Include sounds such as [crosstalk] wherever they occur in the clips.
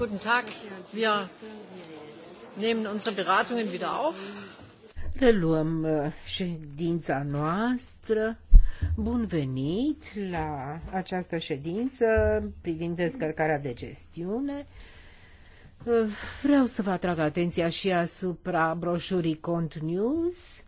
Guten Tag. Wir nehmen unsere Beratungen wieder auf. Reluăm uh, ședința noastră. Bun venit la această ședință privind descărcarea de gestiune. Uh, vreau să vă atrag atenția și asupra broșurii Cont News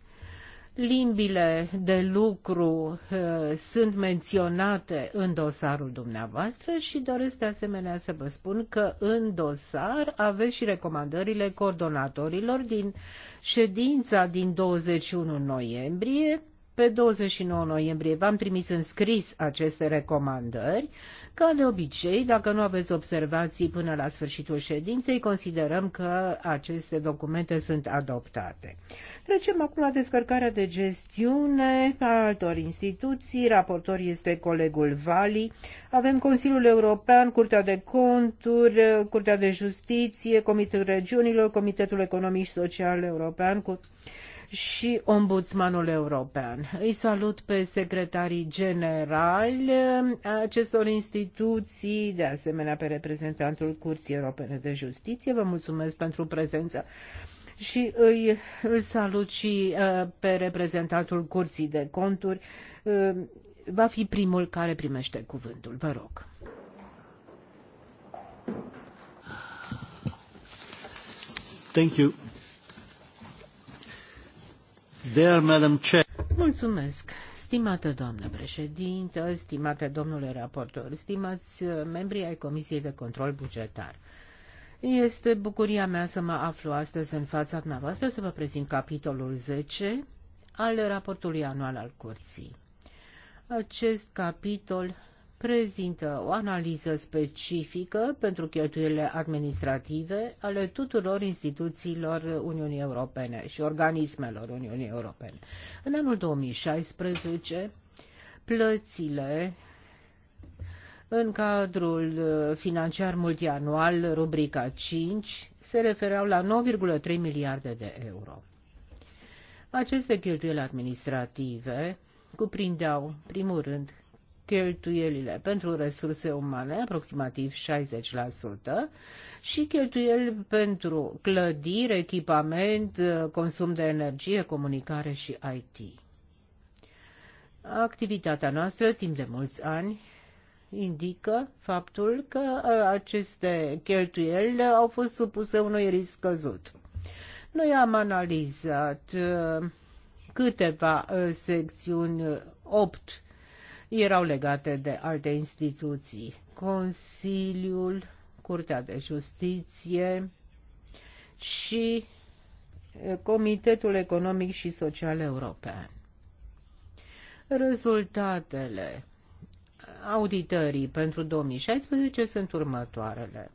limbile de lucru uh, sunt menționate în dosarul dumneavoastră și doresc de asemenea să vă spun că în dosar aveți și recomandările coordonatorilor din ședința din 21 noiembrie. Pe 29 noiembrie v-am trimis în scris aceste recomandări ca de obicei, dacă nu aveți observații până la sfârșitul ședinței, considerăm că aceste documente sunt adoptate. Trecem acum la descărcarea de gestiune a altor instituții. Raportor este colegul Vali. Avem Consiliul European, Curtea de Conturi, Curtea de Justiție, Comitetul Regiunilor, Comitetul Economic și Social European, cu și ombudsmanul european. Îi salut pe secretarii generali acestor instituții, de asemenea pe reprezentantul Curții Europene de Justiție. Vă mulțumesc pentru prezență și îi, îl salut și uh, pe reprezentantul Curții de Conturi. Uh, va fi primul care primește cuvântul. Vă rog. Thank you. Mulțumesc. Stimată doamnă președintă, stimate domnule raportor, stimați uh, membrii ai Comisiei de Control Bugetar. Este bucuria mea să mă aflu astăzi în fața dumneavoastră să vă prezint capitolul 10 al raportului anual al Curții. Acest capitol prezintă o analiză specifică pentru cheltuielile administrative ale tuturor instituțiilor Uniunii Europene și organismelor Uniunii Europene. În anul 2016, plățile în cadrul financiar multianual, rubrica 5, se refereau la 9,3 miliarde de euro. Aceste cheltuieli administrative cuprindeau, primul rând, cheltuielile pentru resurse umane, aproximativ 60%, și cheltuieli pentru clădire, echipament, consum de energie, comunicare și IT. Activitatea noastră timp de mulți ani indică faptul că uh, aceste cheltuieli au fost supuse unui risc căzut. Noi am analizat uh, câteva uh, secțiuni, opt erau legate de alte instituții. Consiliul, Curtea de Justiție și Comitetul Economic și Social European. Rezultatele auditării pentru 2016 sunt următoarele.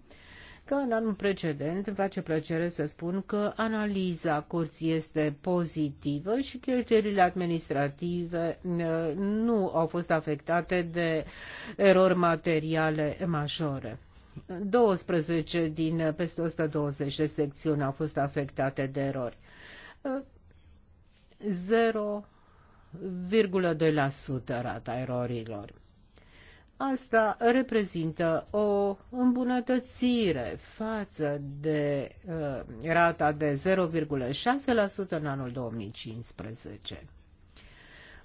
Ca în anul precedent, îmi face plăcere să spun că analiza curții este pozitivă și cheltuielile administrative uh, nu au fost afectate de erori materiale majore. 12 din peste 120 de secțiuni au fost afectate de erori. 0,2% uh, rata erorilor. Asta reprezintă o îmbunătățire față de uh, rata de 0,6% în anul 2015.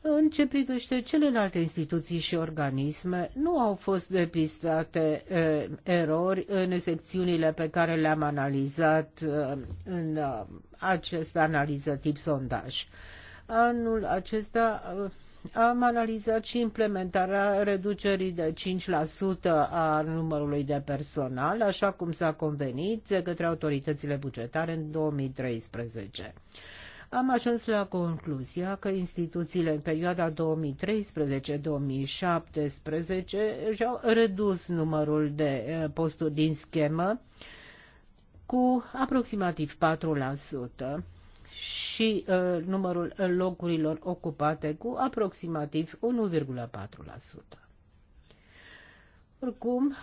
În ce privește celelalte instituții și organisme, nu au fost depistate uh, erori în secțiunile pe care le-am analizat uh, în uh, această analiză tip sondaj. Anul acesta uh, am analizat și implementarea reducerii de 5% a numărului de personal, așa cum s-a convenit de către autoritățile bugetare în 2013 am ajuns la concluzia că instituțiile în perioada 2013-2017 și-au redus numărul de eh, posturi din schemă cu aproximativ 4%, și uh, numărul locurilor ocupate cu aproximativ 1,4%. Oricum,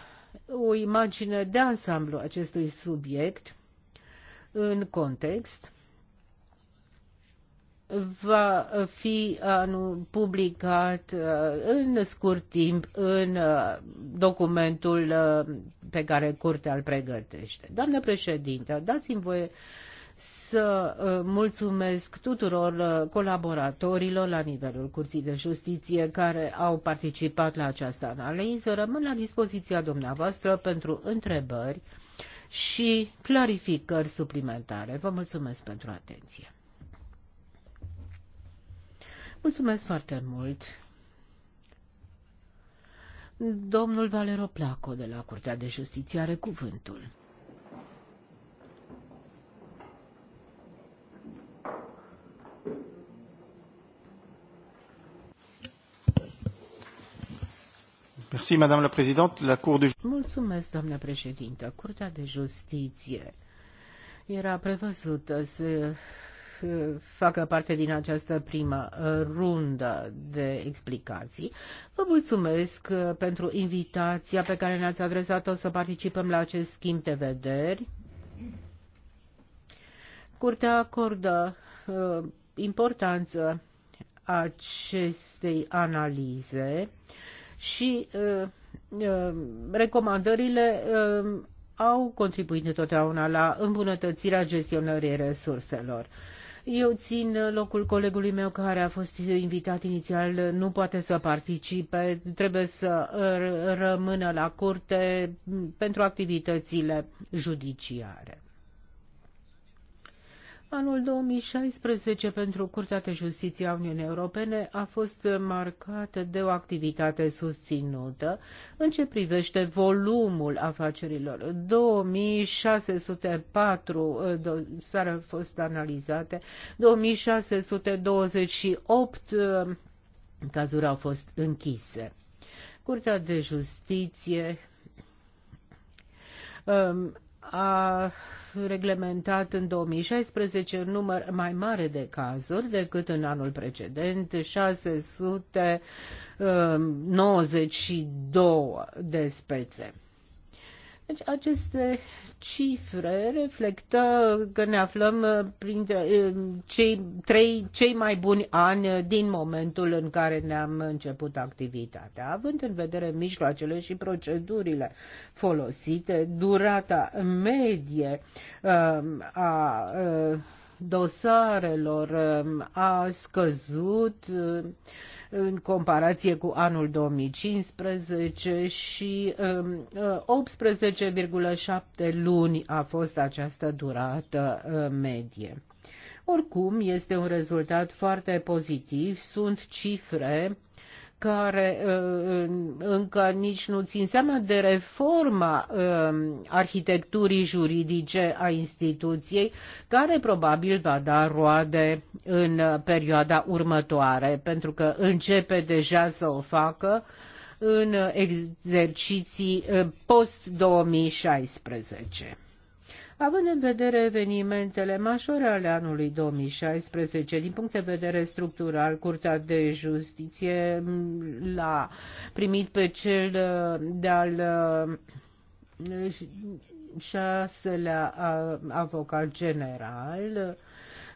o imagine de ansamblu acestui subiect în context va fi publicat uh, în scurt timp în uh, documentul uh, pe care curtea îl pregătește. Doamnă președintă, dați-mi voie să uh, mulțumesc tuturor uh, colaboratorilor la nivelul Curții de Justiție care au participat la această analiză. Rămân la dispoziția dumneavoastră pentru întrebări și clarificări suplimentare. Vă mulțumesc pentru atenție. Mulțumesc foarte mult. Domnul Valero Placo de la Curtea de Justiție are cuvântul. Merci, Madame la Présidente. La Cour de... Mulțumesc, doamnă președintă. Curtea de Justiție era prevăzută să facă parte din această primă rundă de explicații. Vă mulțumesc pentru invitația pe care ne-ați adresat-o să participăm la acest schimb de vederi. Curtea acordă uh, importanță acestei analize și uh, uh, recomandările uh, au contribuit întotdeauna la îmbunătățirea gestionării resurselor. Eu țin locul colegului meu care a fost invitat inițial, nu poate să participe, trebuie să uh, rămână la curte pentru activitățile judiciare. Anul 2016 pentru Curtea de Justiție a Uniunii Europene a fost marcat de o activitate susținută în ce privește volumul afacerilor. 2604 uh, dosare au fost analizate, 2628 uh, cazuri au fost închise. Curtea de Justiție um, a reglementat în 2016 un număr mai mare de cazuri decât în anul precedent, 692 uh, de spețe. Deci aceste cifre reflectă că ne aflăm uh, printre uh, cei trei cei mai buni ani uh, din momentul în care ne-am început activitatea, având în vedere mijloacele și procedurile folosite, durata medie um, a dosarelor um, a scăzut în comparație cu anul 2015 și 18,7 um, luni a fost această durată uh, medie. Oricum, este un rezultat foarte pozitiv, sunt cifre care uh, încă nici nu țin seama de reforma um, arhitecturii juridice a instituției, care probabil va da roade în perioada următoare, pentru că începe deja să o facă în exerciții uh, post-2016. Având în vedere evenimentele majore ale anului 2016, din punct de vedere structural, Curtea de Justiție l-a primit pe cel uh, de-al uh, șaselea uh, avocat general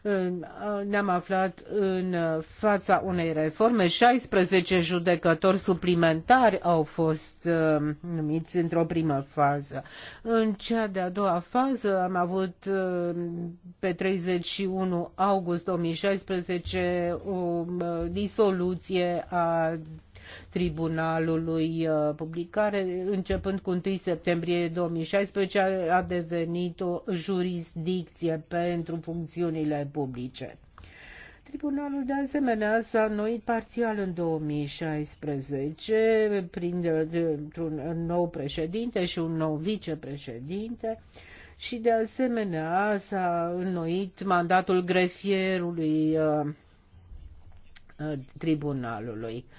Uh, ne-am aflat în uh, fața unei reforme. 16 judecători suplimentari au fost uh, numiți într-o primă fază. În cea de-a doua fază am avut pe 31 august 2016 o disoluție a Tribunalului uh, Public, care începând cu 1 septembrie 2016 a devenit o jurisdicție pentru funcțiunile publice. Tribunalul de asemenea s-a înnoit parțial în 2016 prin uh, un nou președinte și un nou vicepreședinte și de asemenea s-a înnoit mandatul grefierului uh, uh tribunalului. Uh,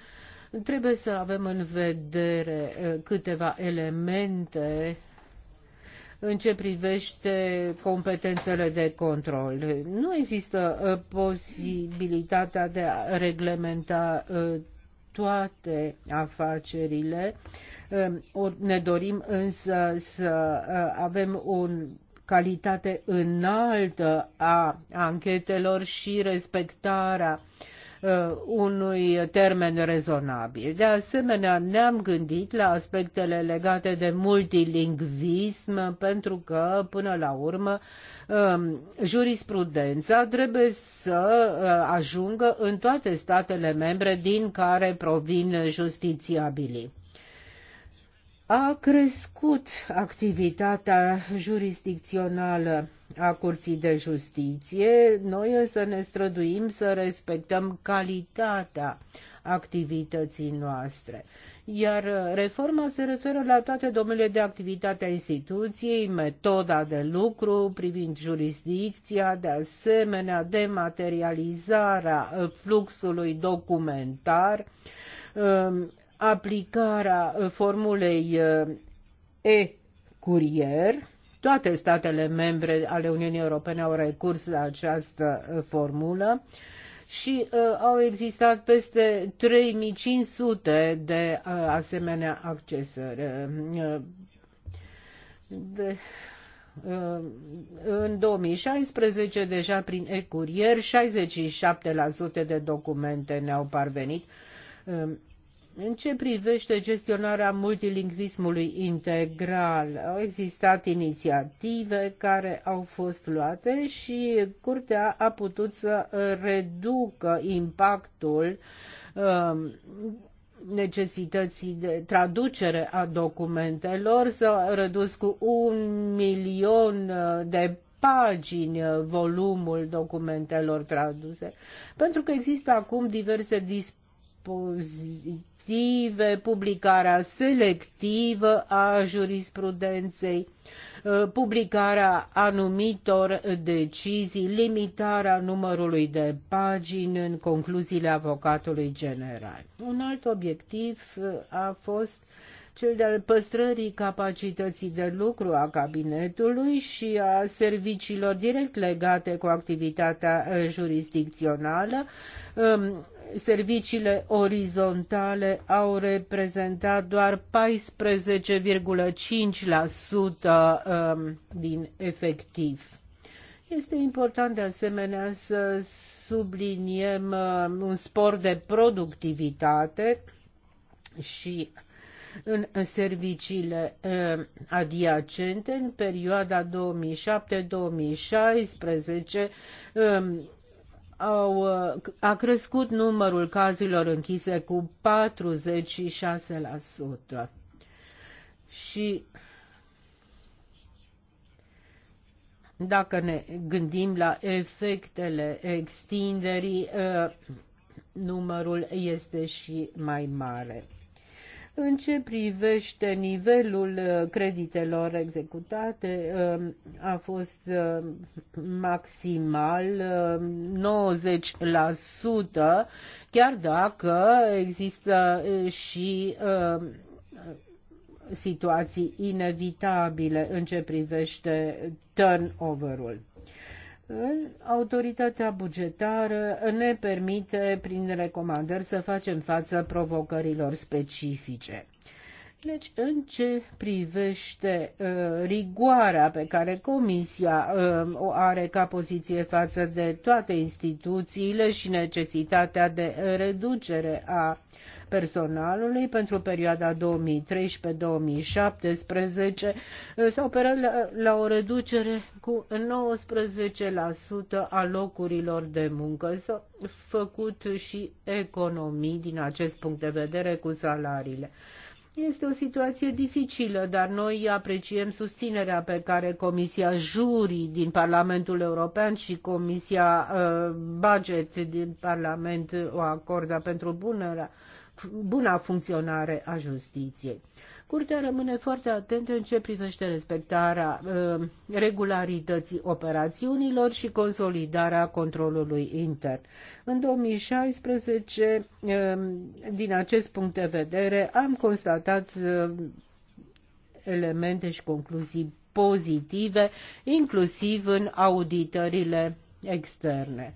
Trebuie să avem în vedere uh, câteva elemente în ce privește competențele de control. Nu există uh, posibilitatea de a reglementa uh, toate afacerile. Ne dorim însă să avem o calitate înaltă a anchetelor și respectarea uh, Uh, unui termen rezonabil. De asemenea, ne-am gândit la aspectele legate de multilingvism, pentru că, până la urmă, um, jurisprudența trebuie să uh, ajungă în toate statele membre din care provin justițiabilii a crescut activitatea jurisdicțională a Curții de Justiție. Noi să ne străduim să respectăm calitatea activității noastre. Iar reforma se referă la toate domeniile de activitate a instituției, metoda de lucru privind jurisdicția, de asemenea dematerializarea fluxului documentar, ehm, aplicarea uh, formulei uh, e-curier. Toate statele membre ale Uniunii Europene au recurs la această uh, formulă și uh, au existat peste 3500 de uh, asemenea accesări. Uh, de, uh, în 2016, deja prin e-curier, 67% de documente ne-au parvenit. Uh, în ce privește gestionarea multilingvismului integral, au existat inițiative care au fost luate și Curtea a putut să reducă impactul um, necesității de traducere a documentelor, s-a redus cu un milion uh, de pagini uh, volumul documentelor traduse, pentru că există acum diverse dispoziții directive, publicarea selectivă a jurisprudenței, uh, publicarea anumitor decizii, limitarea numărului de pagini în concluziile avocatului general. Un alt obiectiv uh, a fost cel de-al păstrării capacității de lucru a cabinetului și a serviciilor direct legate cu activitatea jurisdicțională, um, serviciile orizontale au reprezentat doar 14,5% um, din efectiv. Este important de asemenea să subliniem um, un spor de productivitate și în serviciile um, adiacente în perioada 2007-2016 au, uh, a crescut numărul cazurilor închise cu 46%. Și dacă ne gândim la efectele extinderii, uh, numărul este și mai mare. În ce privește nivelul uh, creditelor executate, um, a fost um, maximal 90%, um, chiar dacă există uh, și situații inevitabile în ce privește turnover-ul. Autoritatea bugetară ne permite, prin recomandări, să facem față provocărilor specifice. Deci, în ce privește uh, rigoarea pe care Comisia uh, o are ca poziție față de toate instituțiile și necesitatea de reducere a uh, personalului pentru perioada 2013-2017 s-a operat la, la o reducere cu 19% a locurilor de muncă. S-au făcut și economii din acest punct de vedere cu salariile. Este o situație dificilă, dar noi apreciem susținerea pe care Comisia Juri din Parlamentul European și Comisia uh, Budget din Parlament o acordă pentru bunărea uh, buna funcționare a justiției. Curtea rămâne foarte atentă în ce privește respectarea uh, regularității operațiunilor și consolidarea controlului intern. În 2016, uh, din acest punct de vedere, am constatat uh, elemente și concluzii pozitive, inclusiv în auditările externe.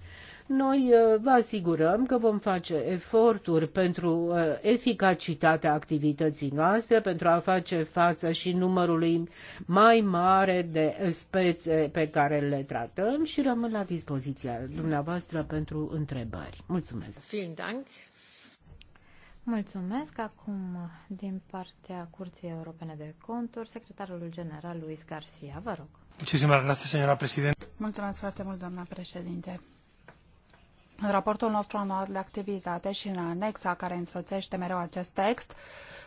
Noi uh, vă asigurăm că vom face eforturi pentru uh, eficacitatea activității noastre, pentru a face față și numărului mai mare de spețe pe care le tratăm și rămân la dispoziția dumneavoastră pentru întrebări. Mulțumesc! Vielen Mulțumesc. Acum, din partea Curții Europene de Conturi, secretarul general Luis Garcia, vă rog. Mulțumesc, Mulțumesc foarte mult, doamna președinte. În raportul nostru anual de activitate și în anexa care însoțește mereu acest text,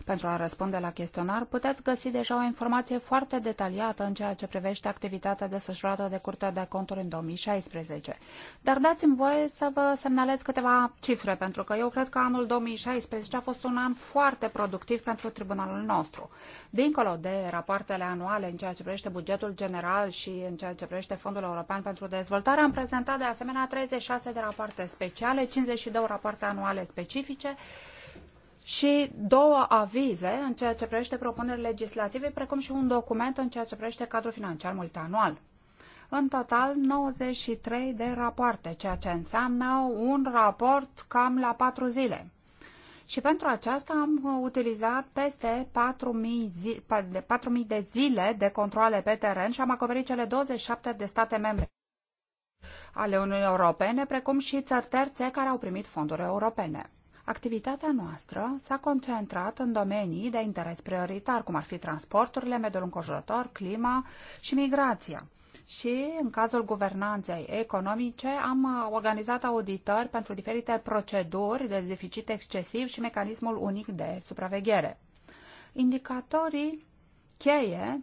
pentru a răspunde la chestionar, puteți găsi deja o informație foarte detaliată în ceea ce privește activitatea desfășurată de Curtea de Conturi în 2016. Dar dați-mi voie să vă semnalez câteva cifre, pentru că eu cred că anul 2016 a fost un an foarte productiv pentru tribunalul nostru. Dincolo de rapoartele anuale în ceea ce privește bugetul general și în ceea ce privește Fondul European pentru Dezvoltare, am prezentat de asemenea 36 de rapoarte rapoarte speciale, 52 rapoarte anuale specifice și două avize în ceea ce privește propuneri legislative, precum și un document în ceea ce privește cadrul financiar multianual. În total, 93 de rapoarte, ceea ce înseamnă un raport cam la 4 zile. Și pentru aceasta am utilizat peste 4.000 de zile de controle pe teren și am acoperit cele 27 de state membre ale Uniunii Europene, precum și țări terțe care au primit fonduri europene. Activitatea noastră s-a concentrat în domenii de interes prioritar, cum ar fi transporturile, mediul înconjurător, clima și migrația. Și în cazul guvernanței economice am organizat auditări pentru diferite proceduri de deficit excesiv și mecanismul unic de supraveghere. Indicatorii cheie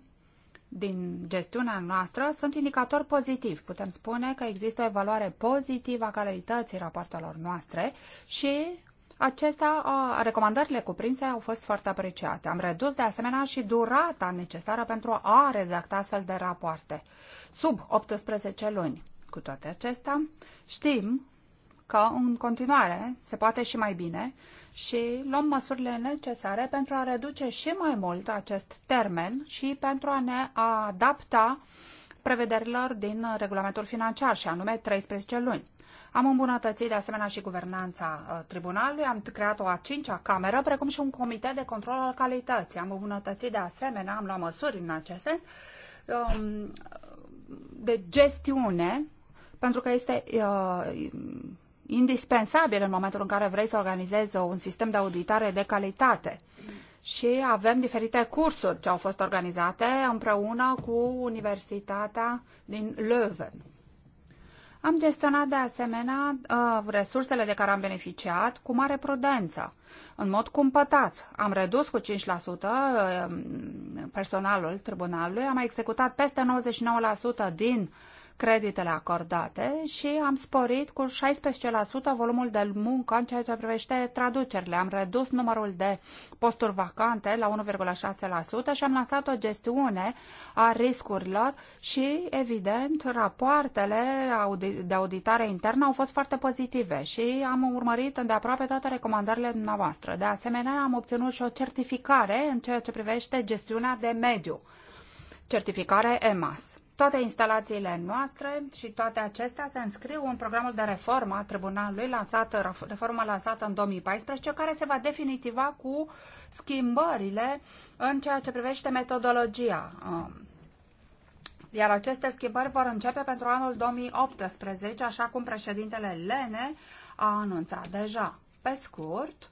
din gestiunea noastră sunt indicatori pozitivi. Putem spune că există o evaluare pozitivă a calității rapoartelor noastre și acestea, recomandările cuprinse au fost foarte apreciate. Am redus de asemenea și durata necesară pentru a redacta astfel de rapoarte, sub 18 luni. Cu toate acestea, știm că în continuare se poate și mai bine și luăm măsurile necesare pentru a reduce și mai mult acest termen și pentru a ne adapta prevederilor din regulamentul financiar, și anume 13 luni. Am îmbunătățit de asemenea și guvernanța uh, tribunalului, am creat o a cincea cameră, precum și un comitet de control al calității. Am îmbunătățit de asemenea, am luat măsuri în acest sens, um, de gestiune, pentru că este uh, indispensabil în momentul în care vrei să organizezi un sistem de auditare de calitate. Și avem diferite cursuri ce au fost organizate împreună cu Universitatea din Leuven. Am gestionat de asemenea uh, resursele de care am beneficiat cu mare prudență, în mod cumpătat. Am redus cu 5% uh, personalul tribunalului, am executat peste 99% din uh, creditele acordate și am sporit cu 16% volumul de muncă în ceea ce privește traducerile. Am redus numărul de posturi vacante la 1,6% și am lansat o gestiune a riscurilor și, evident, rapoartele de auditare internă au fost foarte pozitive și am urmărit îndeaproape toate recomandările dumneavoastră. De asemenea, am obținut și o certificare în ceea ce privește gestiunea de mediu, certificare EMAS. Toate instalațiile noastre și toate acestea se înscriu în programul de reformă a tribunalului, lansată, reformă lansată în 2014, care se va definitiva cu schimbările în ceea ce privește metodologia. Um, iar aceste schimbări vor începe pentru anul 2018, așa cum președintele Lene a anunțat deja. Pe scurt,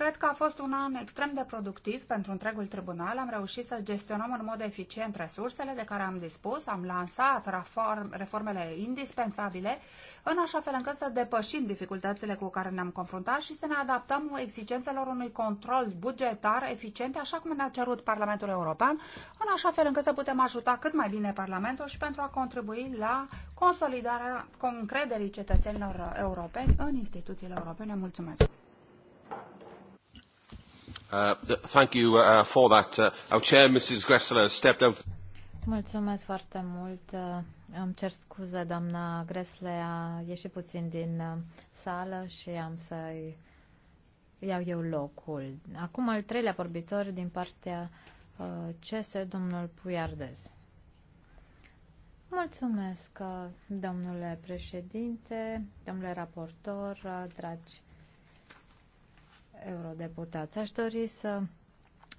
Cred că a fost un an extrem de productiv pentru întregul tribunal. Am reușit să gestionăm în mod eficient resursele de care am dispus, am lansat reform, reformele indispensabile, în așa fel încât să depășim dificultățile cu care ne-am confruntat și să ne adaptăm exigențelor unui control bugetar eficient, așa cum ne-a cerut Parlamentul European, în așa fel încât să putem ajuta cât mai bine Parlamentul și pentru a contribui la consolidarea încrederii cetățenilor europeni în instituțiile europene. Mulțumesc! Uh, thank you uh, uh, for that. Uh, our chair, Mrs. Gressler, has stepped out. Mulțumesc foarte mult. Uh, îmi cer scuze, doamna Gresle a ieșit puțin din sală și am să-i iau eu locul. Acum al treilea vorbitor din partea CS, domnul Puiardez. Mulțumesc, domnule președinte, domnule raportor, dragi eurodeputați. Aș dori să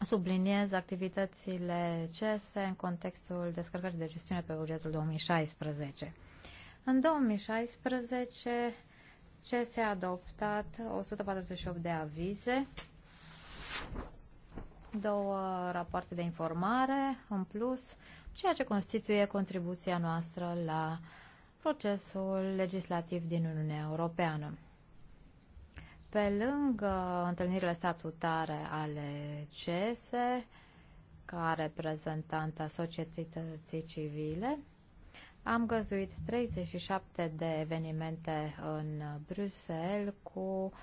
subliniez activitățile CS în contextul descărcării de gestiune pe bugetul 2016. În 2016, CS a adoptat 148 de avize, două rapoarte de informare în plus, ceea ce constituie contribuția noastră la procesul legislativ din Uniunea Europeană. Pe lângă întâlnirile statutare ale CESE, ca reprezentant a societății civile, am găzuit 37 de evenimente în Bruxelles cu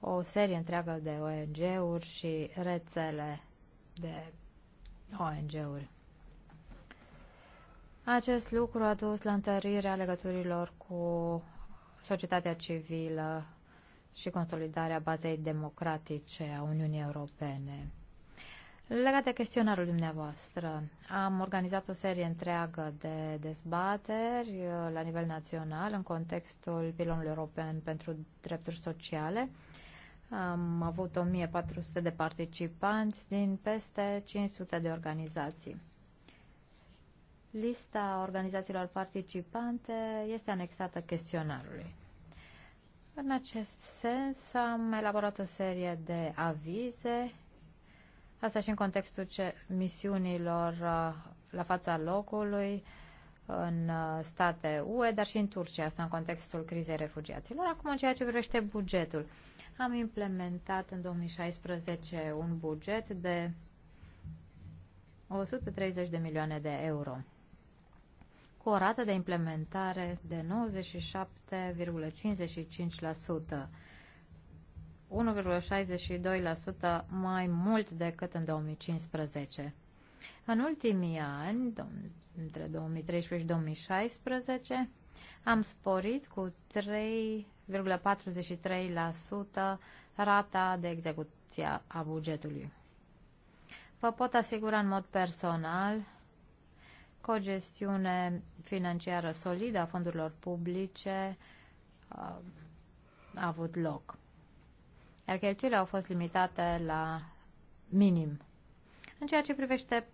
o serie întreagă de ONG-uri și rețele de ONG-uri. Acest lucru a dus la întărirea legăturilor cu societatea civilă și consolidarea bazei democratice a Uniunii Europene. Legat de chestionarul dumneavoastră, am organizat o serie întreagă de dezbateri uh, la nivel național în contextul pilonului european pentru drepturi sociale. Am avut 1400 de participanți din peste 500 de organizații. Lista organizațiilor participante este anexată chestionarului. În acest sens am elaborat o serie de avize, asta și în contextul ce, misiunilor uh, la fața locului în uh, state UE, dar și în Turcia, asta în contextul crizei refugiaților. Acum, în ceea ce privește bugetul, am implementat în 2016 un buget de 130 de milioane de euro cu o rată de implementare de 97,55%. 1,62% mai mult decât în 2015. În ultimii ani, între 2013 și 2016, am sporit cu 3,43% rata de execuție a bugetului. Vă pot asigura în mod personal o gestiune financiară solidă a fondurilor publice uh, a avut loc. Iar cheltuielile au fost limitate la minim. În ceea ce privește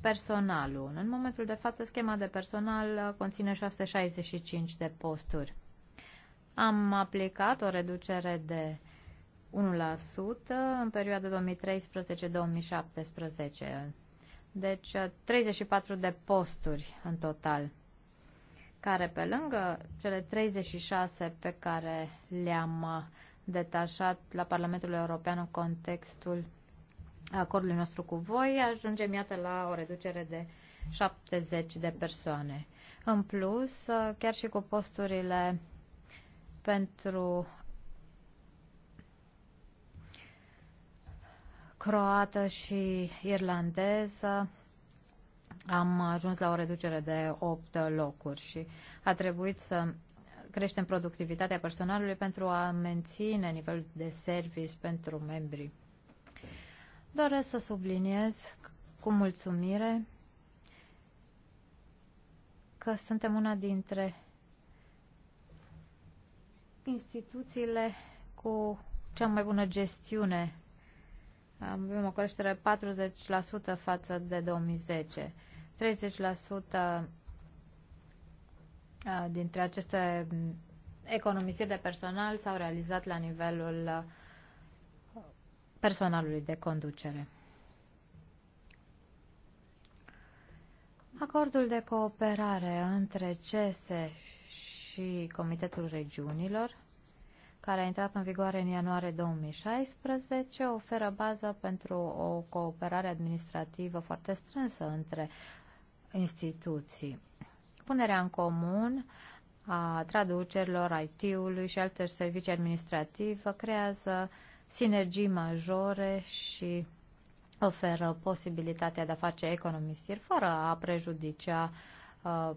personalul, în momentul de față schema de personal conține 665 de posturi. Am aplicat o reducere de 1% în perioada 2013-2017 deci 34 uh, de posturi în total, care pe lângă cele 36 pe care le-am uh, detașat la Parlamentul European în contextul acordului nostru cu voi, ajungem iată la o reducere de 70 de persoane. În plus, uh, chiar și cu posturile pentru croată și irlandeză am ajuns la o reducere de 8 locuri și a trebuit să creștem productivitatea personalului pentru a menține nivelul de service pentru membrii. Doresc să subliniez cu mulțumire că suntem una dintre instituțiile cu cea mai bună gestiune avem o creștere 40% față de 2010. 30% dintre aceste economisiri de personal s-au realizat la nivelul personalului de conducere. Acordul de cooperare între CESE și Comitetul Regiunilor care a intrat în vigoare în ianuarie 2016, oferă bază pentru o cooperare administrativă foarte strânsă între instituții. Punerea în comun a traducerilor IT-ului și alte servicii administrative creează sinergii majore și oferă posibilitatea de a face economisiri fără a prejudicia uh,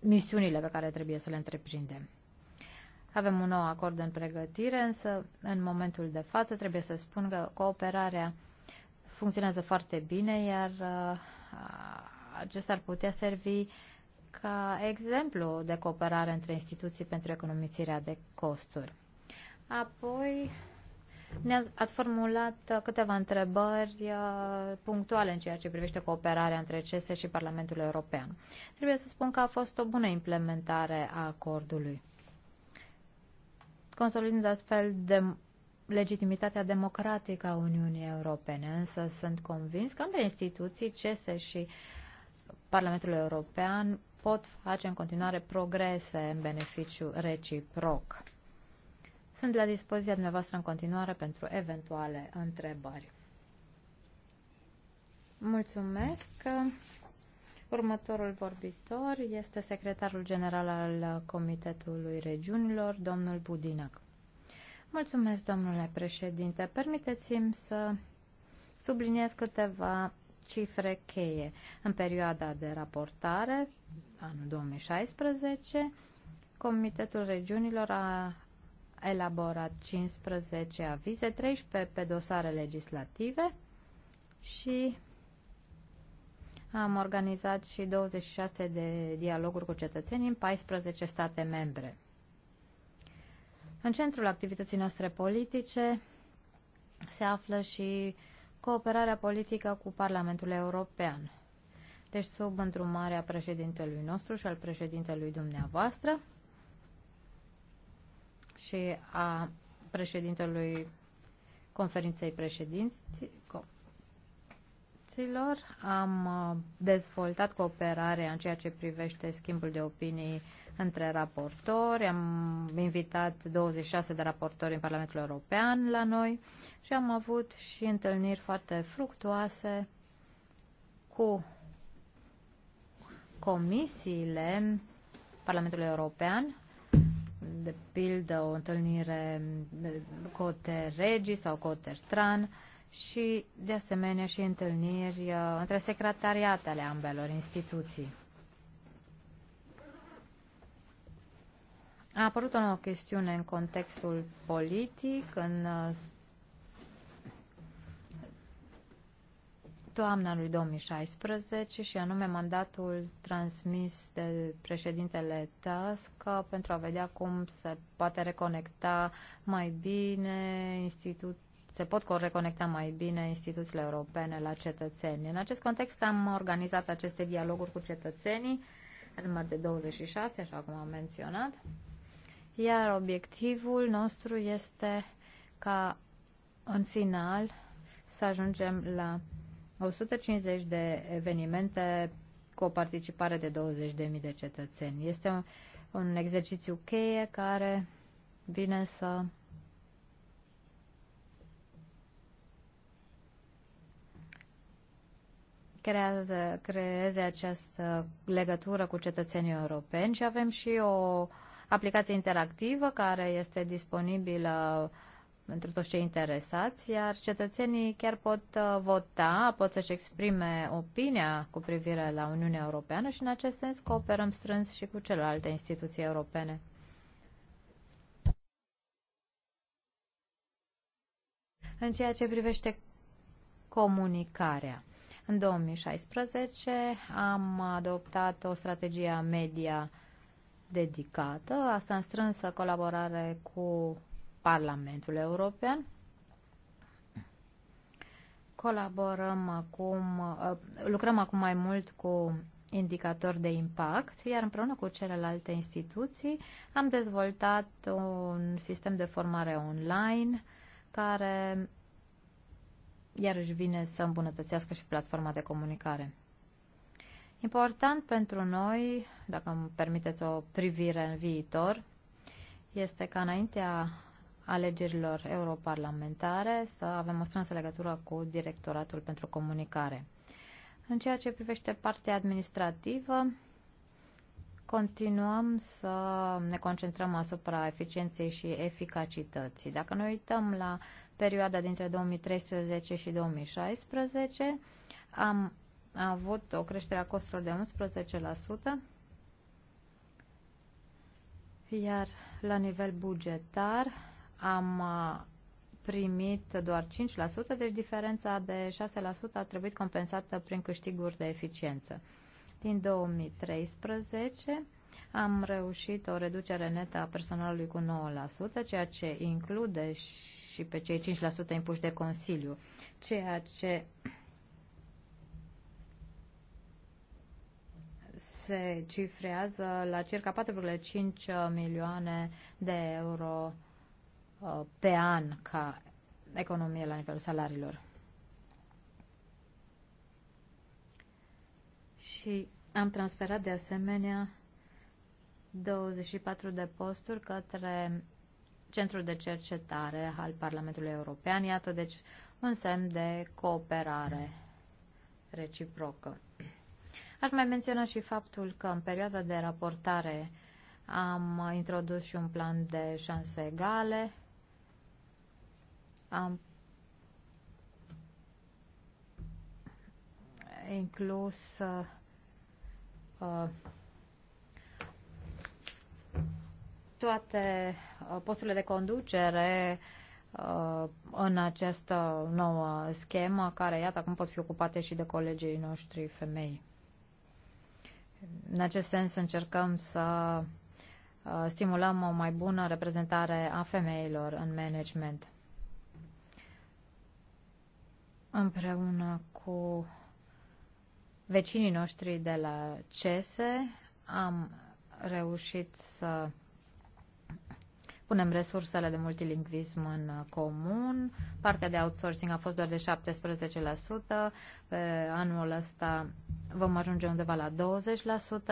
misiunile pe care trebuie să le întreprindem. Avem un nou acord în pregătire, însă în momentul de față trebuie să spun că cooperarea funcționează foarte bine, iar uh, acesta ar putea servi ca exemplu de cooperare între instituții pentru economisirea de costuri. Apoi, ne-ați formulat uh, câteva întrebări uh, punctuale în ceea ce privește cooperarea între CESE și Parlamentul European. Trebuie să spun că a fost o bună implementare a acordului consolidând astfel de legitimitatea democratică a Uniunii Europene. Însă sunt convins că ambele instituții, CESE și Parlamentul European, pot face în continuare progrese în beneficiu reciproc. Sunt la dispoziția dumneavoastră în continuare pentru eventuale întrebări. Mulțumesc! Următorul vorbitor este secretarul general al Comitetului Regiunilor, domnul Budinac. Mulțumesc, domnule președinte. Permiteți-mi să subliniez câteva cifre cheie. În perioada de raportare, anul 2016, Comitetul Regiunilor a elaborat 15 avize, 13 pe dosare legislative și am organizat și 26 de dialoguri cu cetățenii în 14 state membre. În centrul activității noastre politice se află și cooperarea politică cu Parlamentul European. Deci sub îndrumarea președintelui nostru și al președintelui dumneavoastră și a președintelui conferinței președinți, Relațiilor. Am uh, dezvoltat cooperarea în ceea ce privește schimbul de opinii între raportori. Am invitat 26 de raportori în Parlamentul European la noi și am avut și întâlniri foarte fructuoase cu comisiile Parlamentului European de pildă o întâlnire cote regi sau cote tran și, de asemenea, și întâlniri uh, între secretariatele ambelor instituții. A apărut o nouă chestiune în contextul politic, în uh, toamna lui 2016 și anume mandatul transmis de președintele Tusk uh, pentru a vedea cum se poate reconecta mai bine institut se pot reconecta mai bine instituțiile europene la cetățeni. În acest context am organizat aceste dialoguri cu cetățenii, număr de 26, așa cum am menționat, iar obiectivul nostru este ca în final să ajungem la 150 de evenimente cu o participare de 20.000 de cetățeni. Este un, un exercițiu cheie care vine să creează, creeze această legătură cu cetățenii europeni și avem și o aplicație interactivă care este disponibilă pentru toți cei interesați, iar cetățenii chiar pot uh, vota, pot să-și exprime opinia cu privire la Uniunea Europeană și în acest sens cooperăm strâns și cu celelalte instituții europene. În ceea ce privește comunicarea. În 2016 am adoptat o strategie media dedicată, asta în strânsă colaborare cu Parlamentul European. Colaborăm acum, ă, lucrăm acum mai mult cu indicatori de impact, iar împreună cu celelalte instituții am dezvoltat un sistem de formare online care iar își vine să îmbunătățească și platforma de comunicare. Important pentru noi, dacă îmi permiteți o privire în viitor, este ca înaintea alegerilor europarlamentare să avem o strânsă legătură cu Directoratul pentru Comunicare. În ceea ce privește partea administrativă, continuăm să ne concentrăm asupra eficienței și eficacității. Dacă ne uităm la perioada dintre 2013 și 2016, am avut o creștere a costurilor de 11%, iar la nivel bugetar am uh, primit doar 5%, deci diferența de 6% a trebuit compensată prin câștiguri de eficiență din 2013 am reușit o reducere netă a personalului cu 9%, ceea ce include și pe cei 5% impuși de Consiliu, ceea ce se cifrează la circa 4,5 milioane de euro uh, pe an ca economie la nivelul salariilor. și am transferat de asemenea 24 de posturi către Centrul de Cercetare al Parlamentului European. Iată, deci, un semn de cooperare reciprocă. Aș mai menționa și faptul că în perioada de raportare am introdus și un plan de șanse egale. Am inclus uh, Uh, toate uh, posturile de conducere uh, în această nouă schemă, care, iată, acum pot fi ocupate și de colegii noștri femei. În acest sens încercăm să stimulăm o mai bună reprezentare a femeilor în management. Împreună cu vecinii noștri de la CESE am reușit să punem resursele de multilingvism în comun. Partea de outsourcing a fost doar de 17%. Pe anul ăsta vom ajunge undeva la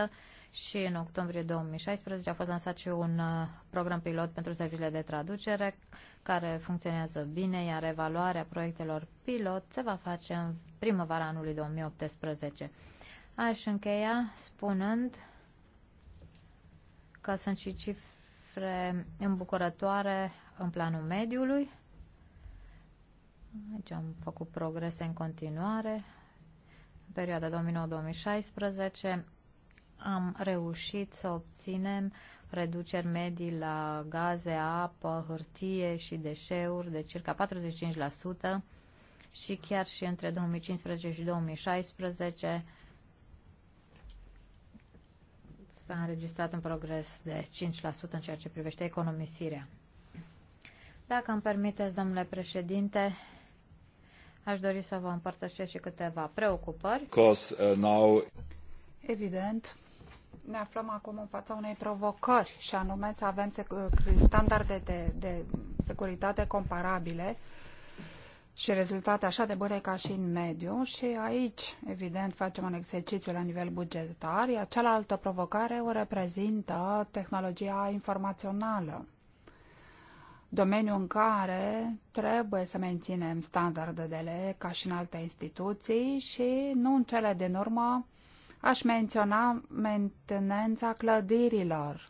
20% și în octombrie 2016 a fost lansat și un uh, program pilot pentru serviciile de traducere care funcționează bine, iar evaluarea proiectelor pilot se va face în primăvara anului 2018. Aș încheia spunând că sunt și cifre îmbucurătoare în planul mediului. Aici am făcut progrese în continuare. În perioada 2009-2016 am reușit să obținem reduceri medii la gaze, apă, hârtie și deșeuri de circa 45% și chiar și între 2015 și 2016 s-a înregistrat un progres de 5% în ceea ce privește economisirea. Dacă îmi permiteți, domnule președinte, aș dori să vă împărtășesc și câteva preocupări. uh, now... Evident, ne aflăm acum în fața unei provocări și anume să avem standarde de, de securitate comparabile și rezultate așa de bune ca și în mediu și aici, evident, facem un exercițiu la nivel bugetar, iar cealaltă provocare o reprezintă tehnologia informațională, domeniul în care trebuie să menținem standardele ca și în alte instituții și nu în cele din urmă Aș menționa mentenența clădirilor,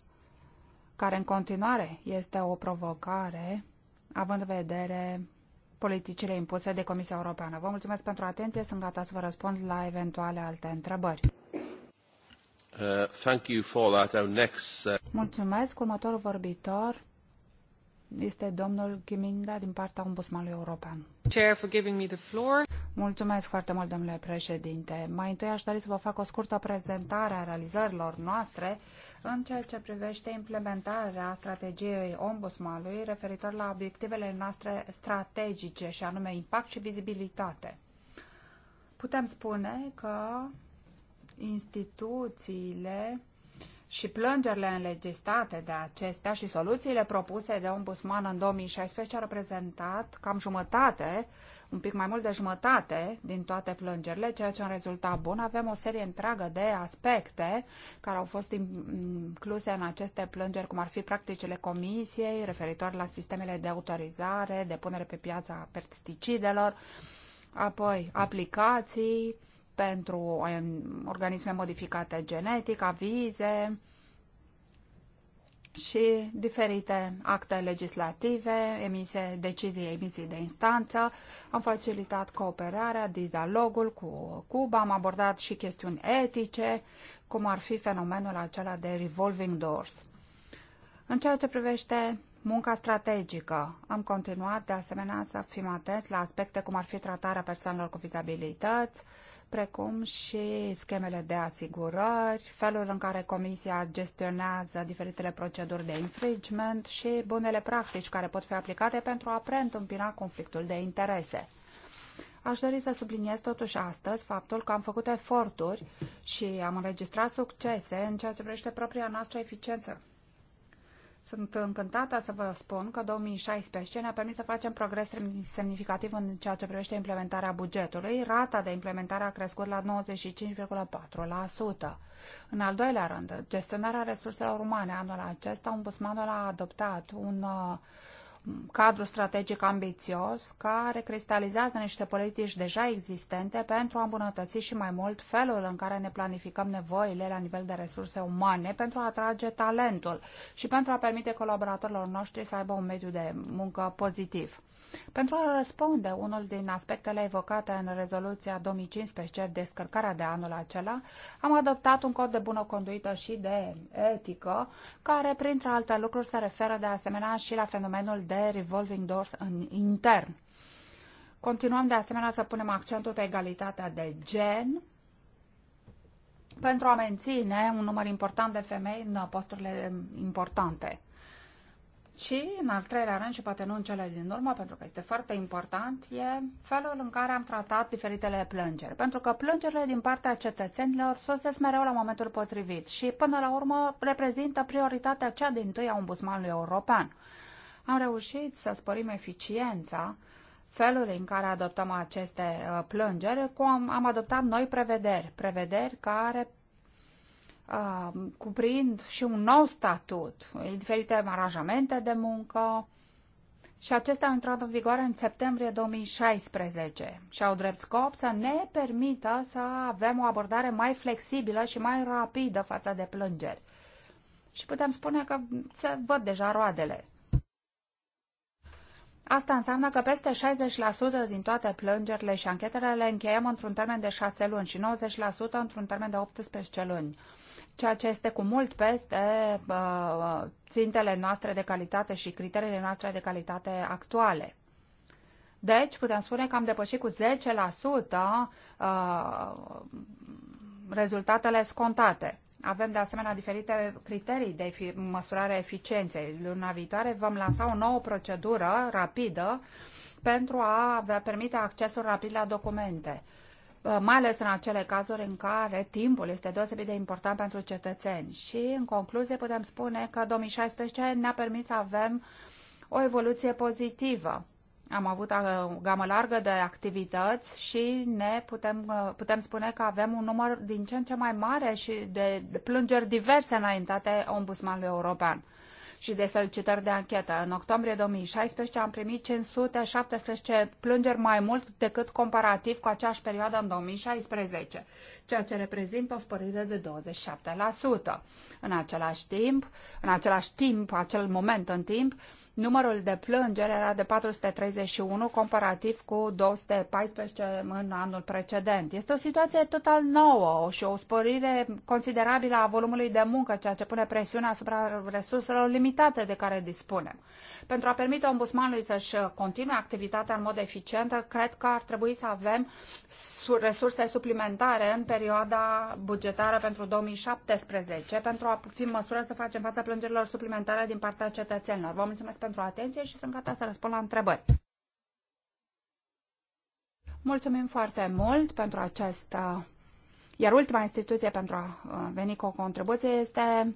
care în continuare este o provocare, având în vedere politicile impuse de Comisia Europeană. Vă mulțumesc pentru atenție, sunt gata să vă răspund la eventuale alte întrebări. Uh, thank you for that. Our next, uh... Mulțumesc. Următorul vorbitor este domnul Ghiminda din partea Ombudsmanului European. Chair for giving me the floor. Mulțumesc foarte mult, domnule președinte. Mai întâi aș dori să vă fac o scurtă prezentare a realizărilor noastre în ceea ce privește implementarea strategiei Ombudsmanului referitor la obiectivele noastre strategice și anume impact și vizibilitate. Putem spune că instituțiile și plângerile înlegistate de acestea și soluțiile propuse de ombudsman în 2016 au reprezentat cam jumătate, un pic mai mult de jumătate din toate plângerile, ceea ce în rezultat bun. Avem o serie întreagă de aspecte care au fost incluse în aceste plângeri, cum ar fi practicile comisiei referitoare la sistemele de autorizare, de punere pe piața pesticidelor, apoi aplicații, pentru organisme modificate genetic, avize și diferite acte legislative, emise, decizii emisii de instanță. Am facilitat cooperarea, dialogul cu Cuba, am abordat și chestiuni etice, cum ar fi fenomenul acela de revolving doors. În ceea ce privește munca strategică. Am continuat de asemenea să fim atenți la aspecte cum ar fi tratarea persoanelor cu vizabilități, precum și schemele de asigurări, felul în care Comisia gestionează diferitele proceduri de infringement și bunele practici care pot fi aplicate pentru a preîntâmpina conflictul de interese. Aș dori să subliniez totuși astăzi faptul că am făcut eforturi și am înregistrat succese în ceea ce privește propria noastră eficiență sunt încântată să vă spun că 2016 ne-a permis să facem progres semnificativ în ceea ce privește implementarea bugetului. Rata de implementare a crescut la 95,4%. În al doilea rând, gestionarea resurselor umane. Anul acesta, ombudsmanul a adoptat un uh, cadru strategic ambițios care cristalizează niște politici deja existente pentru a îmbunătăți și mai mult felul în care ne planificăm nevoile la nivel de resurse umane pentru a atrage talentul și pentru a permite colaboratorilor noștri să aibă un mediu de muncă pozitiv. Pentru a răspunde unul din aspectele evocate în rezoluția 2015, descărcarea de anul acela, am adoptat un cod de bună conduită și de etică, care, printre alte lucruri, se referă de asemenea și la fenomenul de revolving doors în intern. Continuăm de asemenea să punem accentul pe egalitatea de gen, pentru a menține un număr important de femei în posturile importante. Și, în al treilea rând, și poate nu în cele din urmă, pentru că este foarte important, e felul în care am tratat diferitele plângeri. Pentru că plângerile din partea cetățenilor sosesc mereu la momentul potrivit și, până la urmă, reprezintă prioritatea cea din tâi a ombudsmanului european. Am reușit să sporim eficiența felul în care adoptăm aceste uh, plângeri, cum am adoptat noi prevederi, prevederi care Um, cuprind și un nou statut, diferite aranjamente de muncă și acestea au intrat în vigoare în septembrie 2016 și au drept scop să ne permită să avem o abordare mai flexibilă și mai rapidă față de plângeri. Și putem spune că se văd deja roadele. Asta înseamnă că peste 60% din toate plângerile și anchetele le încheiem într-un termen de 6 luni și 90% într-un termen de 18 luni ceea ce este cu mult peste uh, țintele noastre de calitate și criteriile noastre de calitate actuale. Deci, putem spune că am depășit cu 10% uh, rezultatele scontate. Avem de asemenea diferite criterii de măsurare eficienței. Luna viitoare vom lansa o nouă procedură rapidă pentru a permite accesul rapid la documente. Uh, Uh, mai ales în acele cazuri în care timpul este deosebit de important pentru cetățeni. Și, în concluzie, putem spune că 2016 ne-a permis să avem o evoluție pozitivă. Am avut o gamă largă de activități și ne putem, uh, putem spune că avem un număr din ce în ce mai mare și de plângeri diverse înaintate Ombudsmanului European și de solicitări de anchetă. În octombrie 2016 am primit 517 plângeri mai mult decât comparativ cu aceeași perioadă în 2016, ceea ce reprezintă o spărire de 27%. În același timp, în același timp, acel moment în timp, Numărul de plângeri era de 431 comparativ cu 214 în anul precedent. Este o situație total nouă și o sporire considerabilă a volumului de muncă, ceea ce pune presiune asupra resurselor limitate de care dispunem. Pentru a permite ombudsmanului să-și continue activitatea în mod eficient, cred că ar trebui să avem resurse suplimentare în perioada bugetară pentru 2017 pentru a fi în măsură să facem fața plângerilor suplimentare din partea cetățenilor. Vă mulțumesc pentru atenție și sunt gata să răspund la întrebări. Mulțumim foarte mult pentru această... Uh, iar ultima instituție pentru a uh, veni cu o contribuție este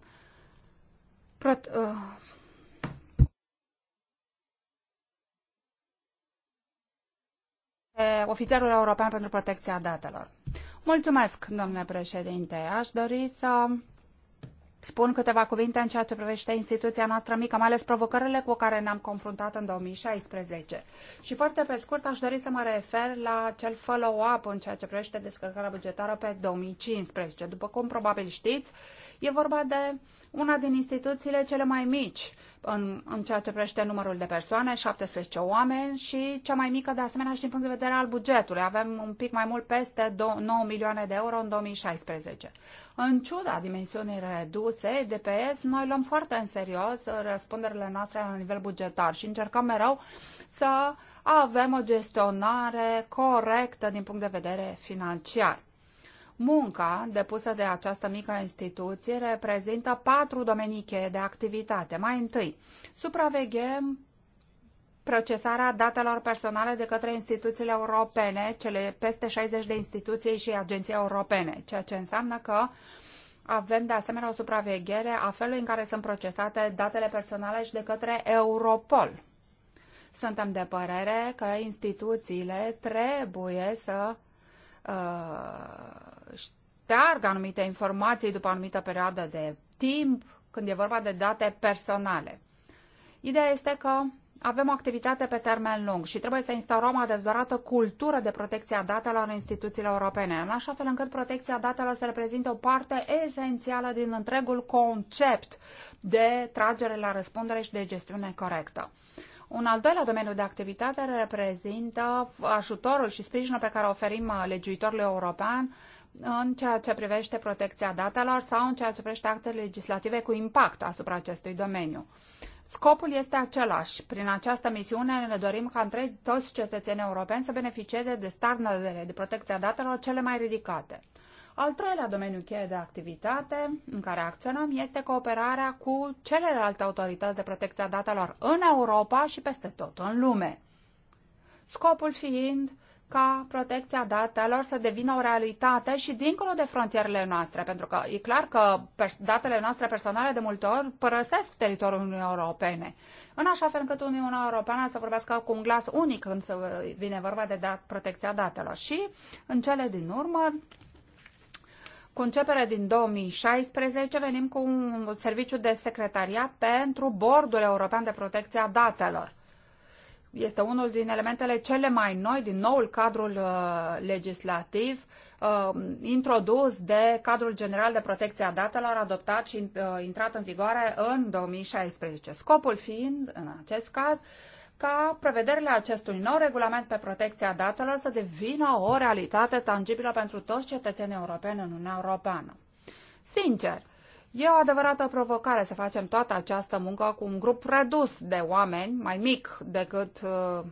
Pro... Uh, ofițerul European pentru Protecția Datelor. Mulțumesc, domnule președinte. Aș dori să spun câteva cuvinte în ceea ce privește instituția noastră mică, mai ales provocările cu care ne-am confruntat în 2016. Și foarte pe scurt aș dori să mă refer la cel follow-up în ceea ce privește descărcarea bugetară pe 2015. După cum probabil știți, e vorba de una din instituțiile cele mai mici în, în ceea ce privește numărul de persoane, 17 oameni și cea mai mică de asemenea și din punct de vedere al bugetului. Avem un pic mai mult peste 9 milioane de euro în 2016. În ciuda dimensiunii reduse, DPS, noi luăm foarte în serios răspunderile noastre la nivel bugetar și încercăm mereu să avem o gestionare corectă din punct de vedere financiar. Munca depusă de această mică instituție reprezintă patru domenii cheie de activitate. Mai întâi, supraveghem procesarea datelor personale de către instituțiile europene, cele peste 60 de instituții și agenții europene, ceea ce înseamnă că avem de asemenea o supraveghere a felului în care sunt procesate datele personale și de către Europol. Suntem de părere că instituțiile trebuie să uh, șteargă anumite informații după anumită perioadă de timp, când e vorba de date personale. Ideea este că avem o activitate pe termen lung și trebuie să instaurăm o adevărată cultură de protecție a datelor în instituțiile europene, în așa fel încât protecția datelor să reprezinte o parte esențială din întregul concept de tragere la răspundere și de gestiune corectă. Un al doilea domeniu de activitate reprezintă ajutorul și sprijinul pe care o oferim uh, legiuitorului european în ceea ce privește protecția datelor sau în ceea ce privește actele legislative cu impact asupra acestui domeniu. Scopul este același. Prin această misiune ne dorim ca între toți cetățenii europeni să beneficieze de standardele de protecție a datelor cele mai ridicate. Al treilea domeniu cheie de activitate în care acționăm este cooperarea cu celelalte autorități de protecție a datelor în Europa și peste tot în lume. Scopul fiind ca protecția datelor să devină o realitate și dincolo de frontierele noastre, pentru că e clar că datele noastre personale de multe ori părăsesc teritoriul Uniunii Europene, în așa fel încât Uniunea Europeană să vorbească cu un glas unic când uh, vine vorba de dat, protecția datelor. Și, în cele din urmă, cu începere din 2016 venim cu un serviciu de secretariat pentru Bordul European de Protecție a Datelor. Este unul din elementele cele mai noi din noul cadru uh, legislativ uh, introdus de cadrul general de protecție a datelor adoptat și uh, intrat în vigoare în 2016. Scopul fiind, în acest caz, uh, ca prevederile acestui nou regulament pe protecția datelor să devină o realitate tangibilă pentru toți cetățenii europeni în Uniunea Europeană. Sincer, e o adevărată provocare să facem toată această muncă cu un grup redus de oameni, mai mic decât uh,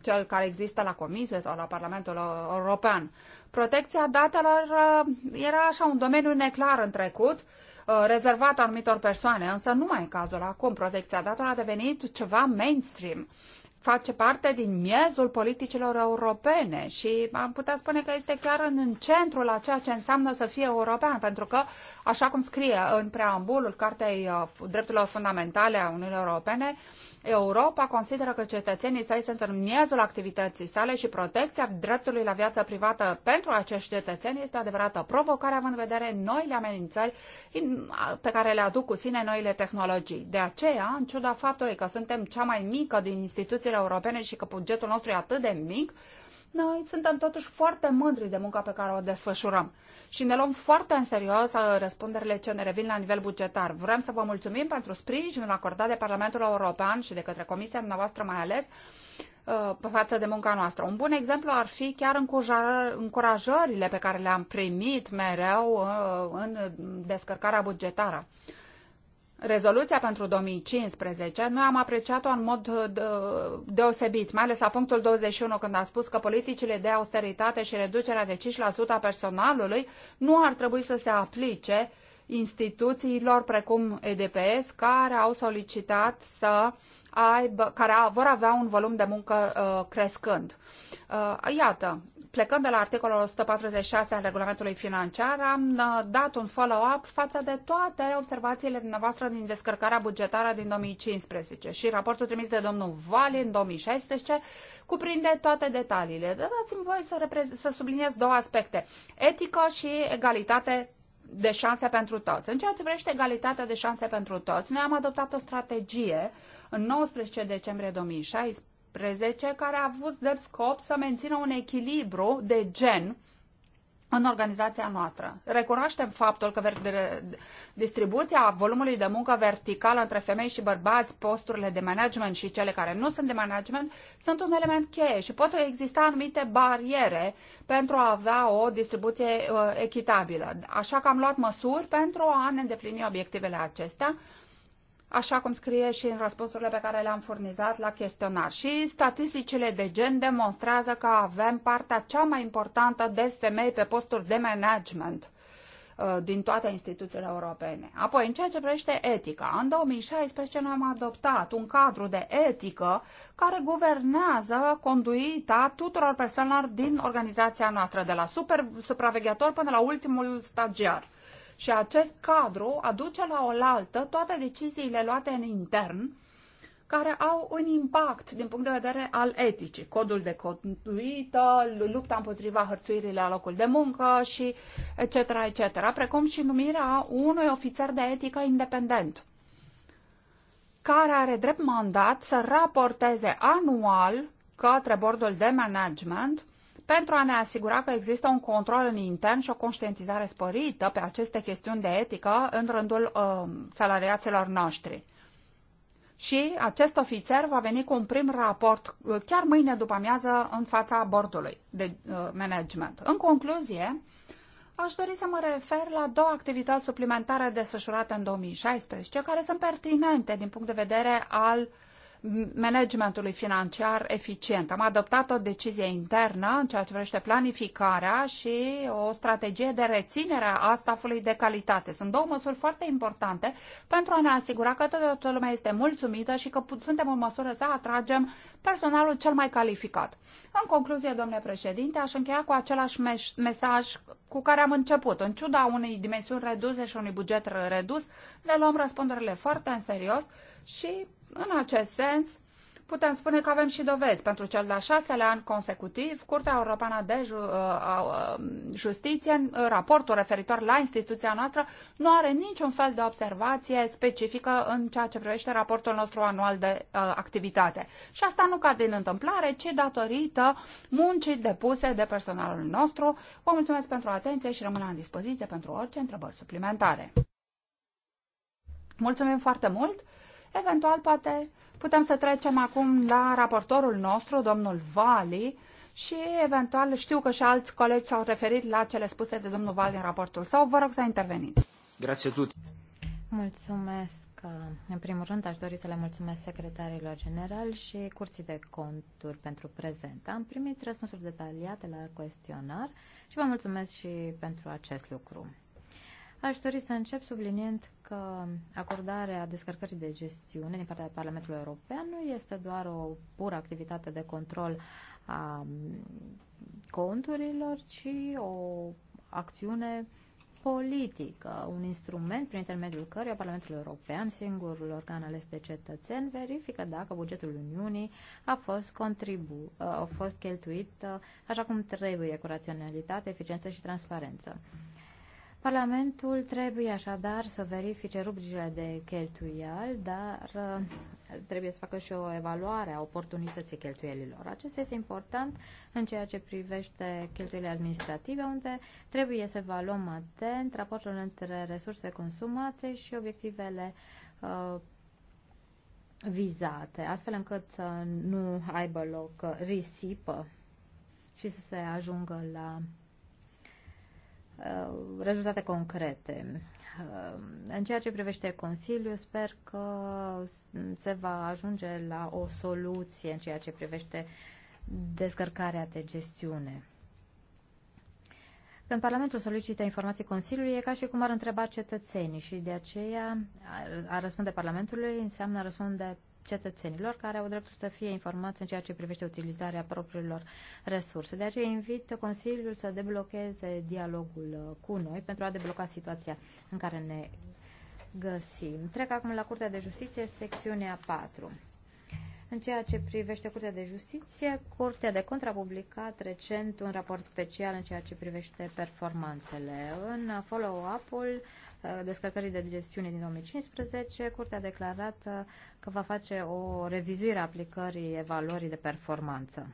cel care există la Comisie sau la Parlamentul European. Protecția datelor uh, era așa un domeniu neclar în trecut Uh, rezervat anumitor persoane, însă nu mai e cazul acum. Protecția datelor a devenit ceva mainstream face parte din miezul politicilor europene și am putea spune că este chiar în centrul a ceea ce înseamnă să fie european, pentru că, așa cum scrie în preambulul Cartei uh, Drepturilor Fundamentale a Uniunii Europene, Europa consideră că cetățenii săi sunt în miezul activității sale și protecția dreptului la viață privată pentru acești cetățeni este o adevărată provocare, având în vedere noile amenințări pe care le aduc cu sine noile tehnologii. De aceea, în ciuda faptului că suntem cea mai mică din instituțiile europene și că bugetul nostru e atât de mic, noi suntem totuși foarte mândri de munca pe care o desfășurăm și ne luăm foarte în serios uh, răspunderile ce ne revin la nivel bugetar. Vrem să vă mulțumim pentru sprijinul acordat de Parlamentul European și de către Comisia noastră mai ales uh, pe față de munca noastră. Un bun exemplu ar fi chiar încurajările pe care le-am primit mereu uh, în descărcarea bugetară rezoluția pentru 2015, noi am apreciat-o în mod uh, deosebit, mai ales la punctul 21, când a spus că politicile de austeritate și reducerea de 5% a personalului nu ar trebui să se aplice instituțiilor precum EDPS, care au solicitat să aibă, care vor avea un volum de muncă uh, crescând. Uh, iată, plecând de la articolul 146 al regulamentului financiar, am uh, dat un follow-up față de toate observațiile dumneavoastră din descărcarea bugetară din 2015 și raportul trimis de domnul Vali în 2016 cuprinde toate detaliile. Dați-mi voi să, să subliniez două aspecte, etică și egalitate de șanse pentru toți. În ceea ce privește egalitatea de șanse pentru toți, noi am adoptat o strategie în 19 decembrie 2016 2013 care a avut de scop să mențină un echilibru de gen în organizația noastră. Recunoaștem faptul că distribuția volumului de muncă verticală între femei și bărbați, posturile de management și cele care nu sunt de management, sunt un element cheie și pot exista anumite bariere pentru a avea o distribuție uh, echitabilă. Așa că am luat măsuri pentru a ne îndeplini obiectivele acestea așa cum scrie și în răspunsurile pe care le-am furnizat la chestionar. Și statisticile de gen demonstrează că avem partea cea mai importantă de femei pe posturi de management uh, din toate instituțiile europene. Apoi, în ceea ce privește etica, în 2016 noi am adoptat un cadru de etică care guvernează conduita tuturor persoanelor din organizația noastră, de la super, supraveghetor până la ultimul stagiar. Și acest cadru aduce la oaltă toate deciziile luate în intern, care au un impact din punct de vedere al eticii. Codul de conduită, lupta împotriva hărțuirii la locul de muncă și etc., etc., precum și numirea unui ofițer de etică independent care are drept mandat să raporteze anual către bordul de management pentru a ne asigura că există un control în intern și o conștientizare sporită pe aceste chestiuni de etică în rândul uh, salariaților noștri. Și acest ofițer va veni cu un prim raport uh, chiar mâine după amiază în fața bordului de uh, management. În concluzie, aș dori să mă refer la două activități suplimentare desfășurate în 2016, care sunt pertinente din punct de vedere al uh, managementului financiar eficient. Am adoptat o decizie internă în ceea ce privește planificarea și o strategie de reținere a stafului de calitate. Sunt două măsuri foarte importante pentru a ne asigura că toată lumea este mulțumită și că suntem în măsură să atragem personalul cel mai calificat. În concluzie, domnule președinte, aș încheia cu același mesaj cu care am început. În ciuda unei dimensiuni reduse și unui buget redus, ne luăm răspunderile foarte în serios și în acest sens, putem spune că avem și dovezi. Pentru cel de-al șaselea an consecutiv, Curtea Europeană de uh, uh, um, Justiție, în raportul referitor la instituția noastră, nu are niciun fel de observație specifică în ceea ce privește raportul nostru anual de uh, activitate. Și asta nu ca din întâmplare, ci datorită muncii depuse de personalul nostru. Vă mulțumesc pentru atenție și rămân la dispoziție pentru orice întrebări suplimentare. Mulțumim foarte mult! Eventual, poate putem să trecem acum la raportorul nostru, domnul Vali, și eventual știu că și alți colegi s-au referit la cele spuse de domnul Vali în raportul sau vă rog să interveniți. Grație tut. Mulțumesc. În primul rând aș dori să le mulțumesc secretarilor general și curții de conturi pentru prezent. Am primit răspunsuri detaliate la cuestionar și vă mulțumesc și pentru acest lucru. Aș dori să încep subliniind că acordarea descărcării de gestiune din partea Parlamentului European nu este doar o pură activitate de control a mm, conturilor, ci o acțiune politică, un instrument prin intermediul căruia Parlamentul European, singurul organ ales de cetățeni, verifică dacă bugetul Uniunii a fost, contribu- a fost cheltuit așa cum trebuie, cu raționalitate, eficiență și transparență. Parlamentul trebuie așadar să verifice rubricile de cheltuial, dar uh, trebuie să facă și o evaluare a oportunității cheltuielilor. Acesta este important în ceea ce privește cheltuielile administrative, unde trebuie să evaluăm atent raportul între resurse consumate și obiectivele uh, vizate, astfel încât să nu aibă loc risipă și să se ajungă la Uh, rezultate concrete. Uh, în ceea ce privește Consiliu, sper că se va ajunge la o soluție în ceea ce privește descărcarea de gestiune. Când Parlamentul solicită informații Consiliului, e ca și cum ar întreba cetățenii și de aceea a răspunde Parlamentului înseamnă a răspunde cetățenilor care au dreptul să fie informați în ceea ce privește utilizarea propriilor resurse. De aceea invit Consiliul să deblocheze dialogul uh, cu noi pentru a debloca situația în care ne găsim. Trec acum la Curtea de Justiție, secțiunea 4. În ceea ce privește Curtea de Justiție, Curtea de Contra a publicat recent un raport special în ceea ce privește performanțele. În follow-up-ul uh, descărcării de gestiune din 2015, Curtea a declarat uh, că va face o revizuire a aplicării evaluării de performanță.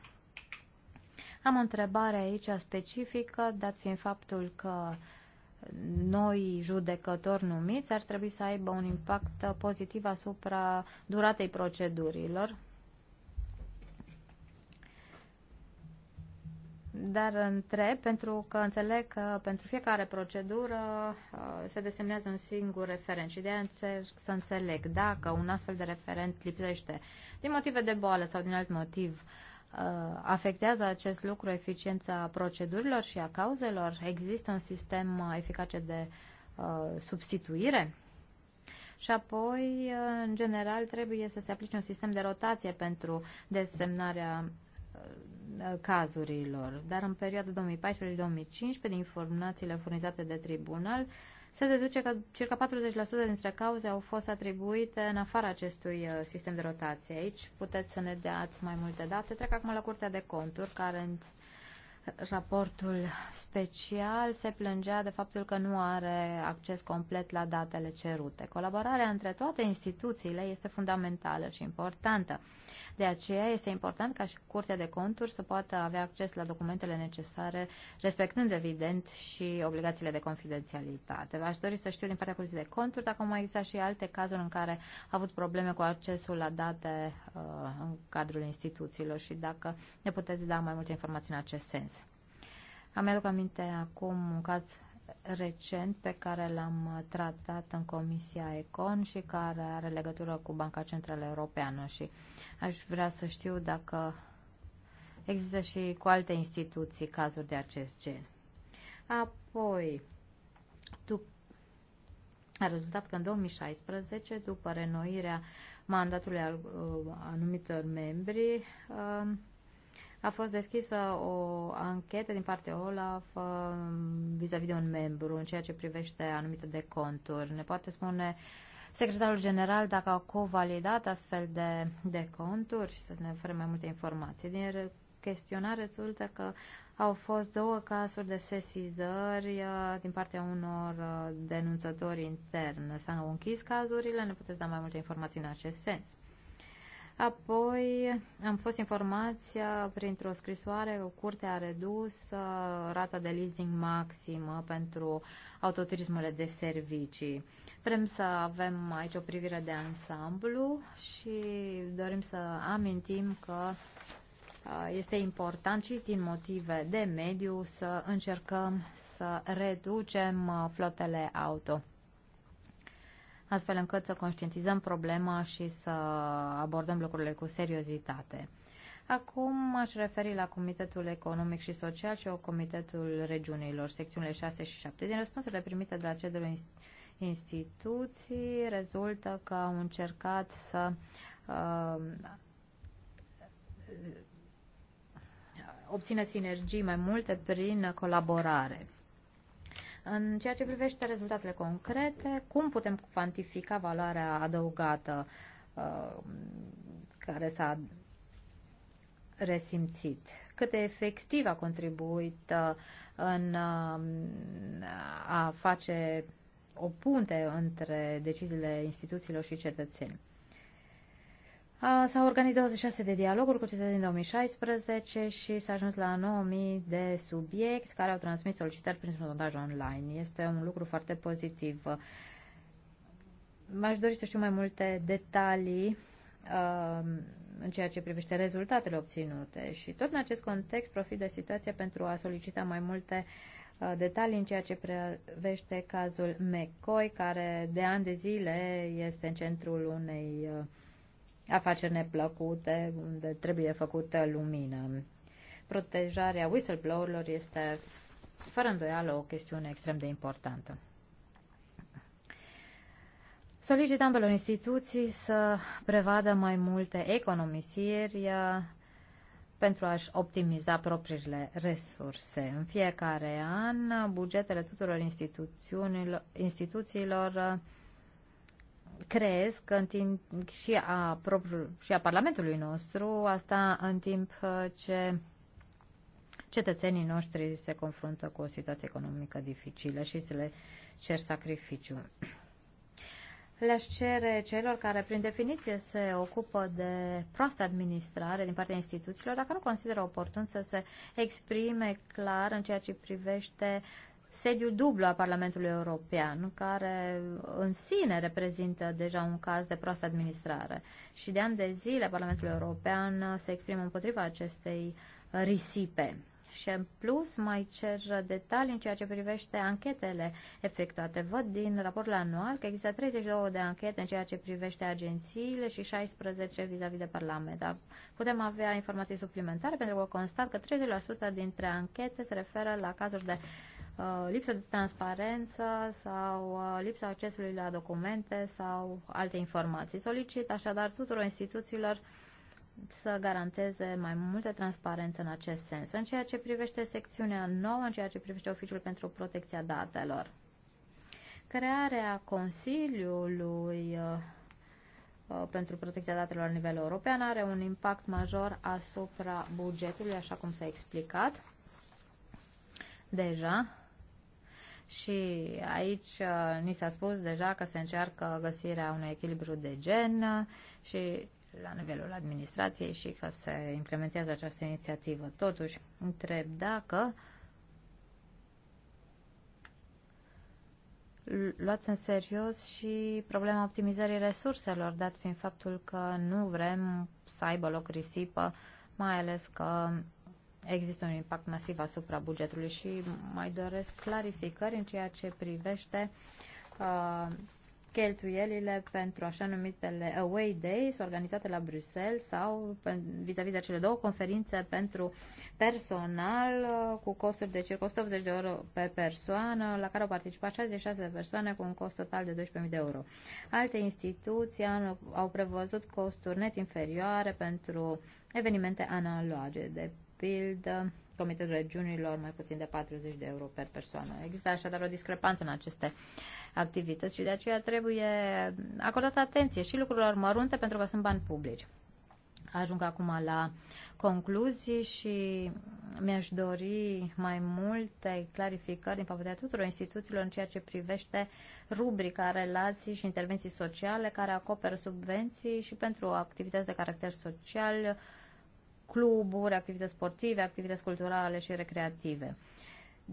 Am o întrebare aici specifică, dat fiind faptul că noi judecători numiți ar trebui să aibă un impact uh, pozitiv asupra duratei procedurilor Dar întreb, pentru că înțeleg că pentru fiecare procedură uh, se desemnează un singur referent și de aia încerc să înțeleg dacă un astfel de referent lipsește din motive de boală sau din alt motiv, uh, afectează acest lucru eficiența procedurilor și a cauzelor? Există un sistem uh, eficace de substituire? Și apoi, în general, trebuie să se aplice un sistem de rotație pentru desemnarea cazurilor, dar în perioada 2014-2015, din informațiile furnizate de tribunal, se deduce că circa 40% dintre cauze au fost atribuite în afara acestui uh, sistem de rotație. Aici puteți să ne dați mai multe date. Trec acum la Curtea de Conturi, care raportul special se plângea de faptul că nu are acces complet la datele cerute. Colaborarea între toate instituțiile este fundamentală și importantă. De aceea este important ca și Curtea de Conturi să poată avea acces la documentele necesare, respectând evident și obligațiile de confidențialitate. Aș dori să știu din partea Curții de Conturi dacă mai existat și alte cazuri în care a avut probleme cu accesul la date uh, în cadrul instituțiilor și dacă ne puteți da mai multe informații în acest sens. Am aduc aminte acum un caz recent pe care l-am tratat în Comisia Econ și care are legătură cu Banca Centrală Europeană și aș vrea să știu dacă există și cu alte instituții cazuri de acest gen. Apoi, tu, a rezultat că în 2016, după renoirea mandatului al, uh, anumitor membri, uh, a fost deschisă o anchetă din partea Olaf uh, vis-a-vis -vis de un membru în ceea ce privește anumite de conturi. Ne poate spune secretarul general dacă au covalidat astfel de, de conturi și să ne ofere mai multe informații. Din chestionare rezultă că au fost două cazuri de sesizări uh, din partea unor uh, denunțători interni. S-au închis cazurile, ne puteți da mai multe informații în acest sens. Apoi am fost informați uh, printr-o scrisoare că curtea a redus uh, rata de leasing maximă pentru autoturismele de servicii. Vrem să avem aici o privire de ansamblu și dorim să amintim că uh, este important și din motive de mediu să încercăm să reducem flotele auto astfel încât să conștientizăm problema și să abordăm lucrurile cu seriozitate. Acum aș referi la Comitetul Economic și Social și o Comitetul Regiunilor, secțiunile 6 și 7. Din răspunsurile primite de la cei două instituții rezultă că au încercat să uh, obțină sinergii mai multe prin colaborare. În ceea ce privește rezultatele concrete, cum putem cuantifica valoarea adăugată uh, care s-a resimțit? Cât de efectiv a contribuit uh, în uh, a face o punte între deciziile instituțiilor și cetățenii? S-au organizat 26 de dialoguri cu cetățenii în 2016 și s-a ajuns la 9000 de subiecti care au transmis solicitări prin sondaj online. Este un lucru foarte pozitiv. M-aș dori să știu mai multe detalii um, în ceea ce privește rezultatele obținute și tot în acest context profit de situația pentru a solicita mai multe uh, detalii în ceea ce privește cazul McCoy, care de ani de zile este în centrul unei uh, afaceri neplăcute unde trebuie făcută lumină. Protejarea whistleblowerilor este fără îndoială o chestiune extrem de importantă. Solicit ambelor instituții să prevadă mai multe economisiri uh, pentru a-și optimiza propriile resurse. În fiecare an, bugetele tuturor instituțiilor, instituțiilor uh, că în timp și a, propriu, și a Parlamentului nostru, asta în timp uh, ce cetățenii noștri se confruntă cu o situație economică dificilă și se le cer sacrificiu. Le-aș cere celor care, prin definiție, se ocupă de proastă administrare din partea instituțiilor, dacă nu consideră oportun să se exprime clar în ceea ce privește Sediul dublu al Parlamentului European, care în sine reprezintă deja un caz de proastă administrare. Și de ani de zile Parlamentul European se exprimă împotriva acestei risipe. Și în plus mai cer detalii în ceea ce privește anchetele efectuate. Văd din raportul anual că există 32 de anchete în ceea ce privește agențiile și 16 vis-a-vis -vis de Parlament. Dar putem avea informații suplimentare pentru că constat că 30% dintre anchete se referă la cazuri de uh, Uh, lipsă de transparență sau uh, lipsa accesului la documente sau alte informații. Solicit așadar tuturor instituțiilor să garanteze mai multă transparență în acest sens, în ceea ce privește secțiunea nouă, în ceea ce privește Oficiul pentru Protecția Datelor. Crearea Consiliului uh, pentru protecția datelor la nivel european are un impact major asupra bugetului, așa cum s-a explicat deja și aici uh, ni s-a spus deja că se încearcă găsirea unui echilibru de gen uh, și la nivelul administrației și că se implementează această inițiativă. Totuși, întreb dacă luați în serios și problema optimizării resurselor, dat fiind faptul că nu vrem să aibă loc risipă, mai ales că există un impact masiv asupra bugetului și mai doresc clarificări în ceea ce privește uh, cheltuielile pentru așa numitele away days organizate la Bruxelles sau vis-a-vis -vis de cele două conferințe pentru personal uh, cu costuri de circa 180 de euro pe persoană, la care au participat 66 de persoane cu un cost total de 12.000 de euro. Alte instituții au prevăzut costuri net inferioare pentru evenimente analoage de pildă, Comitetul Regiunilor mai puțin de 40 de euro per persoană. Există așadar o discrepanță în aceste activități și de aceea trebuie acordată atenție și lucrurilor mărunte pentru că sunt bani publici. Ajung acum la concluzii și mi-aș dori mai multe clarificări din partea tuturor instituțiilor în ceea ce privește rubrica relații și intervenții sociale care acoperă subvenții și pentru activități de caracter social, cluburi, activități sportive, activități culturale și recreative.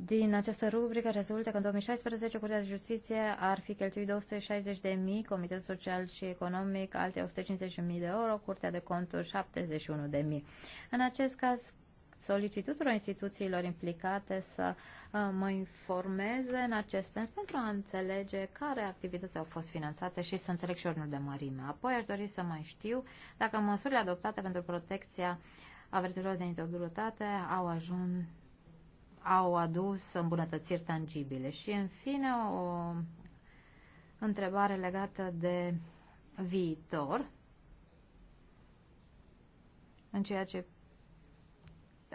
Din această rubrică rezultă că în 2016 Curtea de Justiție ar fi cheltuit 260.000 de mii, Comitetul Social și Economic alte 150.000 de euro, Curtea de Conturi 71.000. de mii. În acest caz, solicit tuturor instituțiilor implicate să uh, mă informeze în acest sens pentru a înțelege care activități au fost finanțate și să înțeleg și ordinul de mărime. Apoi aș dori să mai știu dacă măsurile adoptate pentru protecția avertizorilor de integritate au ajuns au adus îmbunătățiri tangibile. Și, în fine, o întrebare legată de viitor în ceea ce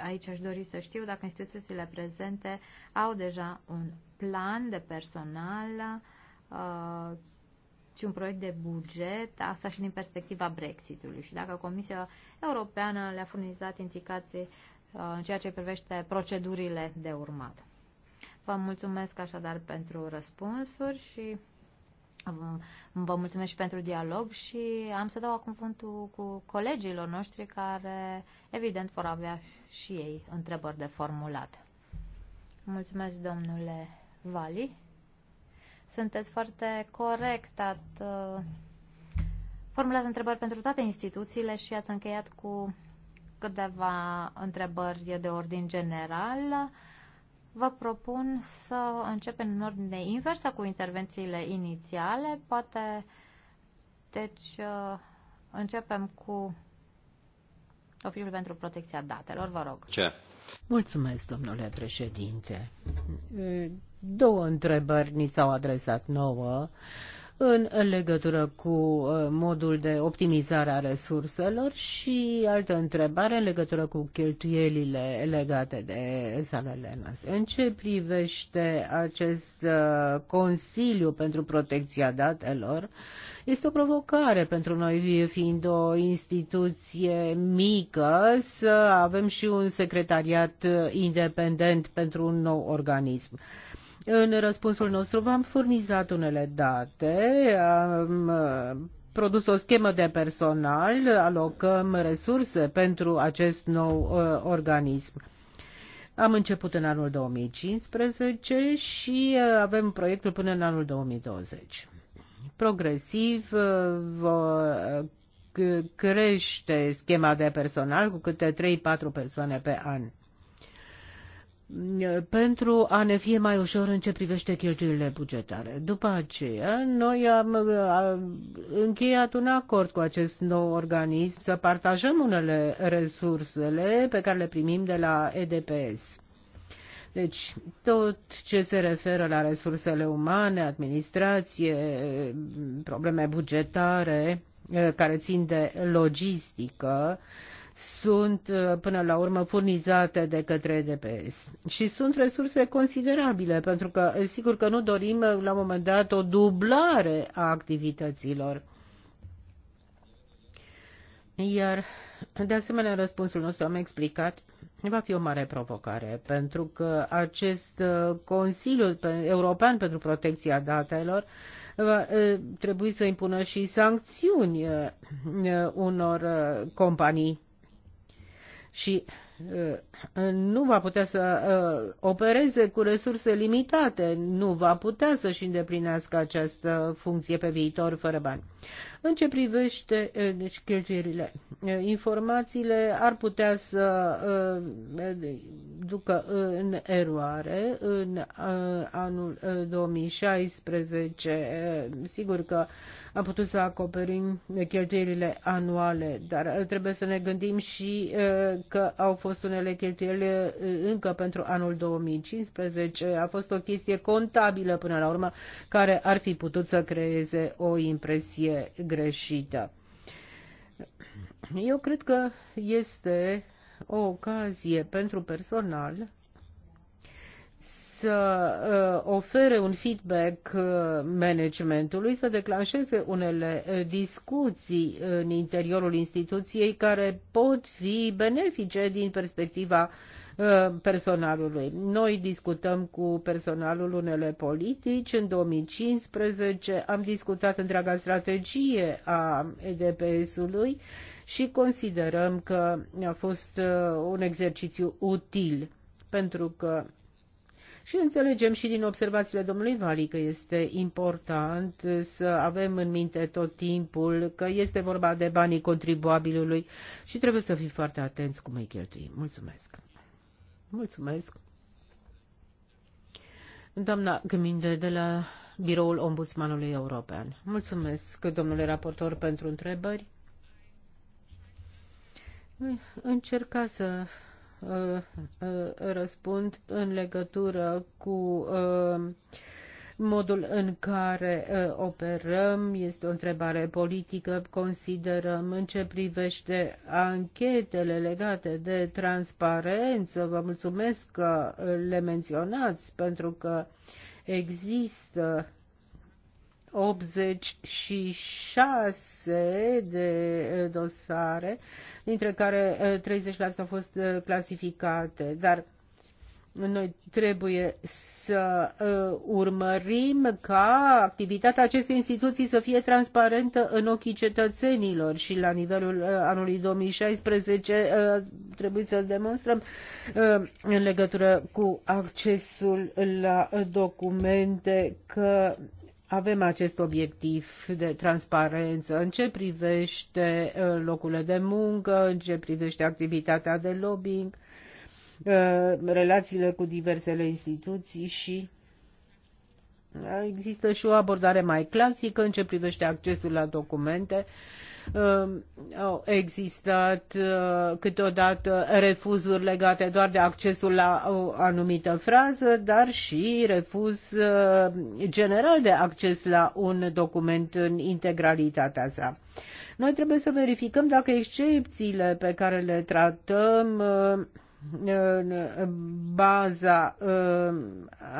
aici aș dori să știu dacă instituțiile prezente au deja un plan de personal uh, și un proiect de buget, asta și din perspectiva Brexitului și dacă Comisia Europeană le-a furnizat indicații uh, în ceea ce privește procedurile de urmat. Vă mulțumesc așadar pentru răspunsuri și Vă mulțumesc și pentru dialog și am să dau acum cuvântul cu colegilor noștri care, evident, vor avea și ei întrebări de formulat. Mulțumesc, domnule Vali. Sunteți foarte corect, ați uh, formulat întrebări pentru toate instituțiile și ați încheiat cu câteva întrebări de ordin general vă propun să începem în ordine inversă cu intervențiile inițiale. Poate, deci, uh, începem cu Oficiul pentru Protecția Datelor. Vă rog. Ce? Mulțumesc, domnule președinte. Două întrebări ni s-au adresat nouă în legătură cu uh, modul de optimizare a resurselor și altă întrebare în legătură cu cheltuielile legate de salele noastre. În ce privește acest uh, Consiliu pentru protecția datelor, este o provocare pentru noi, fiind o instituție mică, să avem și un secretariat uh, independent pentru un nou organism. În răspunsul nostru v-am furnizat unele date, am uh, produs o schemă de personal, alocăm resurse pentru acest nou uh, organism. Am început în anul 2015 și uh, avem proiectul până în anul 2020. Progresiv uh, uh, crește schema de personal cu câte 3-4 persoane pe an pentru a ne fie mai ușor în ce privește cheltuielile bugetare. După aceea, noi am, încheiat un acord cu acest nou organism să partajăm unele resursele pe care le primim de la EDPS. Deci, tot ce se referă la resursele umane, administrație, probleme bugetare, care țin de logistică, sunt uh, până la urmă furnizate de către DPS. Și sunt resurse considerabile, pentru că eh, sigur că nu dorim eh, la un moment dat o dublare a activităților. Iar, de asemenea, răspunsul nostru am explicat va fi o mare provocare, pentru că acest eh, Consiliu European pentru Protecția Datelor va trebui să impună și sancțiuni unor companii și uh, nu va putea să uh, opereze cu resurse limitate, nu va putea să-și îndeplinească această funcție pe viitor fără bani. În ce privește deci, cheltuierile, informațiile ar putea să ducă în eroare în anul 2016. Sigur că am putut să acoperim cheltuielile anuale, dar trebuie să ne gândim și că au fost unele cheltuieli încă pentru anul 2015. A fost o chestie contabilă până la urmă care ar fi putut să creeze o impresie greșită greșită. Eu cred că este o ocazie pentru personal să uh, ofere un feedback uh, managementului, să declanșeze unele uh, discuții în interiorul instituției care pot fi benefice din perspectiva uh, Uh, personalului. Noi discutăm cu personalul unele politici. În 2015 am discutat întreaga strategie a EDPS-ului și considerăm că a fost uh, un exercițiu util pentru că și înțelegem și din observațiile domnului Vali că este important să avem în minte tot timpul că este vorba de banii contribuabilului și trebuie să fim foarte atenți cum îi cheltuim. Mulțumesc! Mulțumesc. Doamna Gminde de la Biroul Ombudsmanului European. Mulțumesc, domnule raportor, pentru întrebări. Încerca să uh, uh, răspund în legătură cu uh, Modul în care uh, operăm este o întrebare politică, considerăm în ce privește anchetele legate de transparență. Vă mulțumesc că le menționați pentru că există 86 de uh, dosare, dintre care 30% uh, au fost clasificate, dar noi trebuie să uh, urmărim ca activitatea acestei instituții să fie transparentă în ochii cetățenilor și la nivelul uh, anului 2016 uh, trebuie să demonstrăm în legătură cu accesul la documente că avem acest obiectiv de transparență în ce privește locurile de muncă, în ce privește activitatea de lobbying Uh, relațiile cu diversele instituții și uh, Există și o abordare mai clasică în ce privește accesul la documente. Uh, au existat câteodată refuzuri legate doar de accesul la o anumită frază, dar și refuz general de acces la un document în integralitatea sa. Noi trebuie să verificăm dacă excepțiile pe care le tratăm baza uh,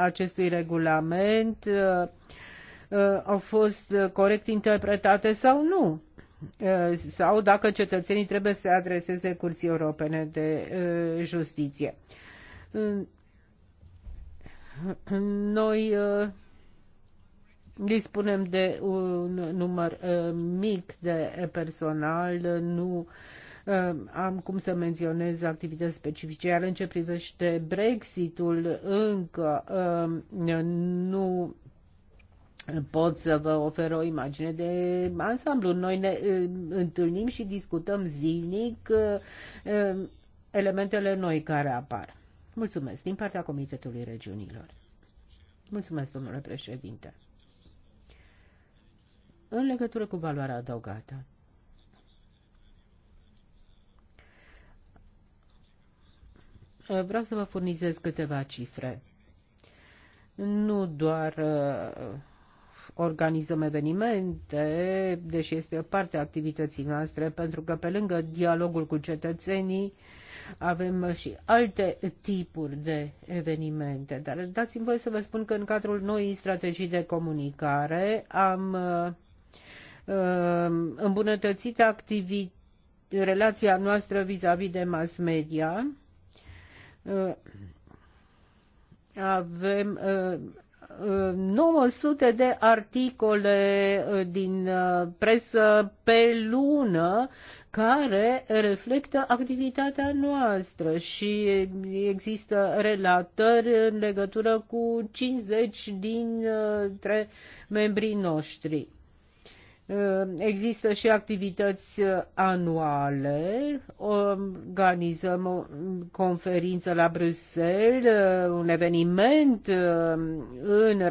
acestui regulament uh, uh, au fost corect interpretate sau nu sau dacă cetățenii trebuie să se adreseze Curții Europene de Justiție. Noi dispunem de un număr mic de personal, nu am cum să menționez activități specifice, iar în ce privește Brexitul, încă um, nu pot să vă ofer o imagine de ansamblu. Noi ne uh, întâlnim și discutăm zilnic uh, um, elementele noi care apar. Mulțumesc din partea Comitetului Regiunilor. Mulțumesc, domnule președinte. În legătură cu valoarea adăugată, Eh, vreau să vă furnizez câteva cifre. Nu doar eh, organizăm evenimente, deși este o parte a activității noastre, pentru că pe lângă dialogul cu cetățenii avem și alte tipuri de evenimente. Dar dați-mi voie să vă spun că în cadrul noii strategii de comunicare am eh, îmbunătățit activitatea relația noastră vis-a-vis -vis de mass media Uh, avem 900 uh, uh, de articole din presă pe lună care reflectă activitatea noastră și există relatări în legătură cu 50 dintre membrii noștri. Ehm, există și activități eh, anuale, organizăm o mm, conferință la Bruxelles, eh, un eveniment eh, în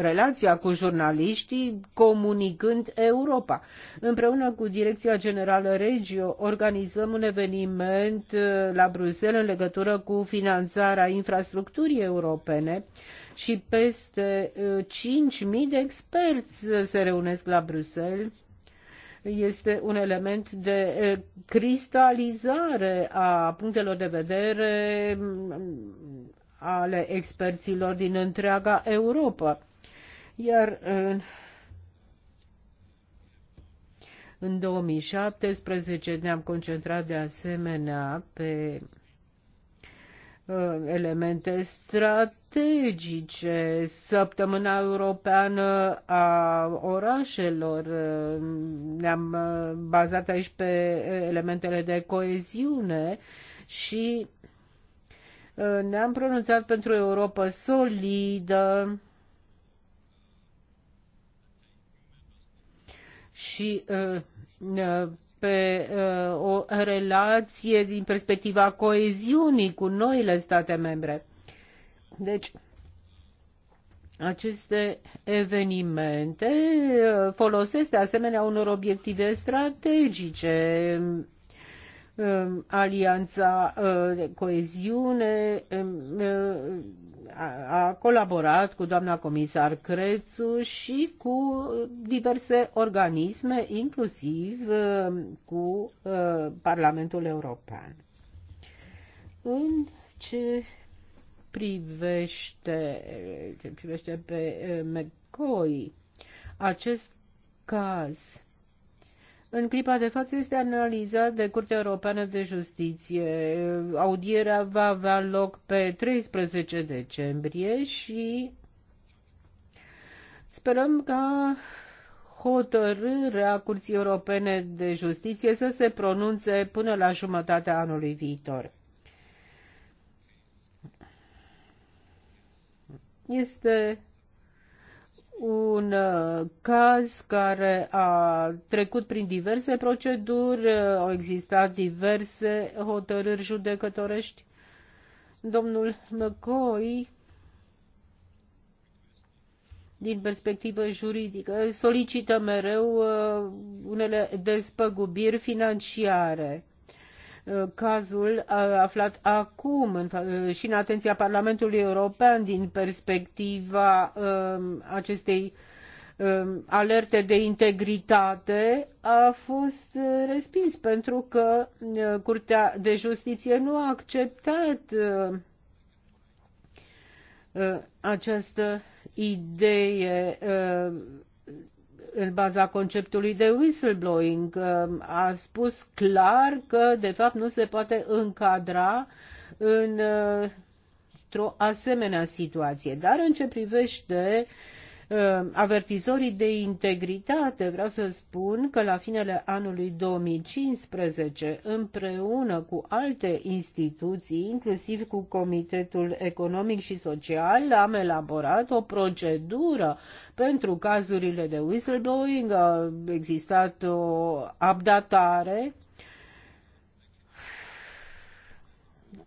relația cu jurnaliștii, comunicând Europa. Împreună cu Direcția Generală Regio organizăm un eveniment la Bruxelles în legătură cu finanțarea infrastructurii europene și peste 5.000 de experți se reunesc la Bruxelles este un element de cristalizare a punctelor de vedere ale experților din întreaga Europa. Iar în 2017 ne-am concentrat de asemenea pe Uh, elemente strategice, săptămâna europeană a orașelor. Uh, ne-am uh, bazat aici pe elementele de coeziune și ne-am pronunțat pentru Europa solidă și pe uh, o relație din perspectiva coeziunii cu noile state membre. Deci, aceste evenimente uh, folosesc de asemenea unor obiective strategice, uh, alianța uh, de coeziune, a colaborat cu doamna comisar Crețu și cu diverse organisme, inclusiv uh, cu uh, Parlamentul European. În ce privește, ce privește pe uh, McCoy, acest caz în clipa de față este analizat de Curtea Europeană de Justiție. Audierea va avea loc pe 13 decembrie și sperăm ca hotărârea Curții Europene de Justiție să se pronunțe până la jumătatea anului viitor. Este un uh, caz care a trecut prin diverse proceduri, uh, au existat diverse hotărâri judecătorești. Domnul McCoy, din perspectivă juridică, solicită mereu uh, unele despăgubiri financiare Uh, cazul uh, aflat acum în, uh, și în atenția Parlamentului European din perspectiva um, acestei um, alerte de integritate a fost respins pentru că Curtea de Justiție nu a acceptat această idee în baza conceptului de whistleblowing. Um, a spus clar că, de fapt, nu se poate încadra în uh, o asemenea situație. Dar în ce privește uh, Uh, avertizorii de integritate. Vreau să spun că la finele anului 2015, împreună cu alte instituții, inclusiv cu Comitetul Economic și Social, am elaborat o procedură pentru cazurile de whistleblowing. A existat o abdatare.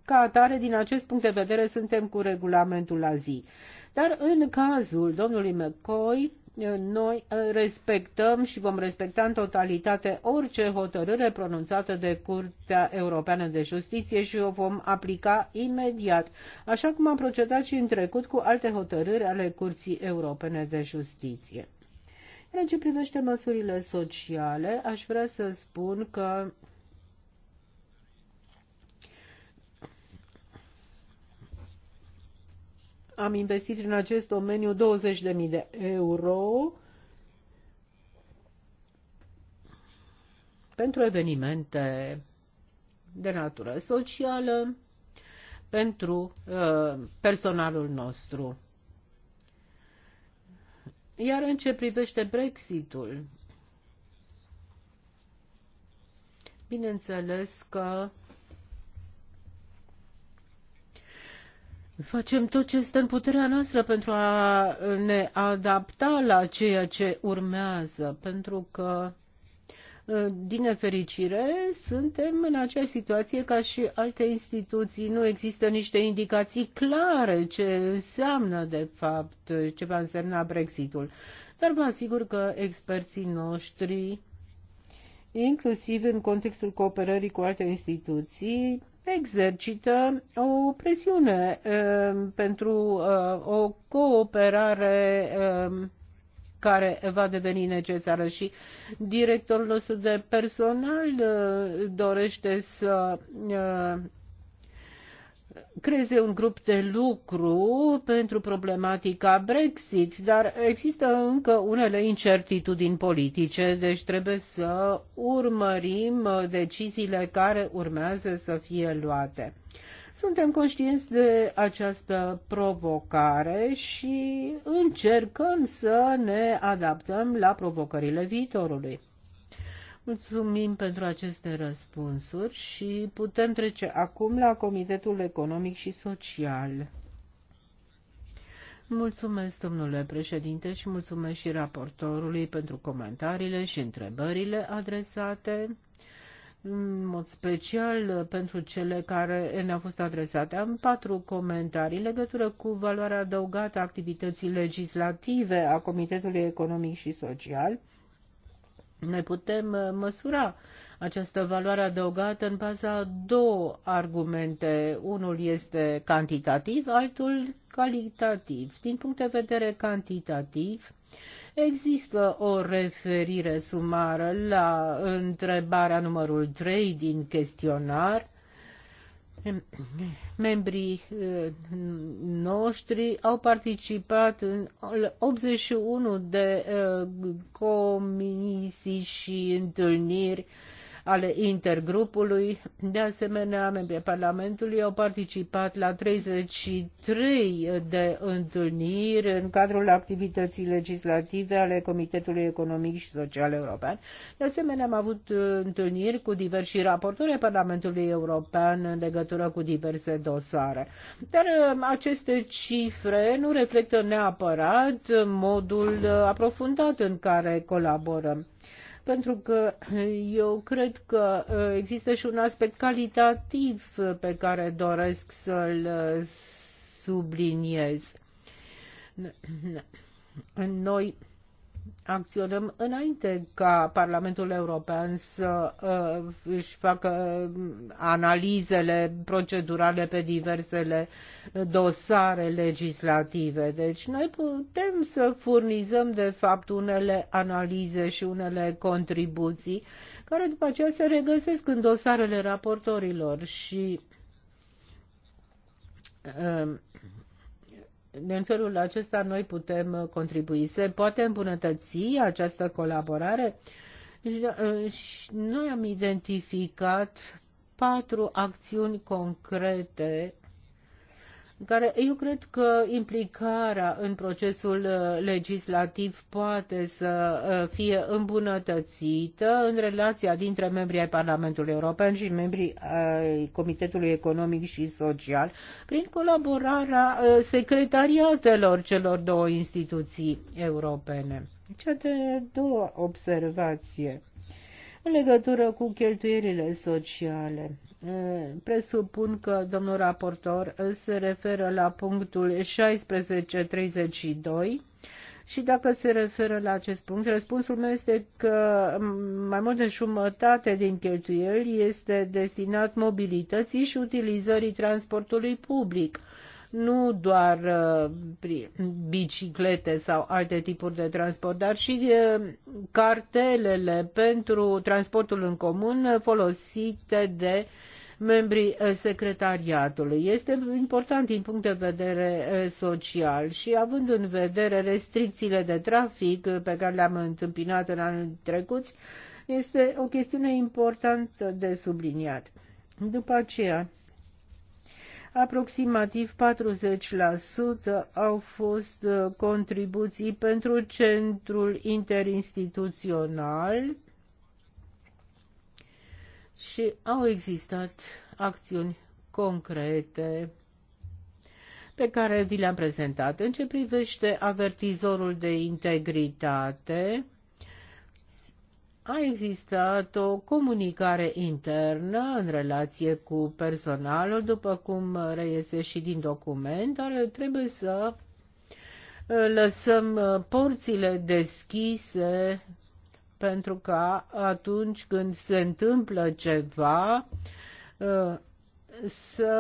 ca atare, din acest punct de vedere, suntem cu regulamentul la zi. Dar în cazul domnului McCoy, noi uh, respectăm și vom respecta în totalitate orice hotărâre pronunțată de Curtea Europeană de Justiție și o vom aplica imediat, așa cum am procedat și în trecut cu alte hotărâri ale Curții Europene de Justiție. În ce privește măsurile sociale, aș vrea să spun că am investit în acest domeniu 20.000 de euro pentru evenimente de natură socială, pentru uh, personalul nostru. Iar în ce privește Brexitul, bineînțeles că Facem tot ce stă în puterea noastră pentru a ne adapta la ceea ce urmează, pentru că, ă, din nefericire, suntem în acea situație ca și alte instituții. Nu există niște indicații clare ce înseamnă, de fapt, ce va însemna Brexitul. Dar vă asigur că experții noștri, inclusiv în contextul cooperării cu alte instituții, exercită o presiune um, pentru uh, o cooperare um, care va deveni necesară și directorul nostru de personal uh, dorește să uh, creeze un grup de lucru pentru problematica Brexit, dar există încă unele incertitudini politice, deci trebuie să urmărim deciziile care urmează să fie luate. Suntem conștienți de această provocare și încercăm să ne adaptăm la provocările viitorului. Mulțumim pentru aceste răspunsuri și putem trece acum la Comitetul Economic și Social. Mulțumesc, domnule președinte, și mulțumesc și raportorului pentru comentariile și întrebările adresate, în mod special pentru cele care ne-au fost adresate. Am patru comentarii legătură cu valoarea adăugată a activității legislative a Comitetului Economic și Social noi putem uh, măsura această valoare adăugată în baza două argumente. Unul este cantitativ, altul calitativ. Din punct de vedere cantitativ, există o referire sumară la întrebarea numărul 3 din chestionar, membrii eh, noștri au participat în 81 de eh, comisii și întâlniri ale intergrupului. De asemenea, membrii Parlamentului au participat la 33 de întâlniri în cadrul activității legislative ale Comitetului Economic și Social European. De asemenea, am avut uh, întâlniri cu diversi raportori ai Parlamentului European în legătură cu diverse dosare. Dar uh, aceste cifre nu reflectă neapărat modul uh, aprofundat în care colaborăm pentru că eu cred că uh, există și un aspect calitativ uh, pe care doresc să-l uh, subliniez. Noi acționăm înainte ca Parlamentul European să uh, își facă uh, analizele procedurale pe diversele dosare legislative. Deci noi putem să furnizăm de fapt unele analize și unele contribuții care după aceea se regăsesc în dosarele raportorilor și uh, în felul acesta noi putem uh, contribui. Se poate îmbunătăți această colaborare? Uh, noi am identificat patru acțiuni concrete care eu cred că implicarea în procesul uh, legislativ poate să uh, fie îmbunătățită în relația dintre membrii ai Parlamentului European și membrii ai Comitetului Economic și Social prin colaborarea uh, secretariatelor celor două instituții europene. Cea de două observație în legătură cu cheltuierile sociale. Eh, presupun că domnul raportor se referă la punctul 1632 și dacă se referă la acest punct, răspunsul meu este că mai mult de jumătate din cheltuieli este destinat mobilității și utilizării transportului public nu doar uh, biciclete sau alte tipuri de transport, dar și uh, cartelele pentru transportul în comun uh, folosite de membrii secretariatului. Este important din punct de vedere social și având în vedere restricțiile de trafic pe care le-am întâmpinat în anul trecut, este o chestiune importantă de subliniat. După aceea, Aproximativ 40% au fost uh, contribuții pentru centrul interinstituțional și au existat acțiuni concrete pe care vi le-am prezentat. În ce privește avertizorul de integritate, a existat o comunicare internă în relație cu personalul, după cum reiese și din document, dar trebuie să uh, lăsăm uh, porțile deschise pentru că atunci când se întâmplă ceva uh, să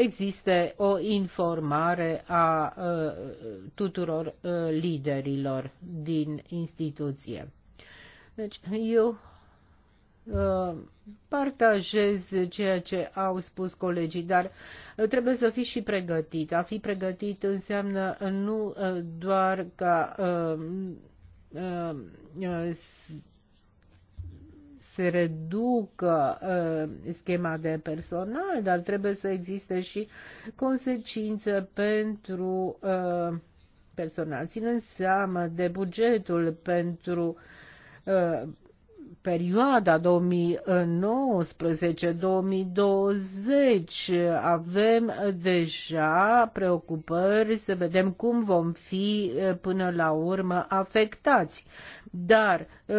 existe o informare a uh, tuturor uh, liderilor din instituție. Deci eu uh, partajez ceea ce au spus colegii, dar trebuie să fii și pregătit. A fi pregătit înseamnă nu doar ca se reducă uh, schema de personal, dar trebuie să existe și consecințe pentru uh, personal. Ținând seama de bugetul pentru uh, perioada 2019-2020 avem deja preocupări să vedem cum vom fi uh, până la urmă afectați dar uh,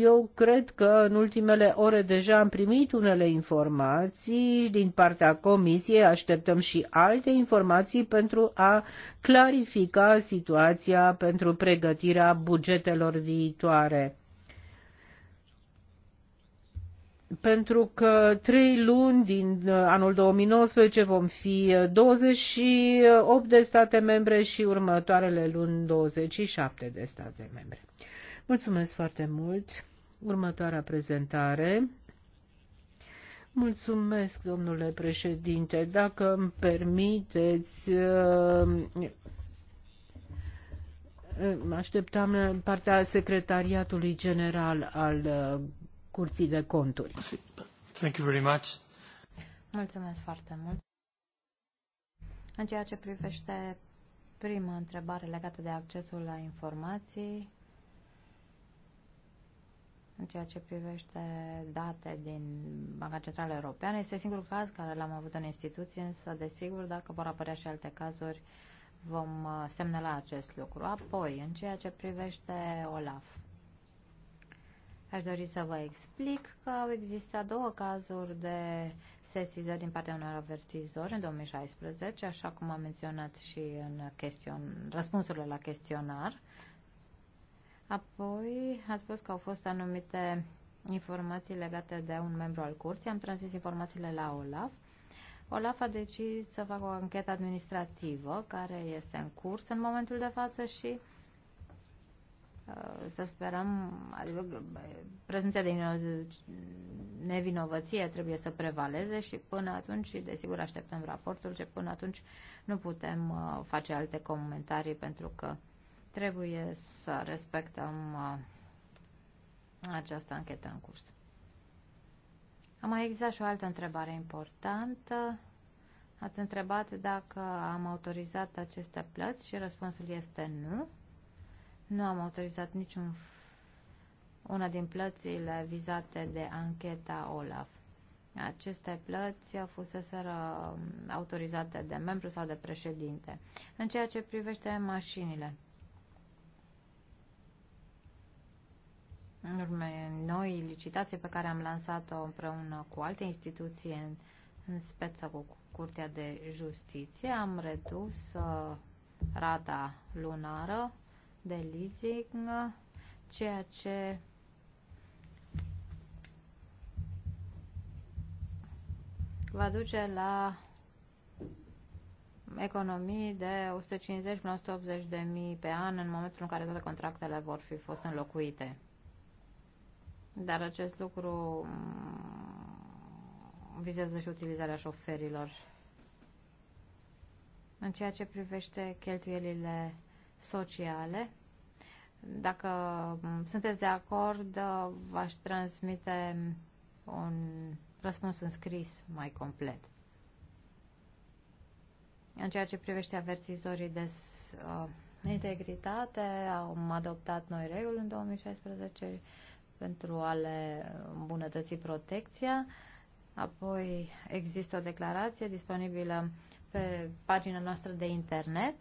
eu cred că în ultimele ore deja am primit unele informații din partea Comisiei, așteptăm și alte informații pentru a clarifica situația pentru pregătirea bugetelor viitoare pentru că trei luni din uh, anul 2019 vom fi 28 uh, de state membre și următoarele luni 27 de state membre. Mulțumesc foarte mult. Următoarea prezentare. Mulțumesc, domnule președinte. Dacă îmi permiteți, uh, mă așteptam partea secretariatului general al uh, Curții de Conturi. Thank you very much. Mulțumesc foarte mult. În ceea ce privește prima întrebare legată de accesul la informații, în ceea ce privește date din Banca Centrală Europeană. Este singurul caz care l-am avut în instituție, însă, desigur, dacă vor apărea și alte cazuri, vom uh, semnala acest lucru. Apoi, în ceea ce privește OLAF, aș dori să vă explic că au existat două cazuri de sesizări din partea unor avertizori în 2016, așa cum am menționat și în chestion, răspunsurile la chestionar Apoi a spus că au fost anumite informații legate de un membru al curții. Am transmis informațiile la OLAF. OLAF a decis să facă o anchetă administrativă care este în curs în momentul de față și uh, să sperăm, adică prezumția de nevinovăție trebuie să prevaleze și până atunci, desigur, așteptăm raportul, ce până atunci nu putem uh, face alte comentarii pentru că Trebuie să respectăm uh, această anchetă în curs. Am mai exact și o altă întrebare importantă. Ați întrebat dacă am autorizat aceste plăți și răspunsul este nu. Nu am autorizat niciun una din plățile vizate de ancheta OLAF. Aceste plăți au fuseseră um, autorizate de membru sau de președinte. În ceea ce privește mașinile, în urme noi licitații pe care am lansat-o împreună cu alte instituții în, în speță cu Curtea de Justiție, am redus uh, rata lunară de leasing, ceea ce va duce la economii de 150 180 de mii pe an în momentul în care toate contractele vor fi fost înlocuite. Dar acest lucru mm, vizează și utilizarea șoferilor. În ceea ce privește cheltuielile sociale, dacă mm, sunteți de acord, v-aș transmite un răspuns în scris mai complet. În ceea ce privește avertizorii de uh, integritate, am adoptat noi reguli în 2016 pentru a le îmbunătăți protecția. Apoi există o declarație disponibilă pe pagina noastră de internet,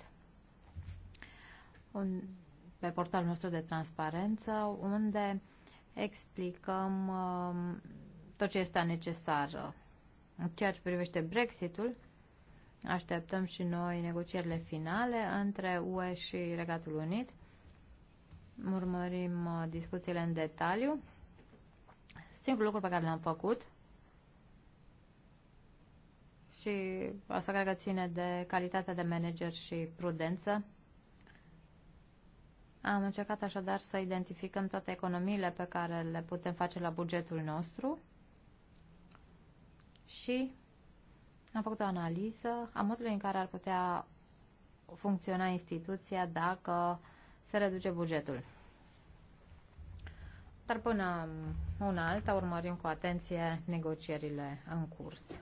un, pe portalul nostru de transparență, unde explicăm um, tot ce este necesar. În ceea ce privește Brexitul, așteptăm și noi negocierile finale între UE și Regatul Unit urmărim uh, discuțiile în detaliu. Singurul lucru pe care l-am făcut și asta cred că ține de calitatea de manager și prudență. Am încercat așadar să identificăm toate economiile pe care le putem face la bugetul nostru și am făcut o analiză a modului în care ar putea funcționa instituția dacă uh, se reduce bugetul. Dar până una alta urmărim cu atenție negocierile în curs.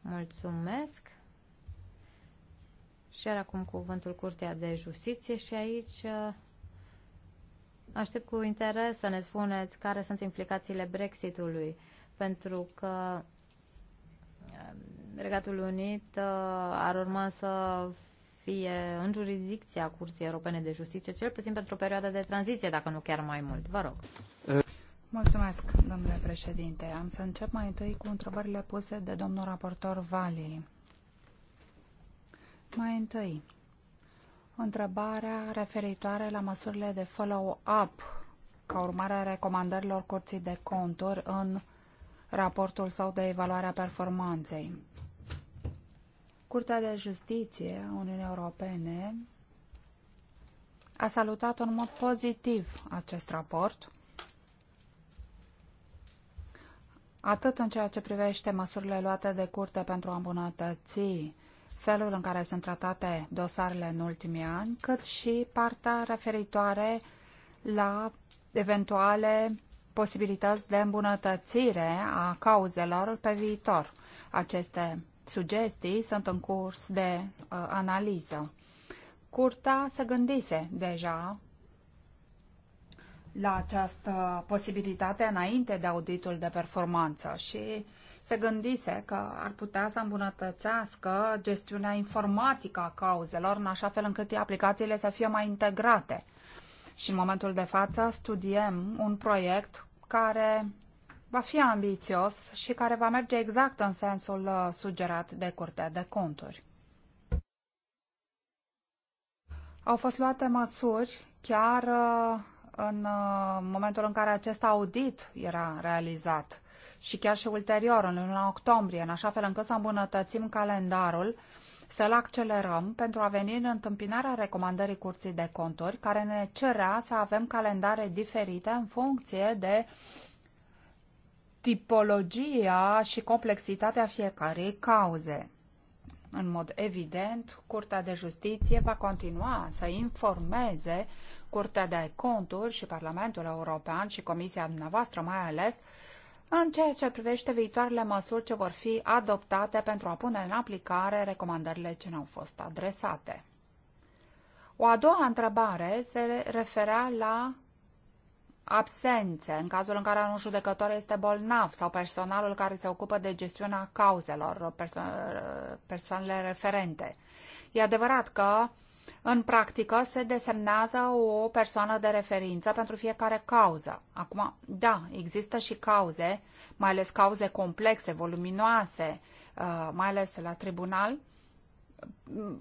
Mulțumesc! Și iar acum cuvântul Curtea de Justiție și aici aștept cu interes să ne spuneți care sunt implicațiile Brexitului, pentru că um, Regatul Unit uh, ar urma să fie în jurisdicția Curții Europene de Justiție, cel puțin pentru o perioadă de tranziție, dacă nu chiar mai mult. Vă rog. Mulțumesc, domnule președinte. Am să încep mai întâi cu întrebările puse de domnul raportor Vali. Mai întâi, întrebarea referitoare la măsurile de follow-up ca urmare a recomandărilor Curții de Conturi în raportul sau de evaluare a performanței. Curtea de Justiție a Uniunii Europene a salutat în mod pozitiv acest raport, atât în ceea ce privește măsurile luate de curte pentru a îmbunătăți felul în care sunt tratate dosarele în ultimii ani, cât și partea referitoare la eventuale posibilități de îmbunătățire a cauzelor pe viitor. Aceste sugestii sunt în curs de uh, analiză. Curta se gândise deja la această posibilitate înainte de auditul de performanță și se gândise că ar putea să îmbunătățească gestiunea informatică a cauzelor, în așa fel încât aplicațiile să fie mai integrate. Și în momentul de față studiem un proiect care va fi ambițios și care va merge exact în sensul uh, sugerat de Curtea de Conturi. Au fost luate măsuri chiar uh, în uh, momentul în care acest audit era realizat și chiar și ulterior, în luna octombrie, în așa fel încât să îmbunătățim calendarul, să-l accelerăm pentru a veni în întâmpinarea recomandării Curții de Conturi, care ne cerea să avem calendare diferite în funcție de uh, tipologia și complexitatea fiecarei cauze. În mod evident, Curtea de Justiție va continua să informeze Curtea de Conturi și Parlamentul European și Comisia dumneavoastră mai ales în ceea ce privește viitoarele măsuri ce vor fi adoptate pentru a pune în aplicare recomandările ce ne-au fost adresate. O a doua întrebare se referea la absențe, în cazul în care un judecător este bolnav sau personalul care se ocupă de gestiunea cauzelor, perso persoanele referente. E adevărat că în practică se desemnează o persoană de referință pentru fiecare cauză. Acum, da, există și cauze, mai ales cauze complexe, voluminoase, uh, mai ales la tribunal,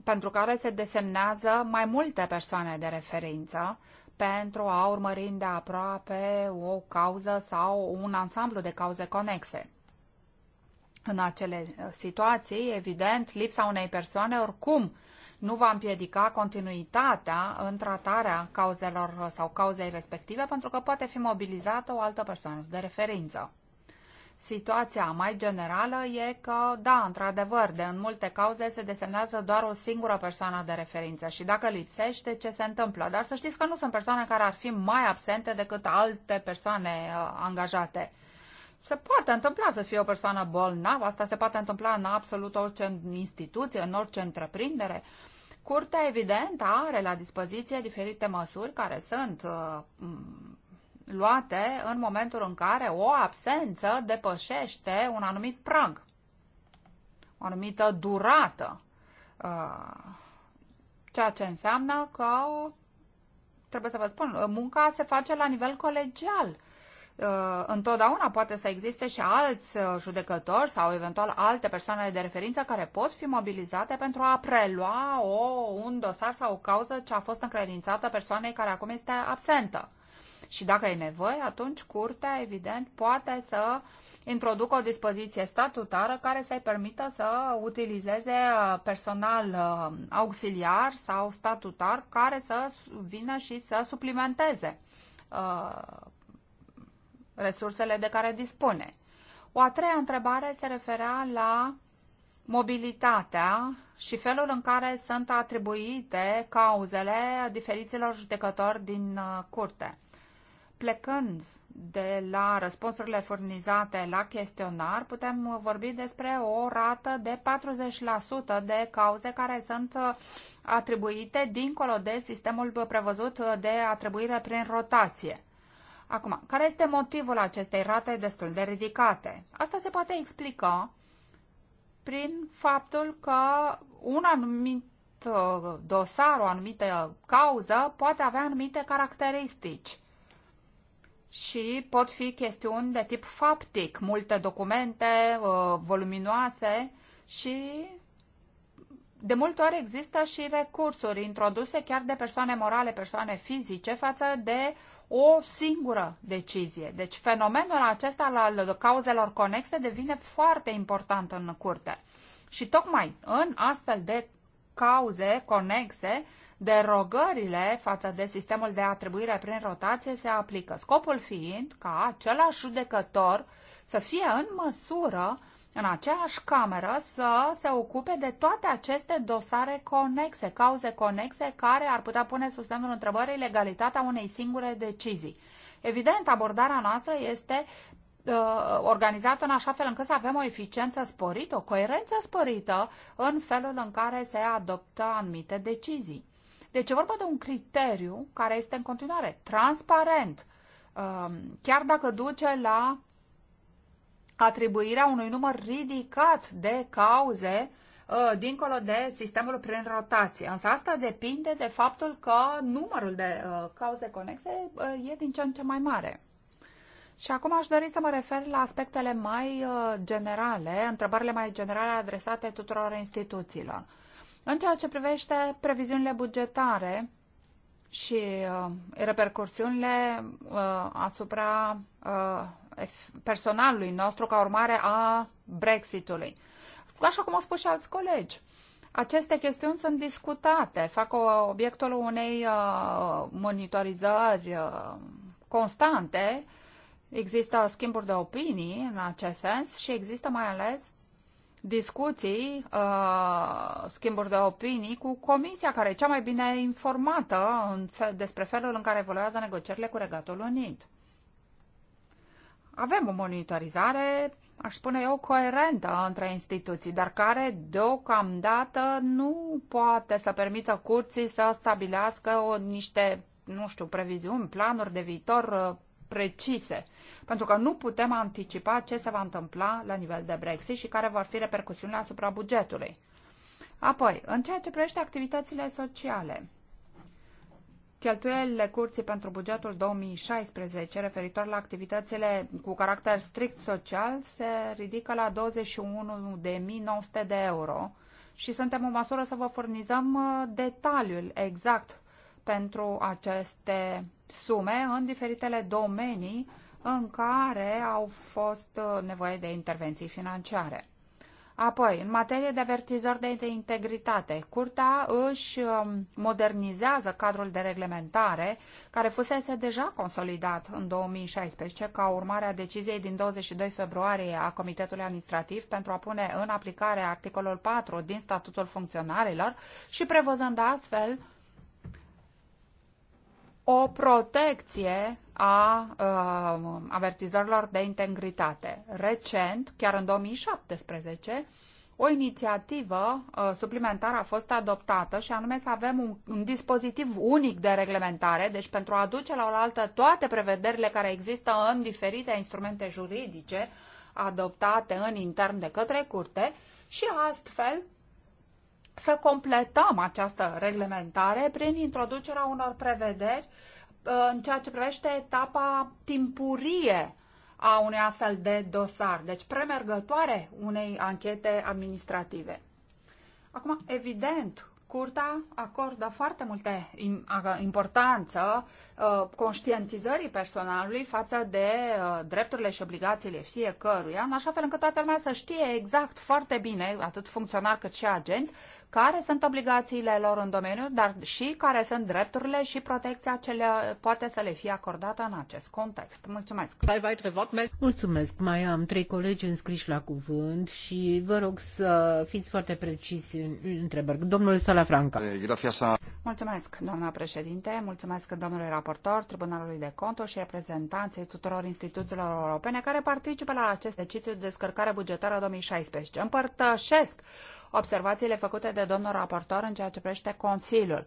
pentru care se desemnează mai multe persoane de referință pentru a urmări de aproape o cauză sau un ansamblu de cauze conexe. În acele uh, situații, evident, lipsa unei persoane oricum nu va împiedica continuitatea în tratarea cauzelor sau cauzei respective, pentru că poate fi mobilizată o altă persoană de referință situația mai generală e că, da, într-adevăr, de în multe cauze se desemnează doar o singură persoană de referință și dacă lipsește, ce se întâmplă? Dar să știți că nu sunt persoane care ar fi mai absente decât alte persoane uh, angajate. Se poate întâmpla să fie o persoană bolnavă, asta se poate întâmpla în absolut orice instituție, în orice întreprindere. Curtea, evident, are la dispoziție diferite măsuri care sunt uh, luate în momentul în care o absență depășește un anumit prag, o anumită durată, uh, ceea ce înseamnă că, trebuie să vă spun, munca se face la nivel colegial. Uh, întotdeauna poate să existe și alți uh, judecători sau eventual alte persoane de referință care pot fi mobilizate pentru a prelua o, un dosar sau o cauză ce a fost încredințată persoanei care acum este absentă. Și dacă e nevoie, atunci curtea, evident, poate să introducă o dispoziție statutară care să-i permită să utilizeze uh, personal uh, auxiliar sau statutar care să vină și să suplimenteze uh, resursele de care dispune. O a treia întrebare se referea la mobilitatea și felul în care sunt atribuite cauzele diferiților judecători din curte plecând de la răspunsurile furnizate la chestionar, putem vorbi despre o rată de 40% de cauze care sunt atribuite dincolo de sistemul prevăzut de atribuire prin rotație. Acum, care este motivul acestei rate destul de ridicate? Asta se poate explica prin faptul că un anumit dosar, o anumită cauză, poate avea anumite caracteristici și pot fi chestiuni de tip faptic, multe documente uh, voluminoase și de multe ori există și recursuri introduse chiar de persoane morale, persoane fizice, față de o singură decizie. Deci fenomenul acesta al cauzelor conexe devine foarte important în curte. Și tocmai în astfel de cauze conexe, derogările față de sistemul de atribuire prin rotație se aplică, scopul fiind ca același judecător să fie în măsură în aceeași cameră să se ocupe de toate aceste dosare conexe, cauze conexe care ar putea pune sub semnul întrebării legalitatea unei singure decizii. Evident, abordarea noastră este Uh, organizată în așa fel încât să avem o eficiență sporită, o coerență sporită în felul în care se adoptă anumite decizii. Deci e vorba de un criteriu care este în continuare transparent, um, chiar dacă duce la atribuirea unui număr ridicat de cauze uh, dincolo de sistemul prin rotație. Însă asta depinde de faptul că numărul de uh, cauze conexe e din ce în ce mai mare. Și acum aș dori să mă refer la aspectele mai uh, generale, întrebările mai generale adresate tuturor instituțiilor. În ceea ce privește previziunile bugetare și uh, repercursiunile uh, asupra personalului nostru ca urmare a Brexitului. Așa cum au spus și alți colegi, aceste chestiuni sunt discutate, fac obiectul unei monitorizări constante uh, Există schimburi de opinii în acest sens și există mai ales discuții, uh, schimburi de opinii cu comisia care e cea mai bine informată despre felul în care evoluează negocierile cu Regatul Unit. Avem o monitorizare, aș spune eu, coerentă între instituții, dar care deocamdată nu poate să permită curții să stabilească o, niște, nu știu, previziuni, planuri de viitor uh, precise, pentru că nu putem anticipa ce se va întâmpla la nivel de Brexit și care vor fi repercusiunile asupra bugetului. Apoi, în ceea ce privește activitățile sociale, cheltuielile curții pentru bugetul 2016 referitor la activitățile cu caracter strict social se ridică la 21.900 de euro și suntem în măsură să vă furnizăm uh, detaliul exact pentru aceste sume în diferitele domenii în care au fost uh, nevoie de intervenții financiare. Apoi, în materie de avertizări de integritate, Curtea își um, modernizează cadrul de reglementare, care fusese deja consolidat în 2016 ca urmare a deciziei din 22 februarie a Comitetului Administrativ pentru a pune în aplicare articolul 4 din Statutul Funcționarilor și prevăzând astfel o protecție a uh, avertizorilor de integritate. Recent, chiar în 2017, o inițiativă uh, suplimentară a fost adoptată și anume să avem un, un dispozitiv unic de reglementare, deci pentru a aduce la oaltă toate prevederile care există în diferite instrumente juridice adoptate în intern de către curte și astfel să completăm această reglementare prin introducerea unor prevederi uh, în ceea ce privește etapa timpurie a unui astfel de dosar, deci premergătoare unei anchete administrative. Acum, evident, Curtea acordă foarte multe importanță uh, conștientizării personalului față de uh, drepturile și obligațiile fiecăruia, în așa fel încât toată lumea să știe exact foarte bine, atât funcționar cât și agenți, care sunt obligațiile lor în domeniu, dar și care sunt drepturile și protecția ce le poate să le fie acordată în acest context. Mulțumesc! Mulțumesc! Mai am trei colegi înscriși la cuvânt și vă rog să fiți foarte precisi în întrebări. Domnul Salafranca. Eh, mulțumesc, doamna președinte, mulțumesc domnului raportor, Tribunalului de Conturi și reprezentanței tuturor instituțiilor europene care participă la acest deciziu de descărcare bugetară 2016. Împărtășesc observațiile făcute de domnul raportor în ceea ce privește Consiliul.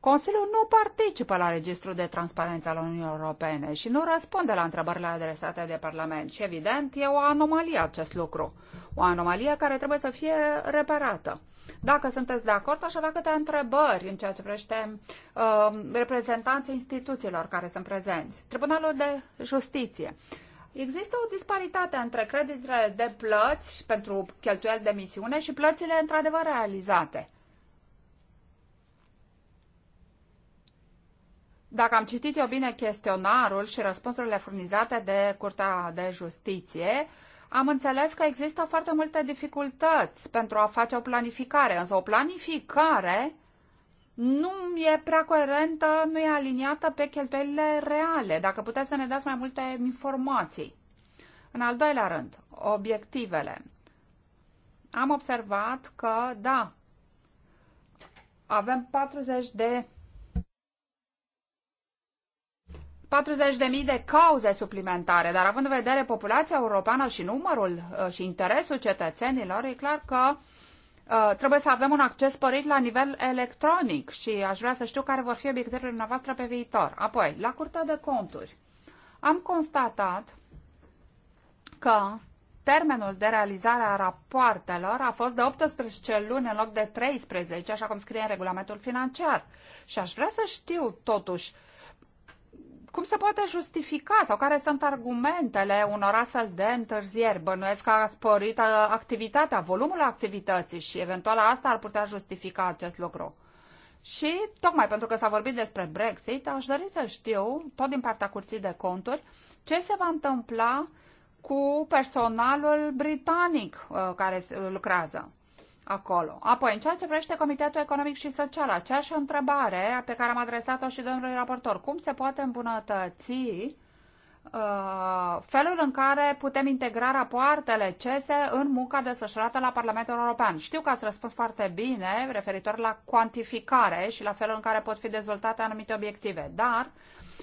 Consiliul nu participă la registrul de transparență al Uniunii Europene și nu răspunde la întrebările adresate de Parlament. Și evident, e o anomalie acest lucru. O anomalie care trebuie să fie reparată. Dacă sunteți de acord, aș avea câte întrebări în ceea ce privește uh, reprezentanții instituțiilor care sunt prezenți. Tribunalul de Justiție. Uh, există o disparitate între creditele de plăți pentru cheltuieli de misiune și plățile într-adevăr realizate. Dacă am citit eu bine chestionarul și răspunsurile furnizate de Curtea de Justiție, am înțeles că există foarte multe dificultăți pentru a face o planificare, însă o planificare nu e prea coerentă, nu e aliniată pe cheltuielile reale. Dacă puteți să ne dați mai multe informații. În al doilea rând, obiectivele. Am observat că, da, avem 40 de 40.000 de cauze suplimentare, dar având în vedere populația europeană și numărul uh, și interesul cetățenilor, e clar că uh, Uh, trebuie să avem un acces sporit la nivel electronic și aș vrea să știu care vor fi obiectivele noastre pe viitor. Apoi, la Curtea de Conturi, am constatat că termenul de realizare a rapoartelor a fost de 18 luni în loc de 13, așa cum scrie în regulamentul financiar. Și aș vrea să știu, totuși, uh, cum se poate justifica sau care sunt argumentele unor astfel de întârzieri? Bănuiesc că a sporit uh, activitatea, volumul activității și eventual asta ar putea justifica acest lucru. Și tocmai pentru că s-a vorbit despre Brexit, aș dori să știu, tot din partea curții de conturi, ce se va întâmpla cu personalul britanic uh, care lucrează acolo. Apoi, în ceea ce privește Comitetul Economic și Social, aceeași întrebare pe care am adresat-o și domnului raportor, cum se poate îmbunătăți Uh, felul în care putem integra rapoartele CESE în munca desfășurată la Parlamentul European. Știu că ați răspuns foarte bine referitor la cuantificare și la felul în care pot fi dezvoltate anumite obiective, dar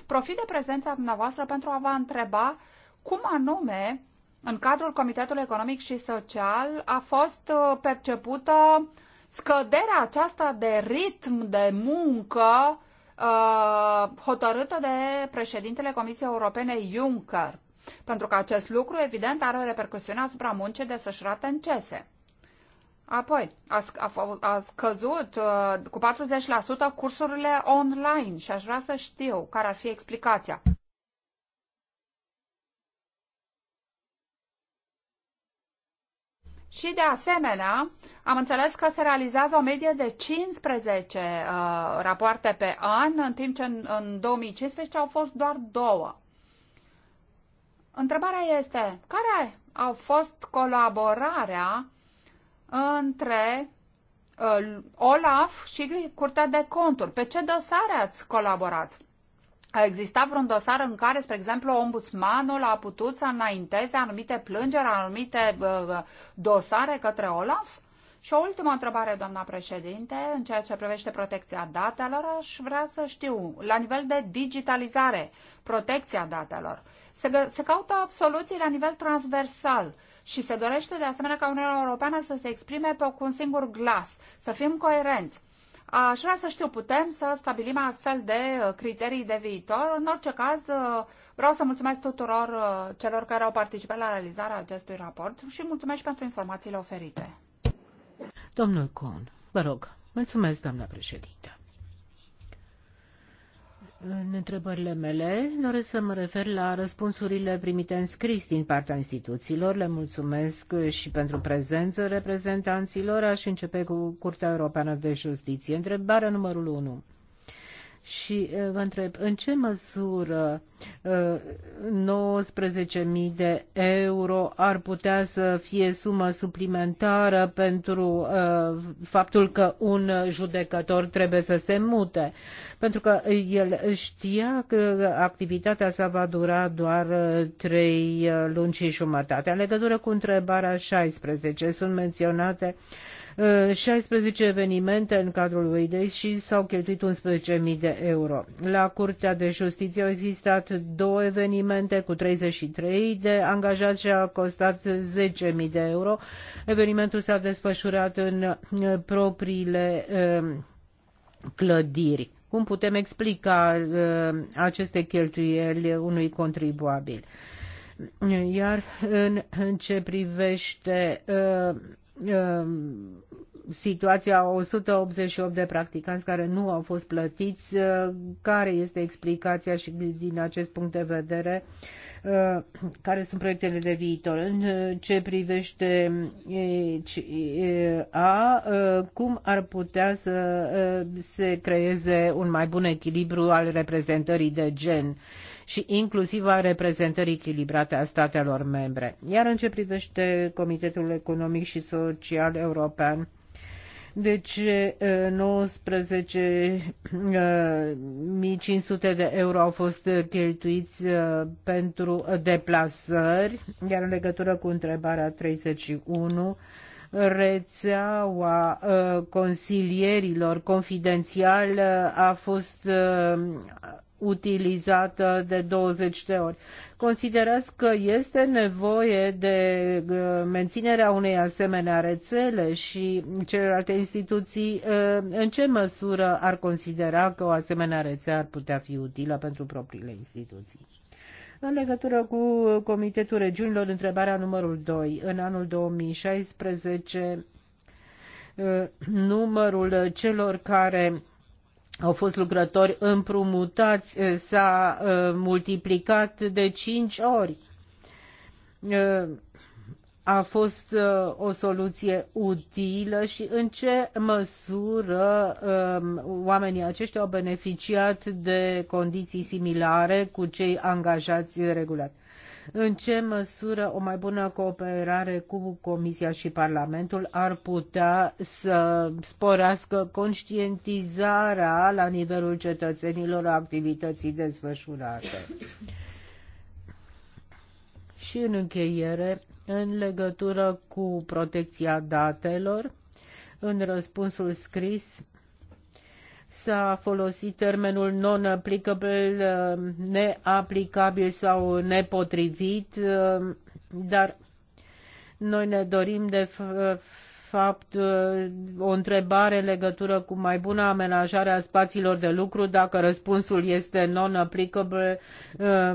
profit de prezența dumneavoastră pentru a vă întreba cum anume în cadrul Comitetului Economic și Social a fost uh, percepută scăderea aceasta de ritm de muncă uh, hotărâtă de președintele Comisiei Europene Juncker, pentru că acest lucru, evident, are repercusiune asupra muncii desfășurate în CESE. Apoi, a, a, a scăzut uh, cu 40% cursurile online și aș vrea să știu care ar fi explicația. Și de asemenea, am înțeles că se realizează o medie de 15 uh, rapoarte pe an, în timp ce în, în 2015 au fost doar două. Întrebarea este, care au fost colaborarea între uh, Olaf și Curtea de Conturi? Pe ce dosare ați colaborat? A existat vreun dosar în care, spre exemplu, ombudsmanul a putut să înainteze anumite plângeri, anumite dosare către Olaf? Și o ultimă întrebare, doamna președinte, în ceea ce privește protecția datelor, aș vrea să știu, la nivel de digitalizare, protecția datelor, se, se caută soluții la nivel transversal și se dorește de asemenea ca Uniunea Europeană să se exprime pe un singur glas, să fim coerenți. Aș vrea să știu, putem să stabilim astfel de uh, criterii de viitor? În orice caz, uh, vreau să mulțumesc tuturor uh, celor care au participat la realizarea acestui raport și mulțumesc și pentru informațiile oferite. Domnul Con, vă rog, mulțumesc, doamna președinte. În întrebările mele doresc să mă refer la răspunsurile primite în scris din partea instituțiilor. Le mulțumesc și pentru prezență reprezentanților. Aș începe cu Curtea Europeană de Justiție. Întrebarea numărul 1 și uh, vă întreb în ce măsură 19.000 uh, de euro ar putea să fie sumă suplimentară pentru uh, faptul că un judecător trebuie să se mute, pentru că el știa că activitatea sa va dura doar 3 luni și jumătate. În legătură cu întrebarea 16 sunt menționate 16 uh, evenimente în cadrul UIDEI și s-au cheltuit 11.000 de euro. La Curtea de Justiție au existat două evenimente cu 33 de angajați și a costat 10.000 de euro. Evenimentul s-a desfășurat în uh, propriile uh, clădiri. Cum putem explica aceste cheltuieli unui contribuabil? Iar în ce privește Um, situația 188 de practicanți care nu au fost plătiți, uh, care este explicația și din acest punct de vedere, uh, care sunt proiectele de viitor. În uh, ce privește a cum ar putea să se creeze un mai bun echilibru al reprezentării de gen? și inclusiv a reprezentării echilibrate a statelor membre. Iar în ce privește Comitetul Economic și Social European, deci 19.500 de euro au fost cheltuiți pentru deplasări, iar în legătură cu întrebarea 31, rețeaua consilierilor confidențial a fost utilizată de 20 de ori. Considerați că este nevoie de uh, menținerea unei asemenea rețele și celelalte instituții uh, în ce măsură ar considera că o asemenea rețea ar putea fi utilă pentru propriile instituții? În legătură cu Comitetul Regiunilor, întrebarea numărul 2. În anul 2016, uh, numărul celor care au fost lucrători împrumutați, s-a multiplicat de cinci ori. A fost o soluție utilă și în ce măsură oamenii aceștia au beneficiat de condiții similare cu cei angajați regulat în ce măsură o mai bună cooperare cu Comisia și Parlamentul ar putea să sporească conștientizarea la nivelul cetățenilor a activității desfășurate. Și în încheiere, în legătură cu protecția datelor, în răspunsul scris s-a folosit termenul non-applicable, uh, neaplicabil sau nepotrivit, uh, dar noi ne dorim de fapt uh, o întrebare în legătură cu mai bună amenajare a spațiilor de lucru, dacă răspunsul este non-applicable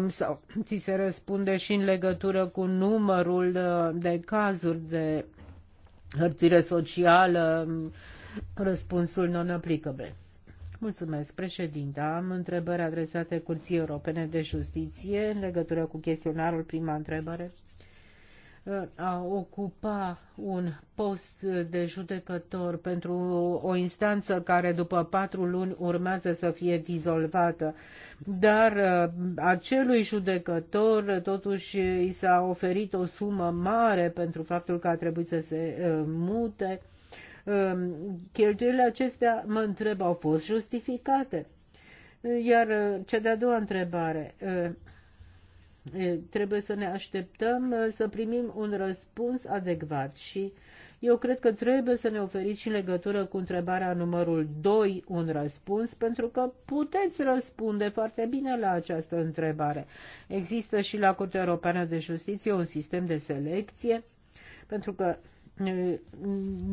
sau ți se răspunde și în legătură cu numărul de cazuri de hărțire socială, um, răspunsul non-applicable. Mulțumesc, președinte. Am întrebări adresate Curții Europene de Justiție în legătură cu chestionarul prima întrebare. A ocupa un post de judecător pentru o instanță care după patru luni urmează să fie dizolvată. Dar uh, acelui judecător totuși i s-a oferit o sumă mare pentru faptul că a trebuit să se uh, mute Ehm, cheltuielile acestea, mă întreb, au fost justificate? Iar eh, cea de-a doua întrebare, eh, eh, trebuie să ne așteptăm să primim un răspuns adecvat și eu cred că trebuie să ne oferiți și în legătură cu întrebarea numărul 2 un răspuns, pentru că puteți răspunde foarte bine la această întrebare. Există și la Curtea Europeană de Justiție un sistem de selecție, pentru că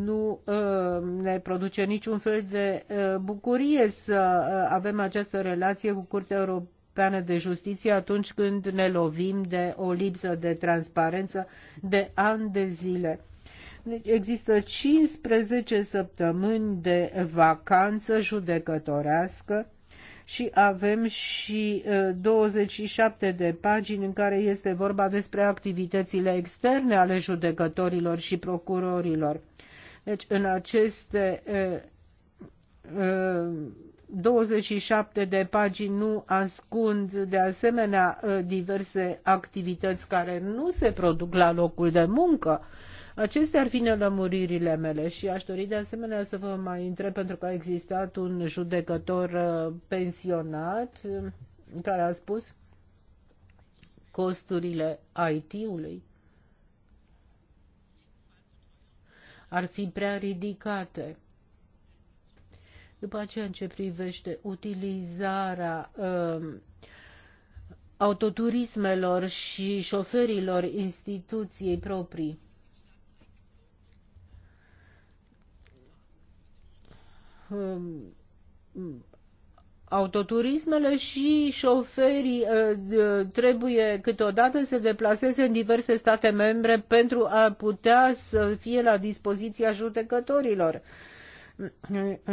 nu uh, ne produce niciun fel de uh, bucurie să uh, avem această relație cu Curtea Europeană de Justiție atunci când ne lovim de o lipsă de transparență de ani de zile. Deci există 15 săptămâni de vacanță judecătorească și avem și 27 uh, de pagini în care este vorba despre activitățile externe ale judecătorilor și procurorilor. Deci în aceste 27 uh, uh, de pagini nu ascund de asemenea diverse activități care nu se produc la locul de muncă Acestea ar fi nelămuririle mele și aș dori de asemenea să vă mai întreb pentru că a existat un judecător uh, pensionat uh, care a spus costurile IT-ului ar fi prea ridicate. După aceea, în ce privește utilizarea uh, autoturismelor și șoferilor instituției proprii, Um, autoturismele și șoferii uh, trebuie câteodată să se deplaseze în diverse state membre pentru a putea să fie la dispoziția judecătorilor.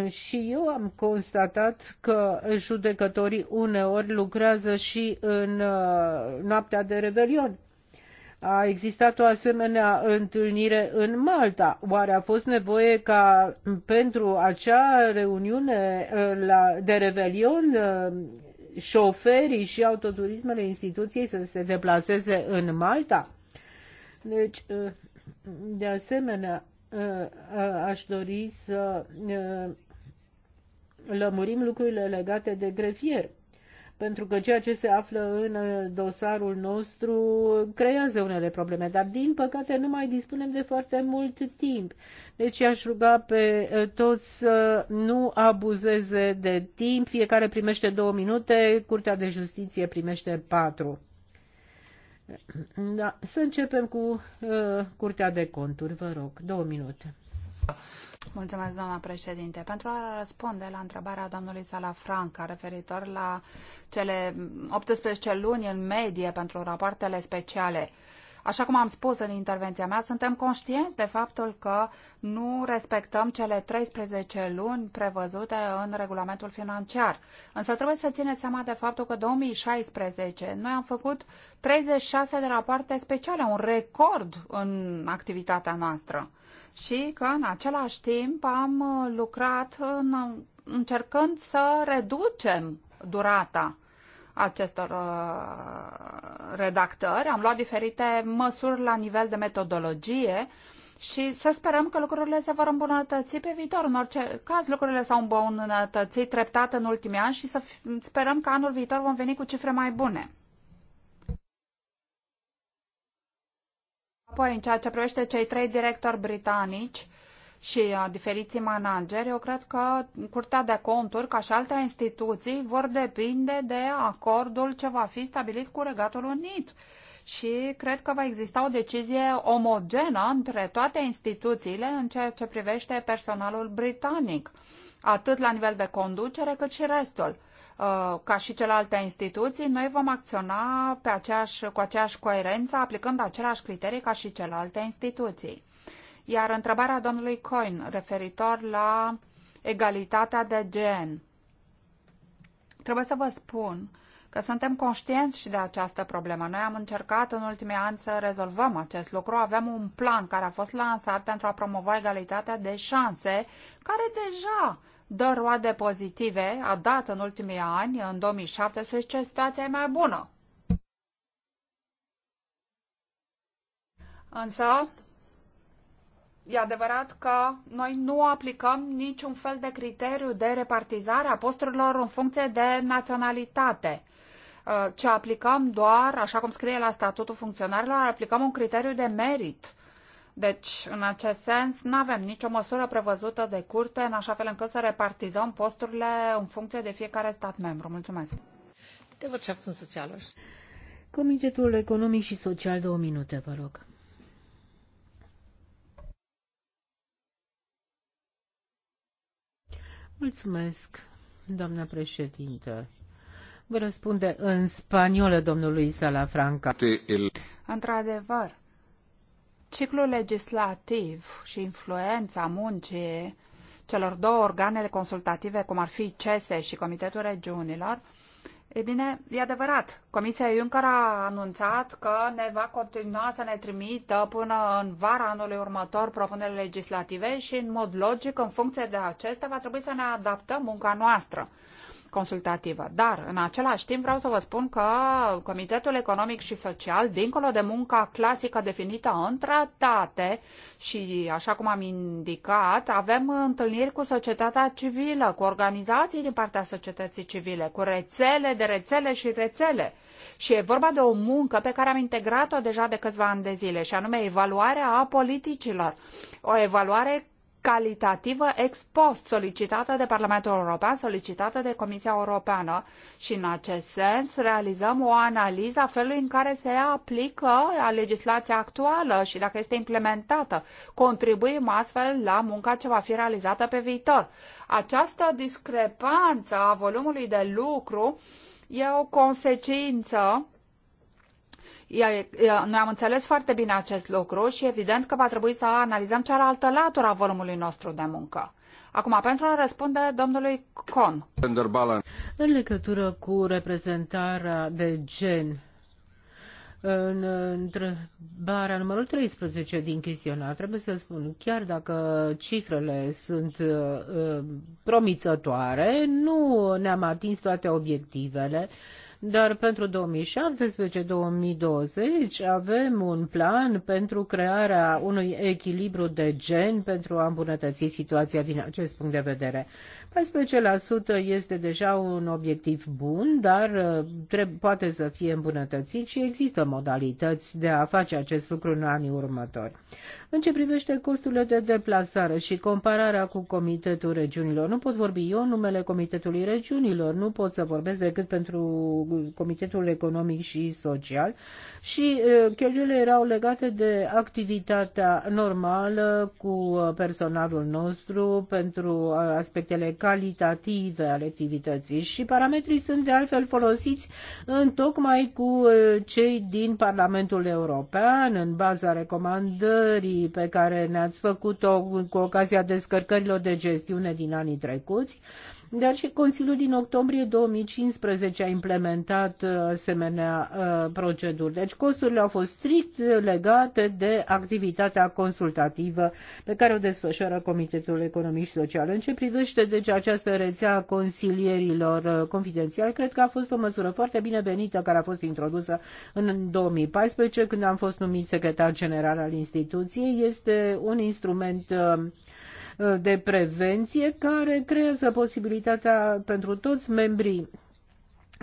Și eu am constatat că judecătorii uneori lucrează și în uh, noaptea de rebelion. A existat o asemenea întâlnire în Malta. Oare a fost nevoie ca pentru acea reuniune uh, la, de revelion uh, șoferii și autoturismele instituției să se deplaseze în Malta? Deci, uh, de asemenea, aș dori să lămurim lucrurile legate de grefier pentru că ceea ce se află în uh, dosarul nostru creează unele probleme, dar din păcate nu mai dispunem de foarte mult timp. Deci aș ruga pe uh, toți să nu abuzeze de timp, fiecare primește două minute, Curtea de Justiție primește patru. Da, să începem cu uh, Curtea de Conturi, vă rog, două minute. Mulțumesc, doamna președinte. Pentru a răspunde la întrebarea domnului Salafranca referitor la cele 18 luni în medie pentru rapoartele speciale, Așa cum am spus în intervenția mea, suntem conștienți de faptul că nu respectăm cele 13 luni prevăzute în regulamentul financiar. Însă trebuie să țineți seama de faptul că 2016 noi am făcut 36 de rapoarte speciale, un record în activitatea noastră și că în același timp am uh, lucrat în, uh, încercând să reducem durata acestor uh, redactări. Am luat diferite măsuri la nivel de metodologie și să sperăm că lucrurile se vor îmbunătăți pe viitor. În orice caz, lucrurile s-au îmbunătățit treptat în ultimii ani și să sperăm că anul viitor vom veni cu cifre mai bune. Apoi, în ceea ce privește cei trei directori britanici și uh, diferiții manageri, eu cred că Curtea de Conturi, ca și alte instituții, vor depinde de acordul ce va fi stabilit cu Regatul Unit. Și cred că va exista o decizie omogenă între toate instituțiile în ceea ce privește personalul britanic, atât la nivel de conducere cât și restul. Uh, ca și celelalte instituții, noi vom acționa pe aceeași, cu aceeași coerență, aplicând aceleași criterii ca și celelalte instituții. Iar întrebarea domnului Coin referitor la egalitatea de gen. Trebuie să vă spun că suntem conștienți și de această problemă. Noi am încercat în ultimii ani să rezolvăm acest lucru. Avem un plan care a fost lansat pentru a promova egalitatea de șanse, care deja dă roade pozitive, a dat în ultimii ani, în 2017, situația e mai bună. Însă, e adevărat că noi nu aplicăm niciun fel de criteriu de repartizare a posturilor în funcție de naționalitate, uh, Ce aplicăm doar, așa cum scrie la statutul funcționarilor, aplicăm un criteriu de merit deci, în acest sens, nu avem nicio măsură prevăzută de curte, în așa fel încât să repartizăm posturile în funcție de fiecare stat membru. Mulțumesc! De vă und Sozialausschuss. Comitetul Economic și Social, două minute, vă rog. Mulțumesc, doamna președintă. Vă răspunde în spaniolă domnului Salafranca. Într-adevăr, Ciclul legislativ și influența muncii celor două organele consultative, cum ar fi CESE și Comitetul Regiunilor, E bine, e adevărat. Comisia Juncker a anunțat că ne va continua să ne trimită până în vara anului următor propuneri legislative și, în mod logic, în funcție de acestea, va trebui să ne adaptăm munca noastră consultativă. Dar, în același timp, vreau să vă spun că Comitetul Economic și Social, dincolo de munca clasică definită în tratate și, așa cum am indicat, avem întâlniri cu societatea civilă, cu organizații din partea societății civile, cu rețele de rețele și rețele. Și e vorba de o muncă pe care am integrat-o deja de câțiva ani de zile, și anume evaluarea a politicilor, o evaluare calitativă ex post solicitată de Parlamentul European, solicitată de Comisia Europeană și în acest sens realizăm o analiză a felului în care se aplică legislația actuală și dacă este implementată. Contribuim astfel la munca ce va fi realizată pe viitor. Această discrepanță a volumului de lucru e o consecință noi am înțeles foarte bine acest lucru și evident că va trebui să analizăm cealaltă latură a volumului nostru de muncă. Acum, pentru a răspunde domnului Con. În legătură cu reprezentarea de gen, în întrebarea numărul 13 din chestionar, trebuie să spun, chiar dacă cifrele sunt uh, promițătoare, nu ne-am atins toate obiectivele dar pentru 2017-2020 avem un plan pentru crearea unui echilibru de gen pentru a îmbunătăți situația din acest punct de vedere. 14% este deja un obiectiv bun, dar uh, trebuie, poate să fie îmbunătățit și există modalități de a face acest lucru în anii următori. În ce privește costurile de deplasare și compararea cu Comitetul Regiunilor, nu pot vorbi eu numele Comitetului Regiunilor, nu pot să vorbesc decât pentru Comitetul Economic și Social și uh, cheltuielile erau legate de activitatea normală cu uh, personalul nostru pentru aspectele calitative ale activității și parametrii sunt de altfel folosiți în tocmai cu uh, cei din Parlamentul European în baza recomandării pe care ne-ați făcut-o cu ocazia descărcărilor de gestiune din anii trecuți dar și Consiliul din octombrie 2015 a implementat uh, asemenea uh, proceduri. Deci costurile au fost strict legate de activitatea consultativă pe care o desfășoară Comitetul Economic și Social. În ce privește deci această rețea a consilierilor uh, confidențiali, cred că a fost o măsură foarte binevenită care a fost introdusă în 2014 când am fost numit secretar general al instituției. Este un instrument uh, Uh, de prevenție care creează posibilitatea pentru toți membrii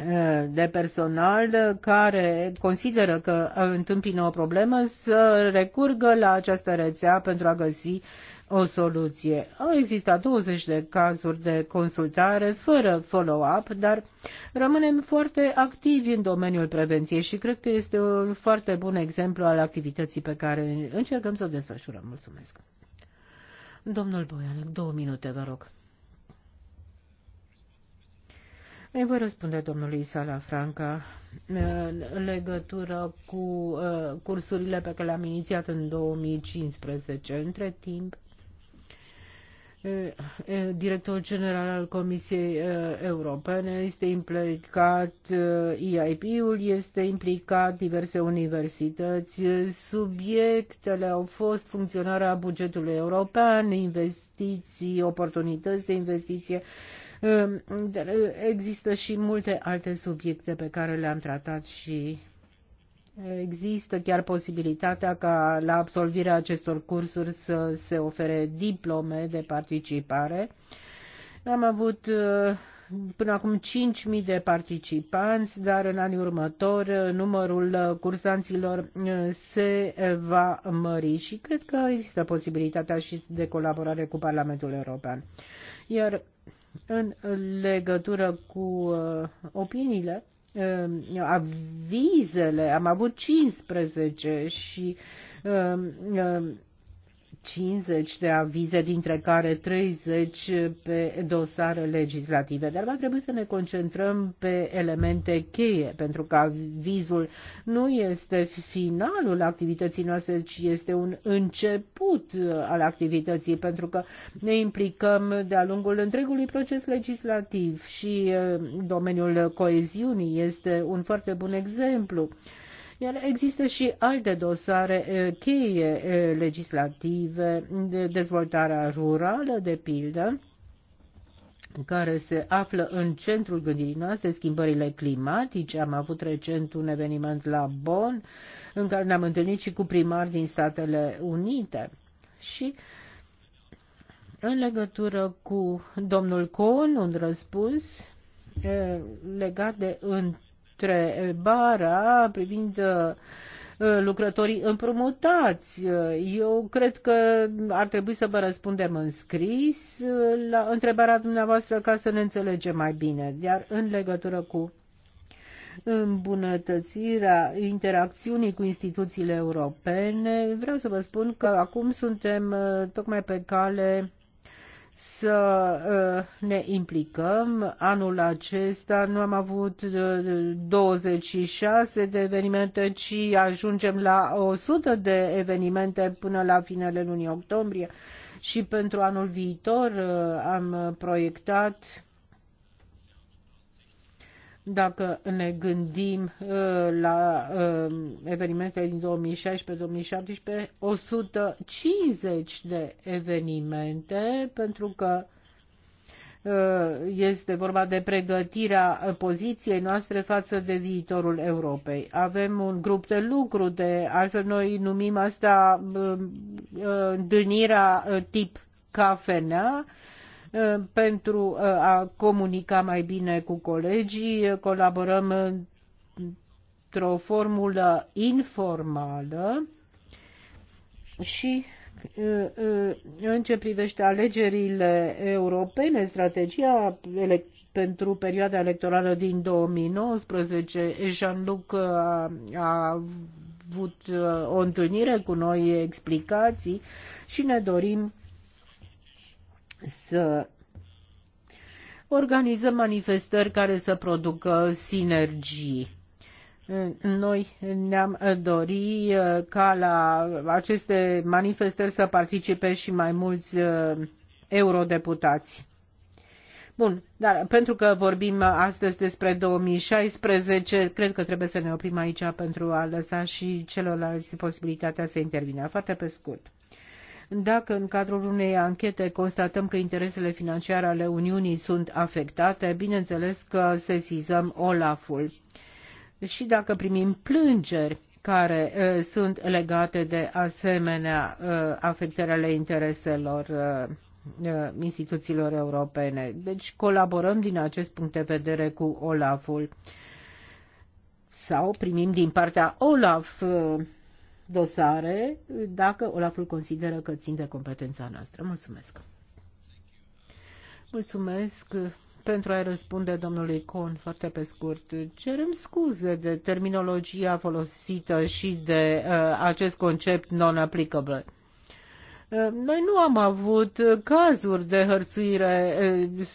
uh, de personal uh, care consideră că întâmpină o problemă să recurgă la această rețea pentru a găsi o soluție. Au existat 20 de cazuri de consultare fără follow-up, dar rămânem foarte activi în domeniul prevenției și cred că este un foarte bun exemplu al activității pe care încercăm să o desfășurăm. Mulțumesc! Domnul Boian, două minute, vă rog. Îi voi răspunde domnului Sala Franca în legătură cu uh, cursurile pe care le-am inițiat în 2015. Între timp, director general al Comisiei Europene este implicat, EIP-ul este implicat, diverse universități. Subiectele au fost funcționarea bugetului european, investiții, oportunități de investiție. Există și multe alte subiecte pe care le-am tratat și Există chiar posibilitatea ca la absolvirea acestor cursuri să se ofere diplome de participare. Am avut uh, până acum 5.000 de participanți, dar în anii următori uh, numărul uh, cursanților se va mări și cred că există posibilitatea și de colaborare cu Parlamentul European. Iar în legătură cu opiniile, Ehm, avizele, am avut 15 și ehm, ehm, 50 de avize, dintre care 30 pe dosare legislative. Dar va trebui să ne concentrăm pe elemente cheie, pentru că avizul nu este finalul activității noastre, ci este un început al activității, pentru că ne implicăm de-a lungul întregului proces legislativ și eh, domeniul coeziunii este un foarte bun exemplu. Iar există și alte dosare eh, cheie eh, legislative, de dezvoltarea rurală, de pildă, care se află în centrul gândirii noastre, schimbările climatice. Am avut recent un eveniment la Bonn în care ne-am întâlnit și cu primari din Statele Unite. Și în legătură cu domnul Cohn, un răspuns eh, legat de întâlnirea întrebarea privind uh, lucrătorii împrumutați. Eu cred că ar trebui să vă răspundem în scris uh, la întrebarea dumneavoastră ca să ne înțelegem mai bine. Iar în legătură cu îmbunătățirea interacțiunii cu instituțiile europene, vreau să vă spun că acum suntem uh, tocmai pe cale să uh, ne implicăm. Anul acesta nu am avut 26 uh, de evenimente, ci ajungem la 100 de evenimente până la finele lunii octombrie. Și pentru anul viitor uh, am proiectat dacă ne gândim uh, la uh, evenimentele din 2016-2017, 150 de evenimente, pentru că uh, este vorba de pregătirea poziției noastre față de viitorul Europei. Avem un grup de lucru, de altfel noi numim asta întâlnirea tip cafenea, pentru uh, a comunica mai bine cu colegii. Colaborăm într-o formulă informală și uh, uh, în ce privește alegerile europene, strategia pentru perioada electorală din 2019, Jean-Luc a, a avut o întâlnire cu noi, explicații și ne dorim să organizăm manifestări care să producă sinergii. Noi ne-am dori uh, ca la aceste manifestări să participe și mai mulți uh, eurodeputați. Bun, dar pentru că vorbim astăzi despre 2016, cred că trebuie să ne oprim aici pentru a lăsa și celorlalți posibilitatea să intervină. Foarte pe scurt. Dacă în cadrul unei anchete constatăm că interesele financiare ale Uniunii sunt afectate, bineînțeles că sesizăm Olaful. Și dacă primim plângeri care uh, sunt legate de asemenea uh, afectări ale intereselor uh, instituțiilor europene. Deci colaborăm din acest punct de vedere cu Olaful sau primim din partea Olaf dosare dacă Olaful consideră că țin de competența noastră. Mulțumesc. Mulțumesc pentru a răspunde domnului Con foarte pe scurt. Cerem scuze de terminologia folosită și de uh, acest concept non-applicable. Uh, noi nu am avut cazuri de hărțuire uh,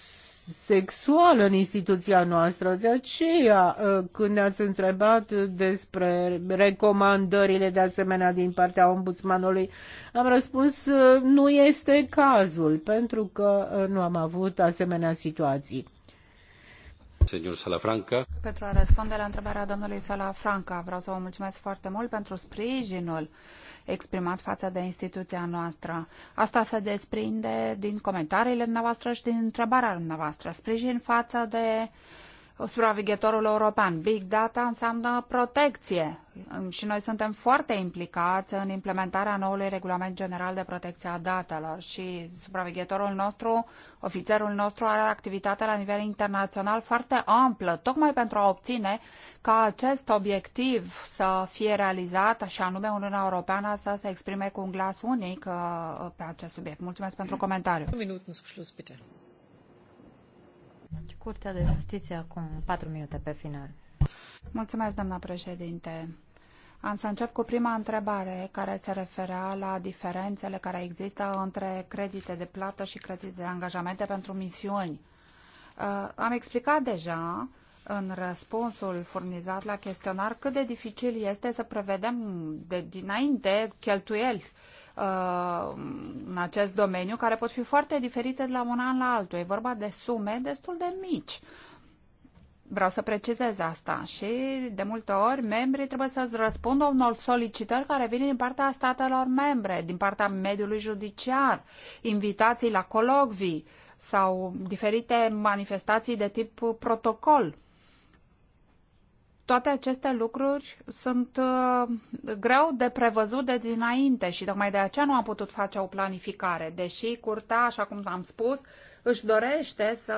sexuală în instituția noastră. De aceea, uh, când ne-ați întrebat despre recomandările de asemenea din partea ombudsmanului, am răspuns uh, nu este cazul, pentru că uh, nu am avut asemenea situații. Salafranca. Pentru a răspunde la întrebarea domnului Salafranca, vreau să vă mulțumesc foarte mult pentru sprijinul exprimat față de instituția noastră. Asta se desprinde din comentariile noastre și din întrebarea noastră. Sprijin față de uh, supraveghetorul european. Big data înseamnă protecție și noi suntem foarte implicați în implementarea noului regulament general de protecție a datelor și supraveghetorul nostru, ofițerul nostru are activitate la nivel internațional foarte amplă, tocmai pentru a obține ca acest obiectiv să fie realizat și anume Uniunea Europeană să se exprime cu un glas unic uh, pe acest subiect. Mulțumesc pentru comentariu. Un minut, în sfârșit, Curtea de Justiție acum 4 minute pe final. Mulțumesc, doamna președinte. Am să încep cu prima întrebare care se referea la diferențele care există între credite de plată și credite de angajamente pentru misiuni. Uh, am explicat deja în răspunsul furnizat la chestionar cât de dificil este să prevedem de dinainte cheltuieli uh, Uh, în acest domeniu, care pot fi foarte diferite de la un an la altul. E vorba de sume destul de mici. Vreau să precizez asta și de multe ori membrii trebuie să răspundă unor solicitări care vin din partea statelor membre, din partea mediului judiciar, invitații la colocvii sau diferite manifestații de tip protocol toate aceste lucruri sunt uh, greu de prevăzut de dinainte și tocmai de aceea nu am putut face o planificare, deși curtea, așa cum am spus, își dorește să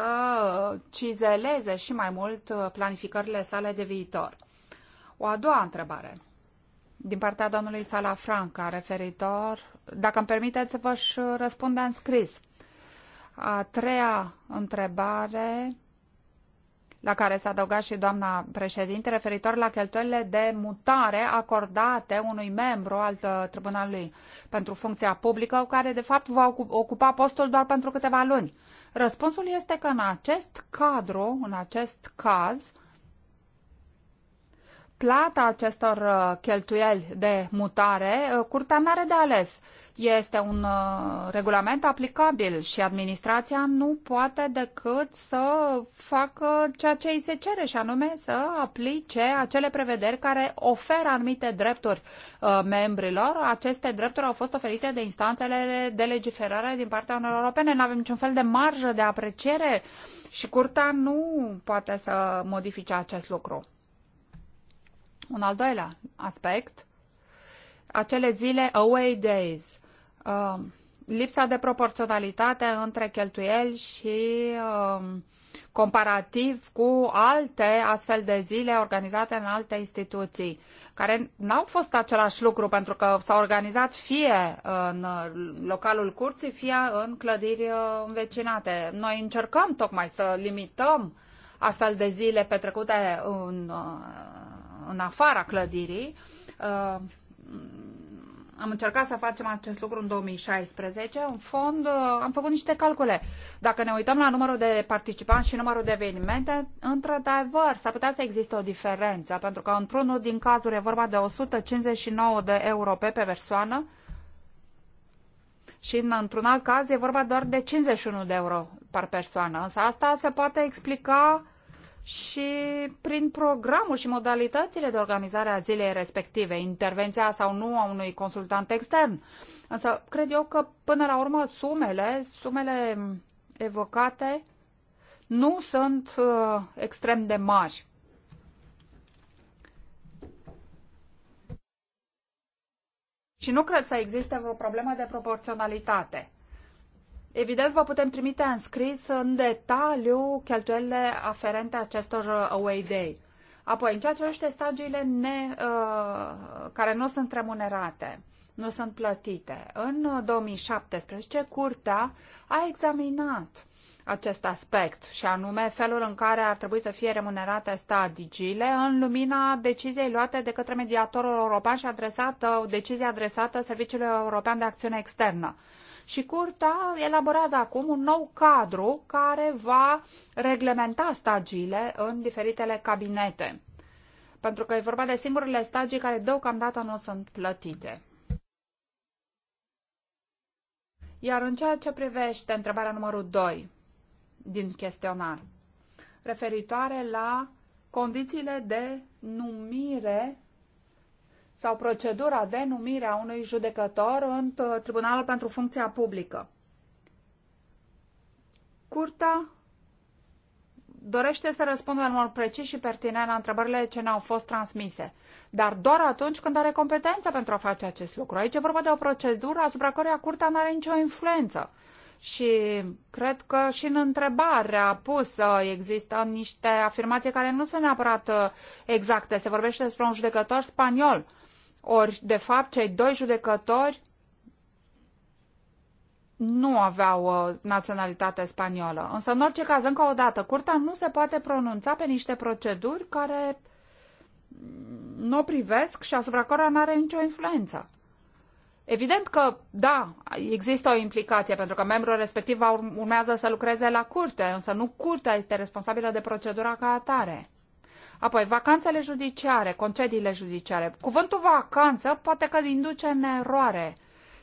cizeleze și mai mult uh, planificările sale de viitor. O a doua întrebare din partea domnului Sala Franca referitor, dacă îmi permiteți să vă răspund în scris. A treia întrebare la care s-a adăugat și doamna președinte, referitor la cheltuielile de mutare acordate unui membru al uh, tribunalului pentru funcția publică, care de fapt va ocupa postul doar pentru câteva luni. Răspunsul este că în acest cadru, în acest caz, plata acestor uh, cheltuieli de mutare, uh, curtea nu are de ales. Este un uh, regulament aplicabil și administrația nu poate decât să facă ceea ce îi se cere și anume să aplice acele prevederi care oferă anumite drepturi membrilor. Aceste drepturi au fost oferite de instanțele de legiferare din partea Uniunii Europene. Nu avem niciun fel de marjă de apreciere și curtea nu poate să modifice acest lucru. Un al doilea aspect, acele zile away days, uh, lipsa de proporționalitate între cheltuieli și uh, comparativ cu alte astfel de zile organizate în alte instituții, care n-au fost același lucru pentru că s-au organizat fie în uh, localul curții, fie în clădiri uh, învecinate. Noi încercăm tocmai să limităm astfel de zile petrecute în uh, în afara clădirii. Uh, am încercat să facem acest lucru în 2016. În fond, uh, am făcut niște calcule. Dacă ne uităm la numărul de participanți și numărul de evenimente, într-adevăr, s-ar putea să existe o diferență, pentru că într-unul din cazuri e vorba de 159 de euro pe persoană și într-un alt caz e vorba doar de 51 de euro par persoană. Însă asta se poate explica uh, și prin programul și modalitățile de organizare a zilei respective, intervenția sau nu a unui consultant extern. Însă cred eu că până la urmă sumele, sumele evocate nu sunt uh, extrem de mari. Și nu cred să existe vreo problemă de proporționalitate. Evident, vă putem trimite în scris în detaliu cheltuielile aferente acestor uh, away day. Apoi, în ceea ce privește stagiile ne, uh, care nu sunt remunerate, nu sunt plătite, în 2017, uh, Curtea a examinat acest aspect și anume felul în care ar trebui să fie remunerate stagiile în lumina deciziei luate de către mediatorul european și adresată, o decizie adresată Serviciului European de Acțiune Externă și curtea elaborează acum un nou cadru care va reglementa stagiile în diferitele cabinete. Pentru că e vorba de singurele stagii care deocamdată nu sunt plătite. Iar în ceea ce privește întrebarea numărul 2 din chestionar, referitoare la condițiile de numire sau procedura de numire a unui judecător în uh, Tribunalul pentru Funcția Publică. Curtea dorește să răspundă în mod precis și pertinent la întrebările ce ne-au fost transmise, dar doar atunci când are competența pentru a face acest lucru. Aici e vorba de o procedură asupra căreia curtea nu are nicio influență. Și cred că și în întrebarea pusă există niște afirmații care nu sunt neapărat uh, exacte. Se vorbește despre un judecător spaniol ori, de fapt, cei doi judecători nu aveau uh, naționalitate spaniolă. Însă, în orice caz, încă o dată, curtea nu se poate pronunța pe niște proceduri care nu o privesc și asupra cărora nu are nicio influență. Evident că, da, există o implicație, pentru că membrul respectiv urmează să lucreze la curte, însă nu curtea este responsabilă de procedura ca atare. Apoi, vacanțele judiciare, concediile judiciare. Cuvântul vacanță poate că induce în eroare.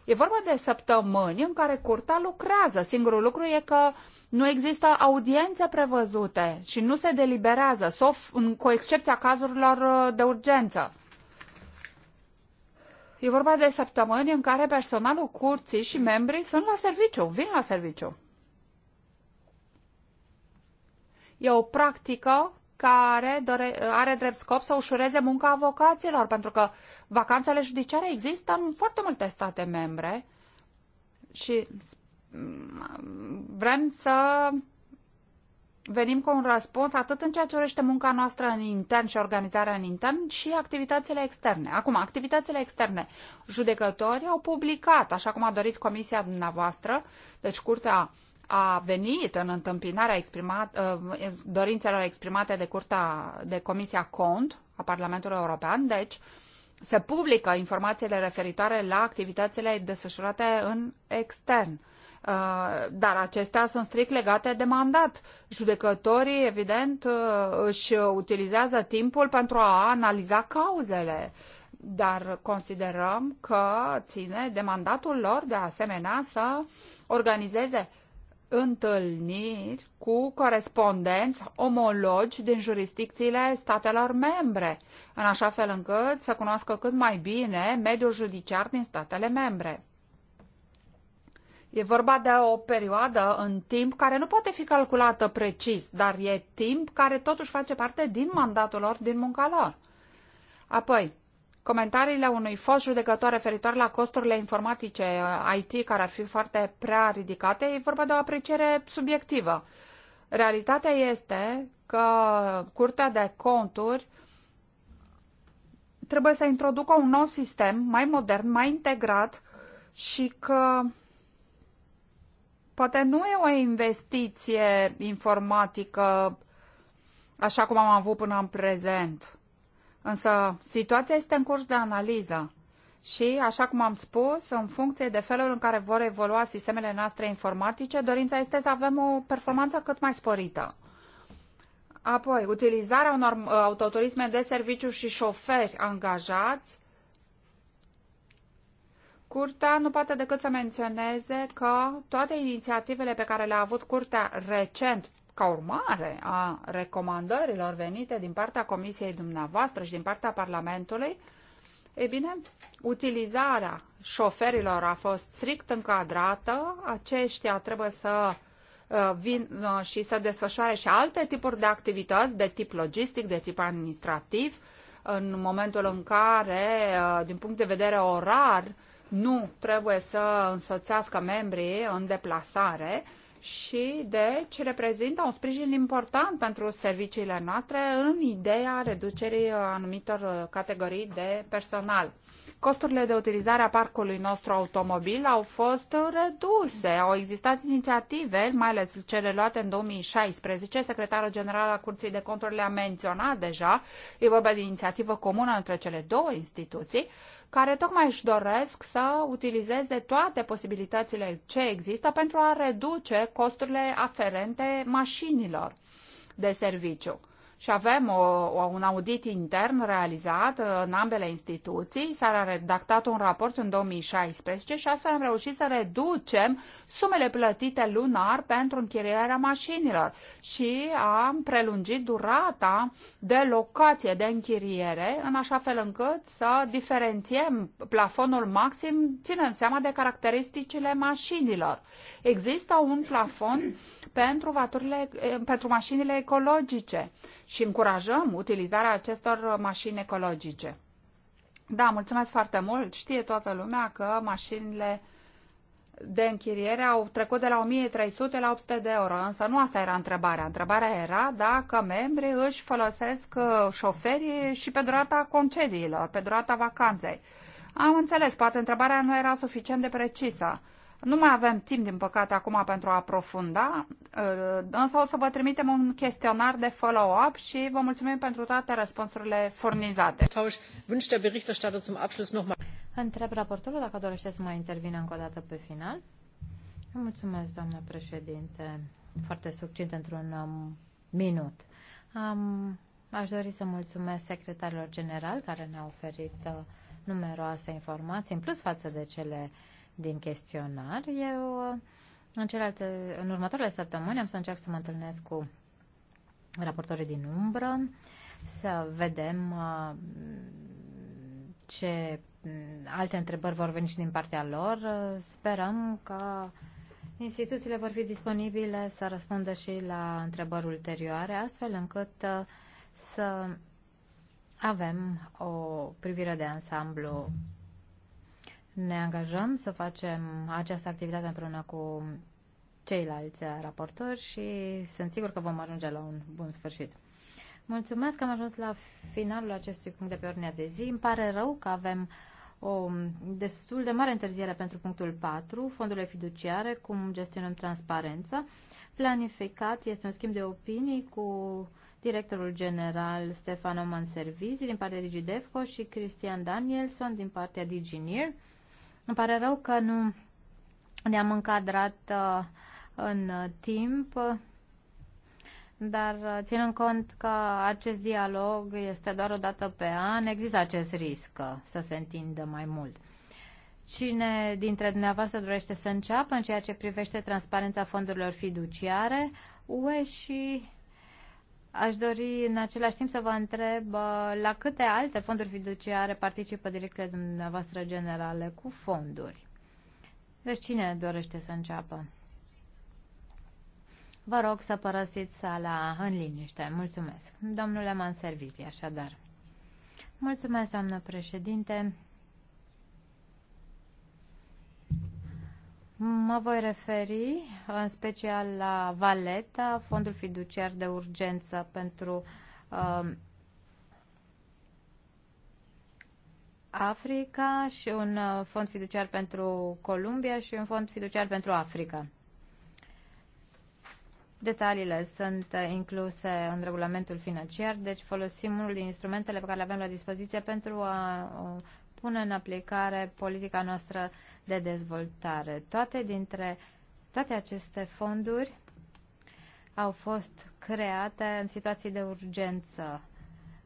E vorba de săptămâni în care curtea lucrează. Singurul lucru e că nu există audiențe prevăzute și nu se deliberează, sof, cu excepția cazurilor uh, de urgență. E vorba de săptămâni în care personalul curții și membrii sunt la serviciu, vin la serviciu. E o practică care are drept scop să ușureze munca avocaților, pentru că vacanțele judiciare există în foarte multe state membre și mm, vrem să venim cu un răspuns atât în ceea ce urește munca noastră în intern și organizarea în intern și activitățile externe. Acum, activitățile externe. Judecătorii au publicat, așa cum a dorit comisia dumneavoastră, deci Curtea a venit în întâmpinarea exprimat, uh, dorințelor exprimate de, curta, de Comisia Cont a Parlamentului European, deci se publică informațiile referitoare la activitățile desfășurate în extern. Uh, dar acestea sunt strict legate de mandat. Judecătorii, evident, uh, își utilizează timpul pentru a analiza cauzele, dar considerăm că ține de mandatul lor, de asemenea, să organizeze întâlniri cu corespondenți omologi din jurisdicțiile statelor membre, în așa fel încât să cunoască cât mai bine mediul judiciar din statele membre. E vorba de o perioadă în timp care nu poate fi calculată precis, dar e timp care totuși face parte din mandatul lor, din munca lor. Apoi, comentariile unui fost judecător referitor la costurile informatice uh, IT care ar fi foarte prea ridicate, e vorba de o apreciere subiectivă. Realitatea este că Curtea de Conturi trebuie să introducă un nou sistem mai modern, mai integrat și că poate nu e o investiție informatică așa cum am avut până în prezent Însă situația este în curs de analiză și, așa cum am spus, în funcție de felul în care vor evolua sistemele noastre informatice, dorința este să avem o performanță cât mai sporită. Apoi, utilizarea unor uh, autoturisme de serviciu și șoferi angajați. Curtea nu poate decât să menționeze că toate inițiativele pe care le-a avut Curtea recent ca urmare a recomandărilor venite din partea Comisiei dumneavoastră și din partea Parlamentului, e bine, utilizarea șoferilor a fost strict încadrată, aceștia trebuie să uh, vin uh, și să desfășoare și alte tipuri de activități de tip logistic, de tip administrativ, în momentul în care, uh, din punct de vedere orar, nu trebuie să însoțească membrii în deplasare și deci reprezintă un sprijin important pentru serviciile noastre în ideea reducerii uh, anumitor uh, categorii de personal. Costurile de utilizare a parcului nostru automobil au fost uh, reduse. Au existat inițiative, mai ales cele luate în 2016. Secretarul General al Curții de Conturi le-a menționat deja. E vorba de inițiativă comună între cele două instituții care tocmai își doresc să utilizeze toate posibilitățile ce există pentru a reduce costurile aferente mașinilor de serviciu și avem o, o, un audit intern realizat uh, în ambele instituții. S-a redactat un raport în 2016 și astfel am reușit să reducem sumele plătite lunar pentru închirierea mașinilor și am prelungit durata de locație de închiriere în așa fel încât să diferențiem plafonul maxim ținând seama de caracteristicile mașinilor. Există un plafon pentru, vaturile, eh, pentru mașinile ecologice și încurajăm utilizarea acestor mașini ecologice. Da, mulțumesc foarte mult. Știe toată lumea că mașinile de închiriere au trecut de la 1300 la 800 de euro, însă nu asta era întrebarea. Întrebarea era dacă membrii își folosesc uh, șoferii și pe durata concediilor, pe durata vacanței. Am înțeles, poate întrebarea nu era suficient de precisă. Nu mai avem timp, din păcate, acum pentru a aprofunda, însă o să vă trimitem un chestionar de follow-up și vă mulțumim pentru toate răspunsurile furnizate. Întreb raportorul dacă dorește să mai intervine încă o dată pe final. Mulțumesc, doamnă președinte. Foarte succint într-un um, minut. Um, aș dori să mulțumesc secretarilor general care ne-au oferit uh, numeroase informații, în plus față de cele uh, din chestionar. Eu în, celelalte, în următoarele săptămâni am să încerc să mă întâlnesc cu raportorii din umbră, să vedem uh, ce mm, alte întrebări vor veni și din partea lor. Sperăm că instituțiile vor fi disponibile să răspundă și la întrebări ulterioare, astfel încât uh, să avem o privire de ansamblu ne angajăm să facem această activitate împreună cu ceilalți raportori și sunt sigur că vom ajunge la un bun sfârșit. Mulțumesc că am ajuns la finalul acestui punct de pe ordinea de zi. Îmi pare rău că avem o destul de mare întârziere pentru punctul 4, fondurile fiduciare, cum gestionăm transparența. Planificat este un schimb de opinii cu directorul general Stefan Oman Servizi din partea DigiDefco și Cristian Danielson din partea DigiNear îmi pare rău că nu ne-am încadrat uh, în timp, dar uh, ținând cont că acest dialog este doar o dată pe an, există acest risc uh, să se întindă mai mult. Cine dintre dumneavoastră dorește să înceapă în ceea ce privește transparența fondurilor fiduciare, UE și Aș dori în același timp să vă întreb uh, la câte alte fonduri fiduciare participă direcțiile dumneavoastră generale cu fonduri. Deci cine dorește să înceapă? Vă rog să părăsiți sala în liniște. Mulțumesc. Domnule Manservizi, așadar. Mulțumesc, doamnă președinte. Mă voi referi în special la Valeta, Fondul Fiduciar de Urgență pentru uh, Africa și un uh, fond fiduciar pentru Columbia și un fond fiduciar pentru Africa. Detaliile sunt uh, incluse în regulamentul financiar, deci folosim unul din instrumentele pe care le avem la dispoziție pentru a uh, pune în aplicare politica noastră de dezvoltare. Toate dintre toate aceste fonduri au fost create în situații de urgență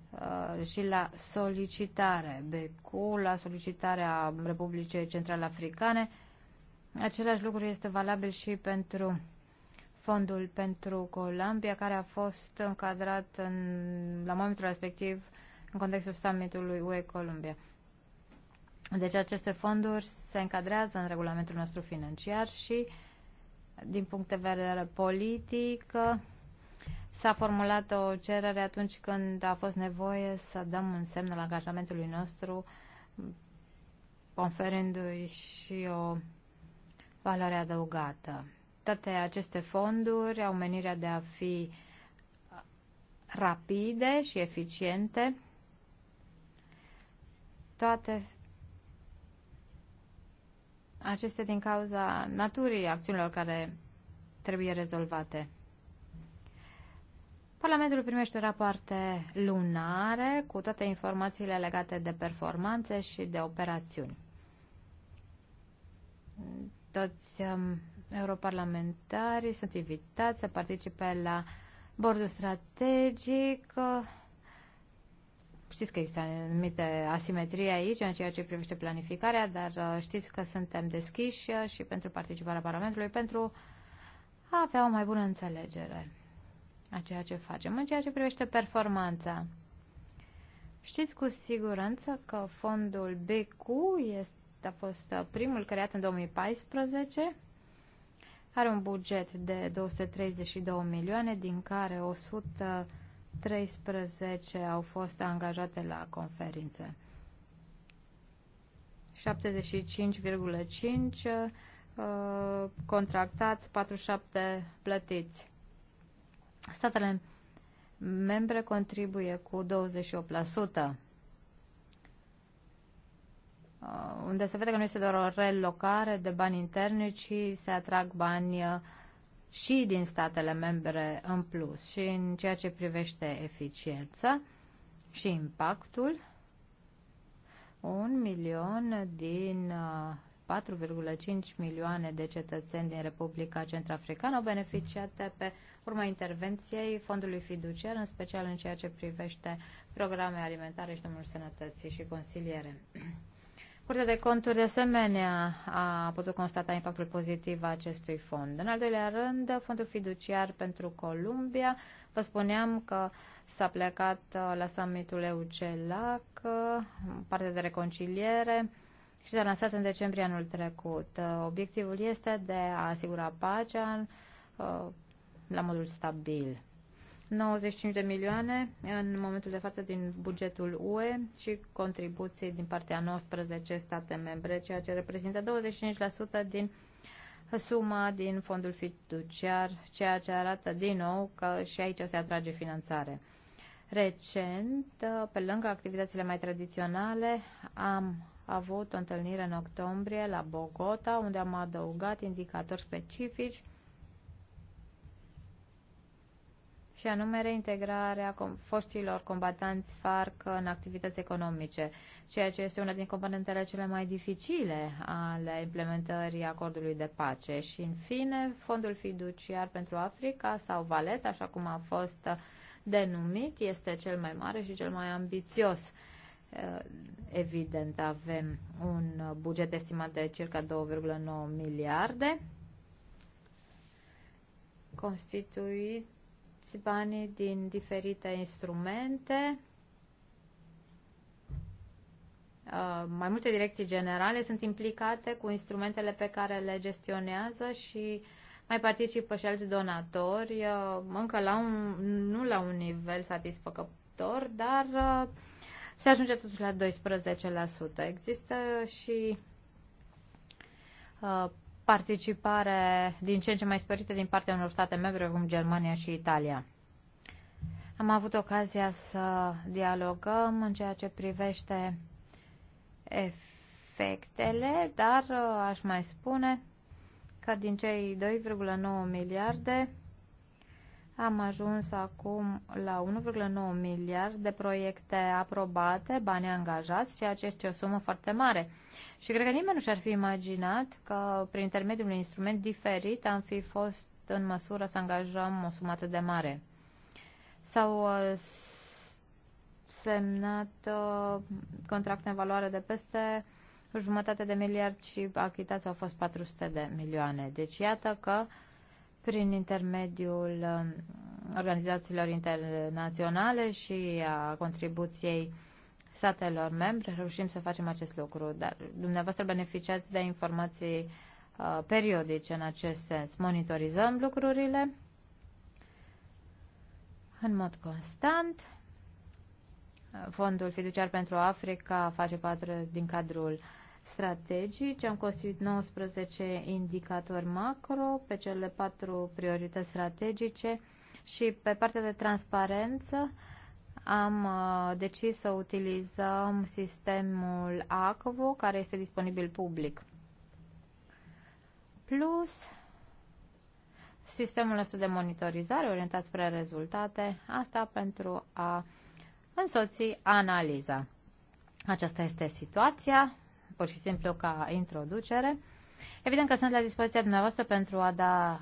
uh, și la solicitare BQ, la solicitarea Republicii Centrale Africane. Același lucru este valabil și pentru fondul pentru Columbia, care a fost încadrat în, la momentul respectiv în contextul summitului UE-Columbia. Deci aceste fonduri se încadrează în regulamentul nostru financiar și din punct de vedere politic s-a formulat o cerere atunci când a fost nevoie să dăm un semn al angajamentului nostru conferindu-i și o valoare adăugată. Toate aceste fonduri au menirea de a fi rapide și eficiente. Toate acestea din cauza naturii acțiunilor care trebuie rezolvate. Parlamentul primește rapoarte lunare cu toate informațiile legate de performanțe și de operațiuni. Toți um, europarlamentarii sunt invitați să participe la bordul strategic uh, Știți că există anumite asimetrie aici în ceea ce privește planificarea, dar uh, știți că suntem deschiși uh, și pentru participarea Parlamentului pentru a avea o mai bună înțelegere a ceea ce facem. În ceea ce privește performanța, știți cu siguranță că fondul BQ este, a fost uh, primul creat în 2014 are un buget de 232 milioane, din care 100 13 au fost angajate la conferințe. 75,5 uh, contractați, 47 plătiți. Statele membre contribuie cu 28%, uh, unde se vede că nu este doar o relocare de bani interni, ci se atrag bani uh, și din statele membre în plus și în ceea ce privește eficiența și impactul, un milion din 4,5 uh, milioane de cetățeni din Republica Centrafricană au beneficiat de pe urma intervenției fondului fiduciar, în special în ceea ce privește programe alimentare și domnul sănătății și consiliere. Curtea de conturi, de asemenea, a putut constata impactul pozitiv a acestui fond. În al doilea rând, fondul fiduciar pentru Columbia. Vă spuneam că s-a plecat uh, la summitul EUCELAC, uh, parte de reconciliere și s-a lansat în decembrie anul trecut. Uh, obiectivul este de a asigura pacea la modul stabil. 95 de milioane în momentul de față din bugetul UE și contribuții din partea 19 state membre, ceea ce reprezintă 25% din suma din fondul fiduciar, ceea ce arată din nou că și aici se atrage finanțare. Recent, pe lângă activitățile mai tradiționale, am avut o întâlnire în octombrie la Bogota, unde am adăugat indicatori specifici și anume reintegrarea foștilor combatanți FARC în activități economice, ceea ce este una din componentele cele mai dificile ale implementării acordului de pace. Și, în fine, Fondul Fiduciar pentru Africa sau Valet, așa cum a fost denumit, este cel mai mare și cel mai ambițios. Eh, evident, avem un buget estimat de circa 2,9 miliarde constituit luați banii din diferite instrumente. Uh, mai multe direcții generale sunt implicate cu instrumentele pe care le gestionează și mai participă și alți donatori, uh, încă la un, nu la un nivel satisfăcător, dar uh, se ajunge totuși la 12%. Există și participare din ce în ce mai sporită din partea unor state membre, cum Germania și Italia. Am avut ocazia să dialogăm în ceea ce privește efectele, dar uh, aș mai spune că din cei 2,9 miliarde, am ajuns acum la 1,9 miliard de proiecte aprobate, bani angajați, ceea ce este o sumă foarte mare. Și cred că nimeni nu și-ar fi imaginat că prin intermediul unui instrument diferit am fi fost în măsură să angajăm o sumă atât de mare. S-au uh, semnat uh, contracte în valoare de peste jumătate de miliard și achitați au fost 400 de milioane. Deci iată că uh, prin intermediul um, organizațiilor internaționale și a contribuției statelor membre, reușim să facem acest lucru, dar dumneavoastră beneficiați de informații uh, periodice în acest sens. Monitorizăm lucrurile în mod constant. Fondul fiduciar pentru Africa face parte din cadrul strategici. Am construit 19 indicatori macro pe cele patru priorități strategice și pe partea de transparență am uh, decis să utilizăm sistemul ACVO care este disponibil public. Plus sistemul nostru de monitorizare orientat spre rezultate, asta pentru a însoți analiza. Aceasta este situația pur și simplu ca introducere. Evident că sunt la dispoziția dumneavoastră pentru a da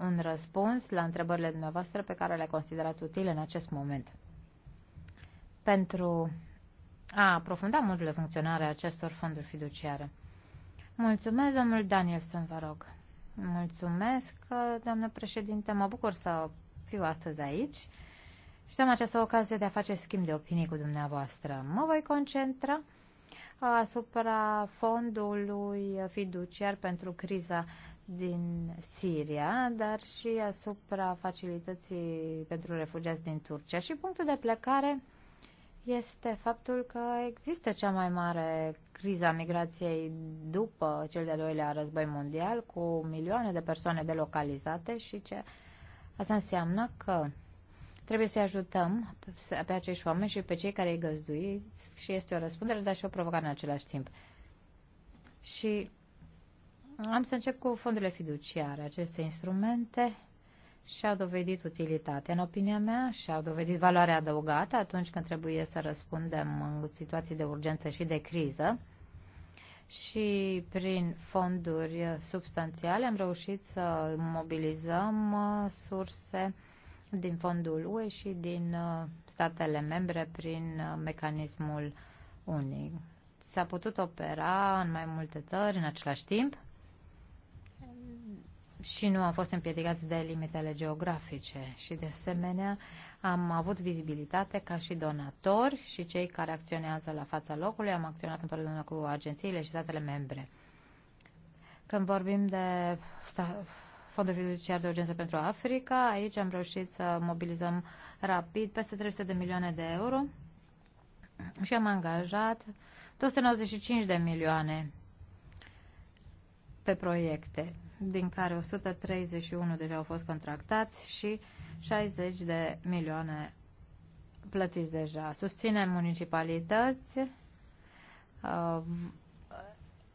un răspuns la întrebările dumneavoastră pe care le considerați utile în acest moment. Pentru a aprofunda modul de funcționare a acestor fonduri fiduciare. Mulțumesc, domnul Danielson, vă rog. Mulțumesc, doamnă președinte. Mă bucur să fiu astăzi aici și am această ocazie de a face schimb de opinii cu dumneavoastră. Mă voi concentra asupra fondului fiduciar pentru criza din Siria, dar și asupra facilității pentru refugiați din Turcia. Și punctul de plecare este faptul că există cea mai mare criza migrației după cel de-al doilea război mondial, cu milioane de persoane delocalizate și ce asta înseamnă că Trebuie să-i ajutăm pe acești oameni și pe cei care îi găzduiesc și este o răspundere, dar și o provocare în același timp. Și am să încep cu fondurile fiduciare. Aceste instrumente și-au dovedit utilitatea, în opinia mea, și-au dovedit valoarea adăugată atunci când trebuie să răspundem în situații de urgență și de criză. Și prin fonduri substanțiale am reușit să mobilizăm uh, surse din fondul UE și din uh, statele membre prin uh, mecanismul unic. S-a putut opera în mai multe țări în același timp și nu am fost împiedicați de limitele geografice și de asemenea am avut vizibilitate ca și donatori și cei care acționează la fața locului. Am acționat împreună cu agențiile și statele membre. Când vorbim de Fondul Fiduciar de Urgență pentru Africa. Aici am reușit să mobilizăm rapid peste 300 de milioane de euro și am angajat 295 de milioane pe proiecte, din care 131 deja au fost contractați și 60 de milioane plătiți deja. Susținem municipalități, uh,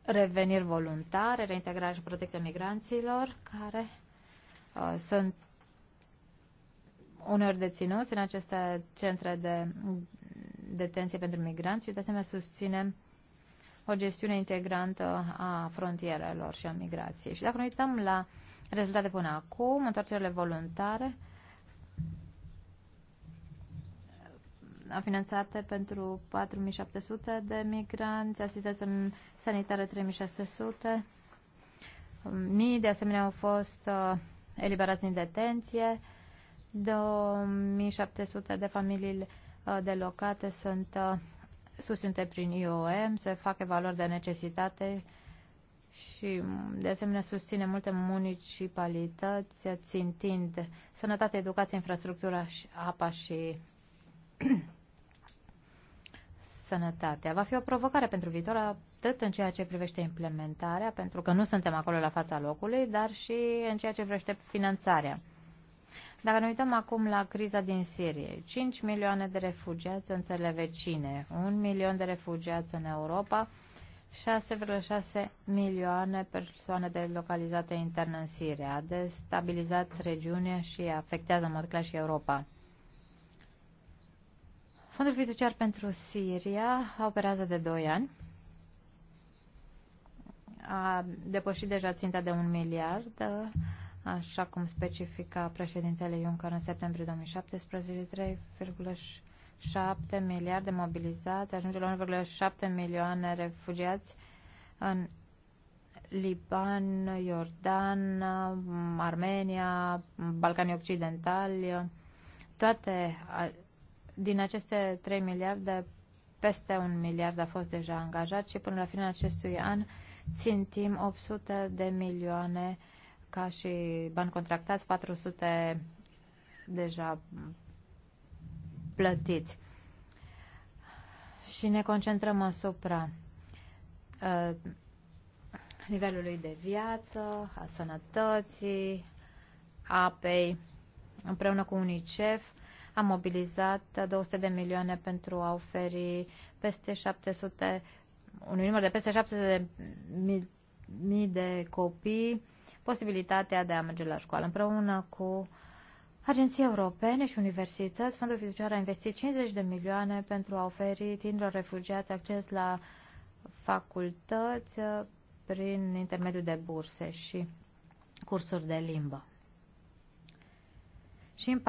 reveniri voluntare, reintegrare și protecția migranților, care uh, sunt uneori deținuți în aceste centre de detenție pentru migranți și de asemenea susținem o gestiune integrantă a frontierelor și a migrației. Și dacă ne uităm la rezultate până acum, întoarcerile voluntare, uh, finanțate pentru 4700 de migranți, asistență sanitară 3600, mii de asemenea au fost uh, eliberați din detenție, 2700 de familii uh, delocate sunt uh, susținute prin IOM, se fac evaluări de necesitate și mm, de asemenea susține multe municipalități țintind sănătate, educație, infrastructura, apa și [clears throat] sănătatea. Va fi o provocare pentru viitor, atât în ceea ce privește implementarea, pentru că nu suntem acolo la fața locului, dar și în ceea ce privește finanțarea. Dacă ne uităm acum la criza din Sirie, 5 milioane de refugiați în țările vecine, 1 milion de refugiați în Europa, 6,6 milioane persoane localizate intern în Siria, a destabilizat regiunea și afectează în mod clar și Europa. Fondul fiduciar pentru Siria operează de 2 ani. A depășit deja ținta de un miliard, așa cum specifica președintele Juncker în septembrie 2017, 3,7 miliarde mobilizați, ajunge la 1,7 milioane refugiați în Liban, Iordan, Armenia, Balcanii Occidentali, toate din aceste 3 miliarde, peste un miliard a fost deja angajat și până la finalul acestui an țintim 800 de milioane ca și bani contractați, 400 deja plătiți. Și ne concentrăm asupra uh, nivelului de viață, a sănătății, apei, împreună cu UNICEF, a mobilizat 200 de milioane pentru a oferi peste 700, un număr de peste 700 de mii, mii de copii posibilitatea de a merge la școală împreună cu Agenții europene și universități, Fondul Fiduciar a investit 50 de milioane pentru a oferi tinerilor refugiați acces la facultăți prin intermediul de burse și cursuri de limbă și în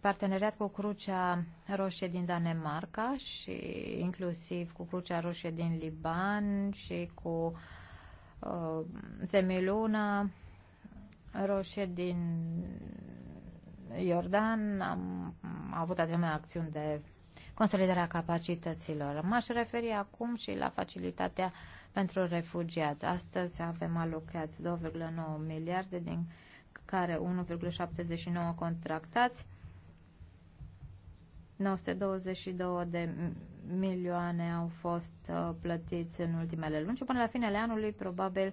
parteneriat cu Crucea Roșie din Danemarca și inclusiv cu Crucea Roșie din Liban și cu uh, Semiluna Roșie din Iordan am, am avut asemenea acțiuni de consolidarea capacităților. M-aș referi acum și la facilitatea pentru refugiați. Astăzi avem alocați 2,9 miliarde din care 1,79 contractați, 922 de milioane au fost uh, plătiți în ultimele luni și până la finele anului probabil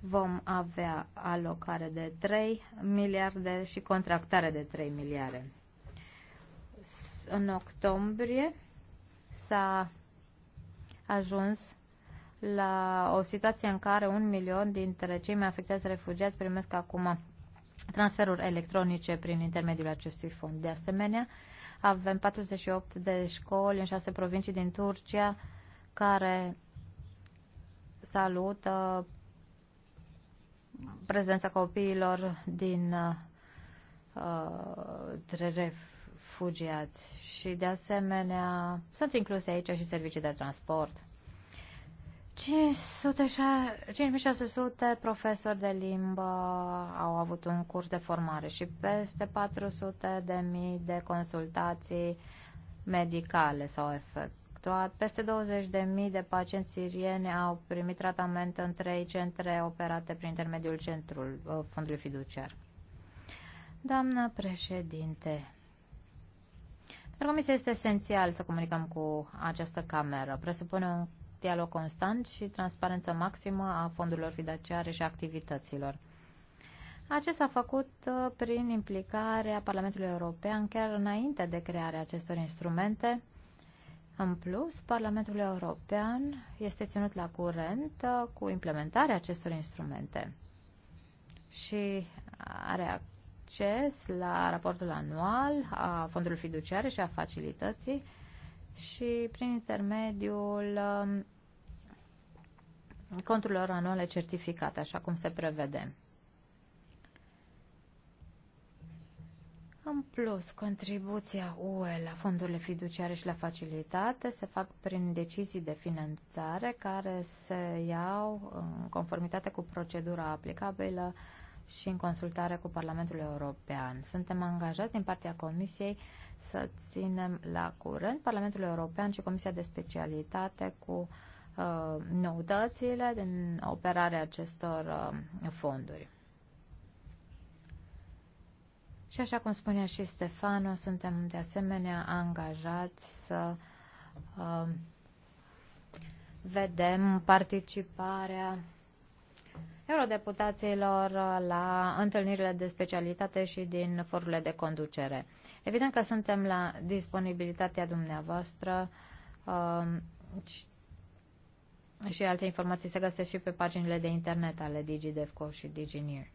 vom avea alocare de 3 miliarde și contractare de 3 miliarde. În octombrie s-a ajuns la o situație în care un milion dintre cei mai afectați refugiați primesc acum transferuri electronice prin intermediul acestui fond. De asemenea, avem 48 de școli în șase provincii din Turcia care salută prezența copiilor din uh, refugiați și de asemenea sunt incluse aici și servicii de transport. 5600 profesori de limbă au avut un curs de formare și peste 400 de mii de consultații medicale s-au efectuat. Peste 20 de mii de pacienți sirieni au primit tratament în trei centre operate prin intermediul centrul uh, fondului fiduciar. Doamnă președinte, pentru comisie este esențial să comunicăm cu această cameră. Presupune un dialog constant și transparență maximă a fondurilor fiduciare și activităților. Acest s-a făcut uh, prin implicarea Parlamentului European chiar înainte de crearea acestor instrumente. În plus, Parlamentul European este ținut la curent uh, cu implementarea acestor instrumente și are acces la raportul anual a fondului fiduciare și a facilității și prin intermediul um, conturilor anuale certificate, așa cum se prevede. În plus, contribuția UE la fondurile fiduciare și la facilitate se fac prin decizii de finanțare care se iau în conformitate cu procedura aplicabilă și în consultare cu Parlamentul European. Suntem angajați din partea Comisiei să ținem la curent Parlamentul European și Comisia de Specialitate cu uh, noutățile din operarea acestor uh, fonduri. Și așa cum spunea și Stefano, suntem de asemenea angajați să uh, vedem participarea eurodeputaților la întâlnirile de specialitate și din forurile de conducere. Evident că suntem la disponibilitatea dumneavoastră um, și alte informații se găsesc și pe paginile de internet ale DigiDevco și DigiNear.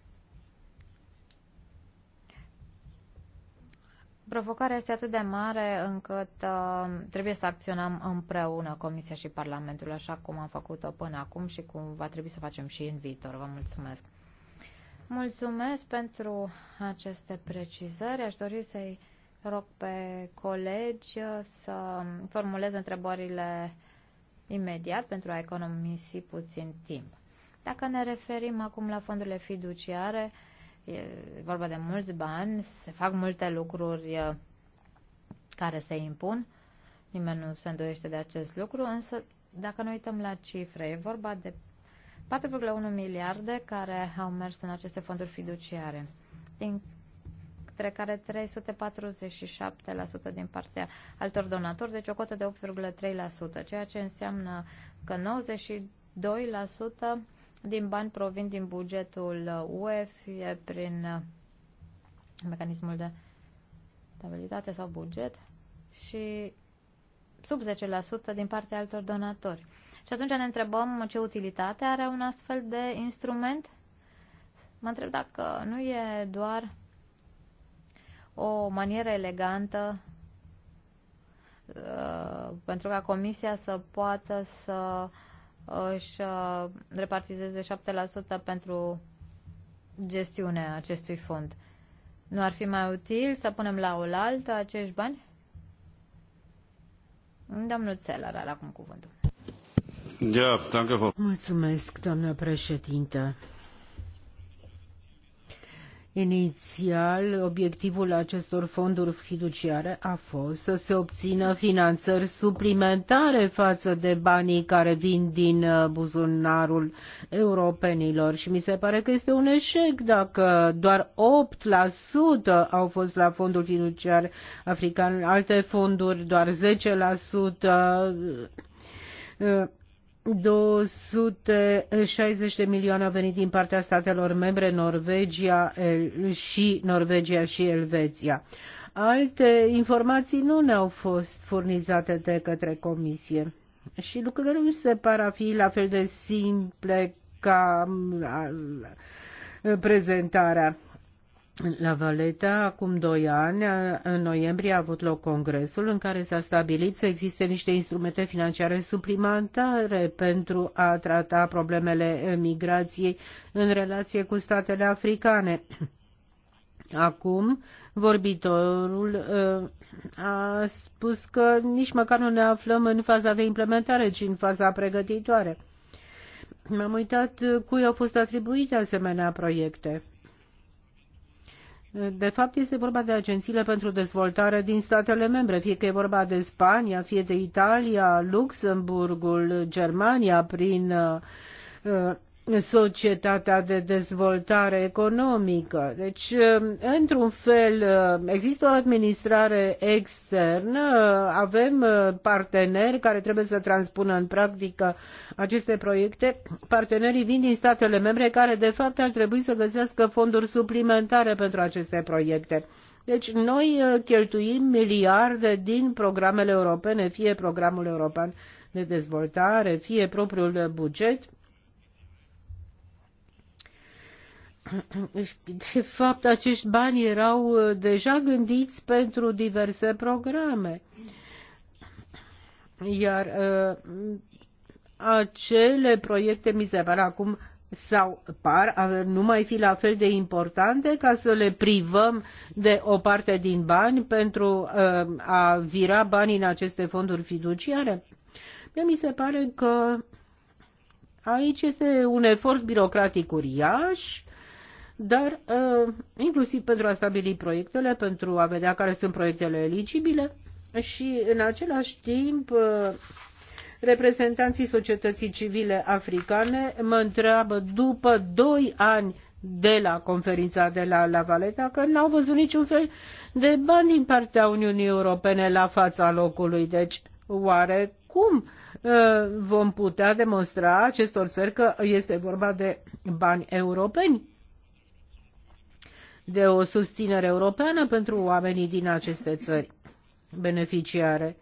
Provocarea este atât de mare încât uh, trebuie să acționăm împreună Comisia și Parlamentul, așa cum am făcut-o până acum și cum va trebui să facem și în viitor. Vă mulțumesc! Mulțumesc pentru aceste precizări. Aș dori să-i rog pe colegi uh, să formuleze întrebările imediat pentru a economisi puțin timp. Dacă ne referim acum la fondurile fiduciare, uh, e vorba de mulți bani, se fac multe lucruri care se impun, nimeni nu se îndoiește de acest lucru, însă dacă ne uităm la cifre, e vorba de 4,1 miliarde care au mers în aceste fonduri fiduciare, dintre care 347% din partea altor donatori, deci o cotă de 8,3%, ceea ce înseamnă că 92% din bani provin din bugetul uh, UE, fie prin uh, mecanismul de stabilitate sau buget și sub 10% din partea altor donatori. Și atunci ne întrebăm ce utilitate are un astfel de instrument. Mă întreb dacă nu e doar o manieră elegantă uh, pentru ca Comisia să poată să uh, își uh, repartizeze 7% pentru gestiunea acestui fond. Nu ar fi mai util să punem la oaltă acești bani? Domnul Țelar are acum cuvântul. Mulțumesc, doamnă președintă. Inițial, obiectivul acestor fonduri fiduciare a fost să se obțină finanțări suplimentare față de banii care vin din uh, buzunarul europenilor și mi se pare că este un eșec dacă doar 8% au fost la fondul fiduciar african, alte fonduri doar 10%. 260 de milioane au venit din partea statelor membre, Norvegia și Norvegia și Elveția. Alte informații nu ne-au fost furnizate de către comisie. Și lucrurile nu se par a fi la fel de simple ca mm, prezentarea. La Valeta, acum doi ani, în noiembrie a avut loc congresul în care s-a stabilit să existe niște instrumente financiare suplimentare pentru a trata problemele migrației în relație cu statele africane. Acum, vorbitorul ă, a spus că nici măcar nu ne aflăm în faza de implementare, ci în faza pregătitoare. M-am uitat cui au fost atribuite asemenea proiecte. De fapt, este vorba de agențiile pentru dezvoltare din statele membre, fie că e vorba de Spania, fie de Italia, Luxemburgul, Germania, prin uh, societatea de dezvoltare economică. Deci, într-un fel, există o administrare externă, avem parteneri care trebuie să transpună în practică aceste proiecte. Partenerii vin din statele membre care, de fapt, ar trebui să găsească fonduri suplimentare pentru aceste proiecte. Deci noi uh, cheltuim miliarde din programele europene, fie programul european de dezvoltare, fie propriul buget, [clears throat] de fapt, acești bani erau uh, deja gândiți pentru diverse programe. Iar uh, acele proiecte mi se pare acum sau par a nu mai fi la fel de importante ca să le privăm de o parte din bani pentru uh, a vira banii în aceste fonduri fiduciare? Mi se pare că aici este un efort birocratic uriaș dar uh, inclusiv pentru a stabili proiectele, pentru a vedea care sunt proiectele eligibile și în același timp uh, reprezentanții societății civile africane mă întreabă după 2 ani de la conferința de la La Valeta că n-au văzut niciun fel de bani din partea Uniunii Europene la fața locului. Deci, oare cum uh, vom putea demonstra acestor țări că este vorba de bani europeni? de o susținere europeană pentru oamenii din aceste țări beneficiare.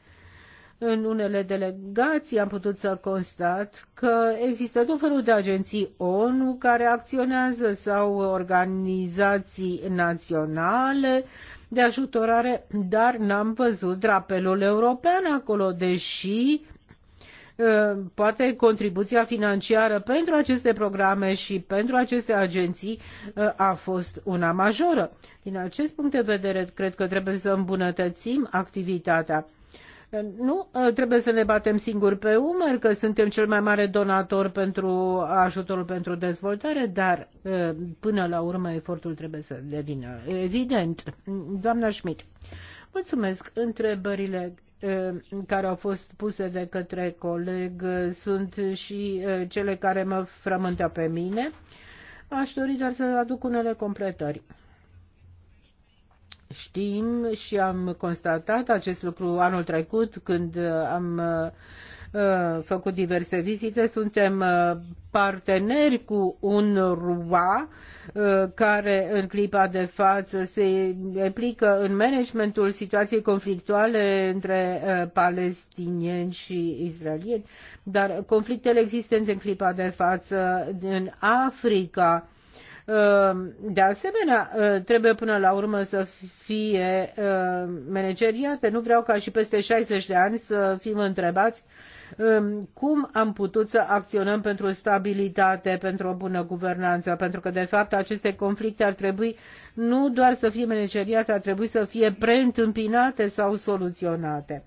În unele delegații am putut să constat că există tot felul de agenții ONU care acționează sau organizații naționale de ajutorare, dar n-am văzut drapelul european acolo, deși Uh, poate contribuția financiară pentru aceste programe și pentru aceste agenții uh, a fost una majoră. Din acest punct de vedere, cred că trebuie să îmbunătățim activitatea. Uh, nu trebuie să ne batem singuri pe umăr că suntem cel mai mare donator pentru ajutorul pentru dezvoltare, dar până la urmă efortul trebuie să devină evident. Doamna Schmidt, mulțumesc întrebările care au fost puse de către coleg sunt și cele care mă frământă pe mine. Aș dori doar să aduc unele completări. Știm și am constatat acest lucru anul trecut când am uh, Uh, făcut diverse vizite, suntem uh, parteneri cu un RUA uh, care în clipa de față se implică în managementul situației conflictuale între palestinieni și israelieni, dar conflictele existente în clipa de față în Africa de asemenea, trebuie până la urmă să fie manageriate. Nu vreau ca și peste 60 de ani să fim întrebați Ehm, cum am putut să acționăm pentru stabilitate, pentru o bună guvernanță, pentru că, de fapt, aceste conflicte ar trebui nu doar să fie menegeriate, ar trebui să fie preîntâmpinate sau soluționate.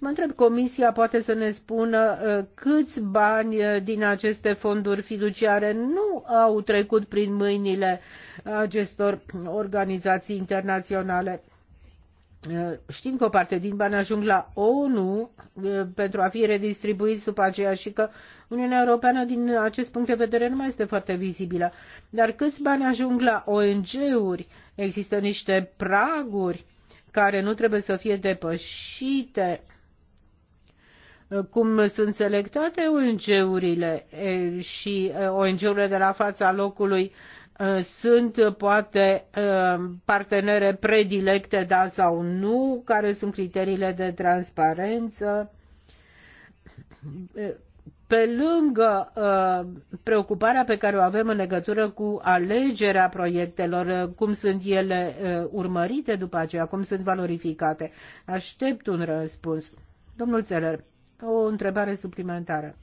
Mă întreb, Comisia poate să ne spună câți bani din aceste fonduri fiduciare nu au trecut prin mâinile acestor organizații internaționale. Eh, știm că o parte din bani ajung la ONU eh, pentru a fi redistribuit sub aceea și că Uniunea Europeană din acest punct de vedere nu mai este foarte vizibilă. Dar câți bani ajung la ONG-uri? Există niște praguri care nu trebuie să fie depășite. Cum sunt selectate ONG-urile și eh, ONG-urile de la fața locului Uh, sunt uh, poate uh, partenere predilecte, da sau nu, care sunt criteriile de transparență. Pe lângă preocuparea pe care o avem în legătură cu alegerea proiectelor, cum sunt ele urmărite după aceea, cum sunt valorificate, aștept un răspuns. Domnul Țeler, o întrebare suplimentară.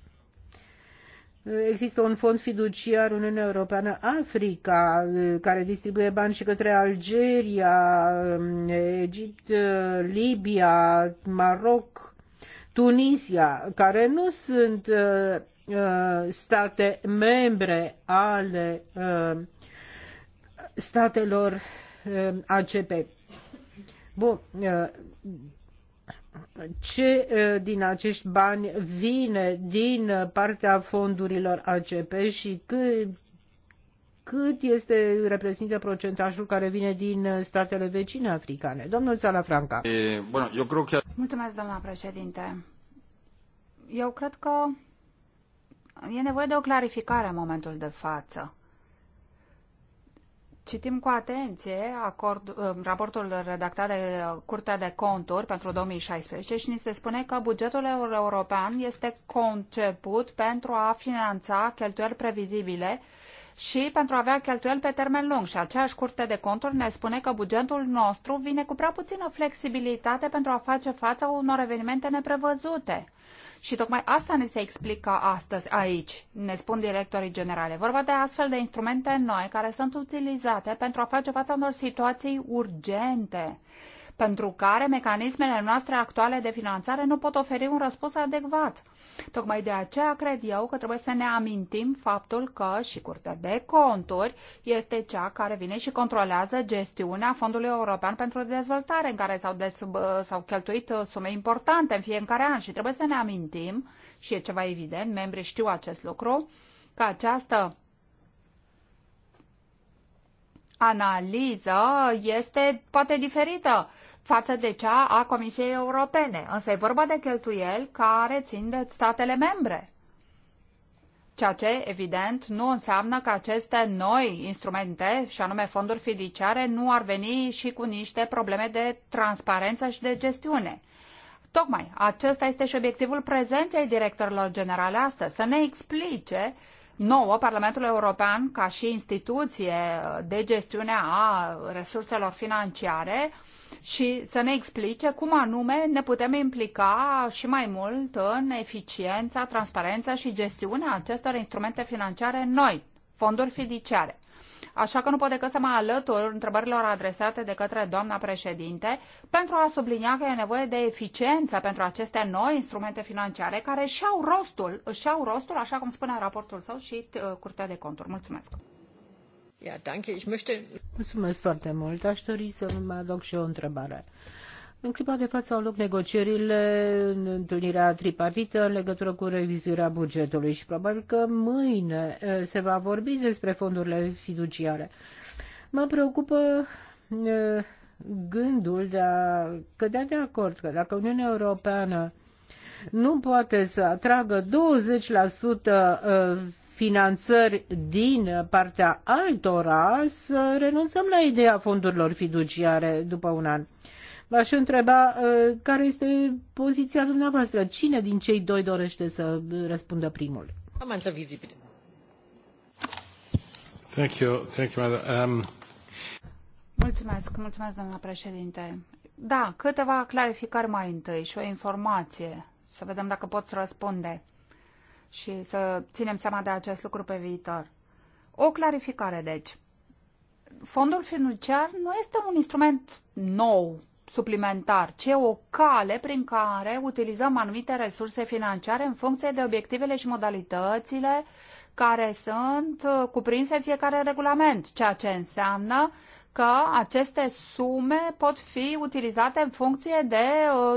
Există un fond fiduciar Uniunea Europeană Africa care distribuie bani și către Algeria, Egipt, Libia, Maroc, Tunisia, care nu sunt uh, state membre ale uh, statelor uh, ACP. Bun, ce din acești bani vine din partea fondurilor ACP și cât, cât este reprezintă procentajul care vine din statele vecine africane. Domnul Salafranca. E, bueno, eu cred că... Mulțumesc, doamna președinte. Eu cred că e nevoie de o clarificare în momentul de față citim cu atenție acord, uh, raportul redactat de Curtea de Conturi pentru 2016 și ni se spune că bugetul european este conceput pentru a finanța cheltuieli previzibile și pentru a avea cheltuieli pe termen lung. Și aceeași curte de conturi ne spune că bugetul nostru vine cu prea puțină flexibilitate pentru a face față unor evenimente neprevăzute. Și tocmai asta ne se explică astăzi aici, ne spun directorii generale. Vorba de astfel de instrumente noi care sunt utilizate pentru a face față unor situații urgente pentru care mecanismele noastre actuale de finanțare nu pot oferi un răspuns adecvat. Tocmai de aceea cred eu că trebuie să ne amintim faptul că și Curtea de Conturi este cea care vine și controlează gestiunea Fondului European pentru Dezvoltare, în care s-au, des- s-au cheltuit uh, sume importante în fiecare an și trebuie să ne amintim, și e ceva evident, membrii știu acest lucru, că această analiză este poate diferită față de cea a Comisiei Europene, însă e vorba de cheltuieli care țin de statele membre. Ceea ce, evident, nu înseamnă că aceste noi instrumente, și anume fonduri fiduciare, nu ar veni și cu niște probleme de transparență și de gestiune. Tocmai acesta este și obiectivul prezenței directorilor generale astăzi, să ne explice uh, nouă, Parlamentul European, ca și instituție de gestiune a resurselor financiare, și să ne explice cum anume ne putem implica și mai mult în eficiența, transparența și gestiunea acestor instrumente financiare noi, fonduri fiduciare. Așa că nu pot decât să mă alătur întrebărilor adresate de către doamna președinte pentru a sublinia că e nevoie de eficiență pentru aceste noi instrumente financiare care și-au rostul, și-au rostul, așa cum spune raportul său și uh, Curtea de Conturi. Mulțumesc! Ja, danke. Ich möchte... Mulțumesc foarte mult. Aș dori să mai aduc și eu o întrebare. În clipa de față au loc negocierile în întâlnirea tripartită în legătură cu revizuirea bugetului și probabil că mâine se va vorbi despre fondurile fiduciare. Mă preocupă gândul de a cădea de acord că dacă Uniunea Europeană nu poate să atragă 20% finanțări din partea altora, să renunțăm la ideea fondurilor fiduciare după un an. V-aș întreba uh, care este poziția dumneavoastră. Cine din cei doi dorește să răspundă primul? Am să vizibile. Thank you, thank you, madam. Um... Mulțumesc, mulțumesc, doamna președinte. Da, câteva clarificări mai întâi și o informație, să vedem dacă pot răspunde și să ținem seama de acest lucru pe viitor. O clarificare, deci. Fondul financiar nu este un instrument nou suplimentar, ci o cale prin care utilizăm anumite resurse financiare în funcție de obiectivele și modalitățile care sunt uh, cuprinse în fiecare regulament, ceea ce înseamnă că aceste sume pot fi utilizate în funcție de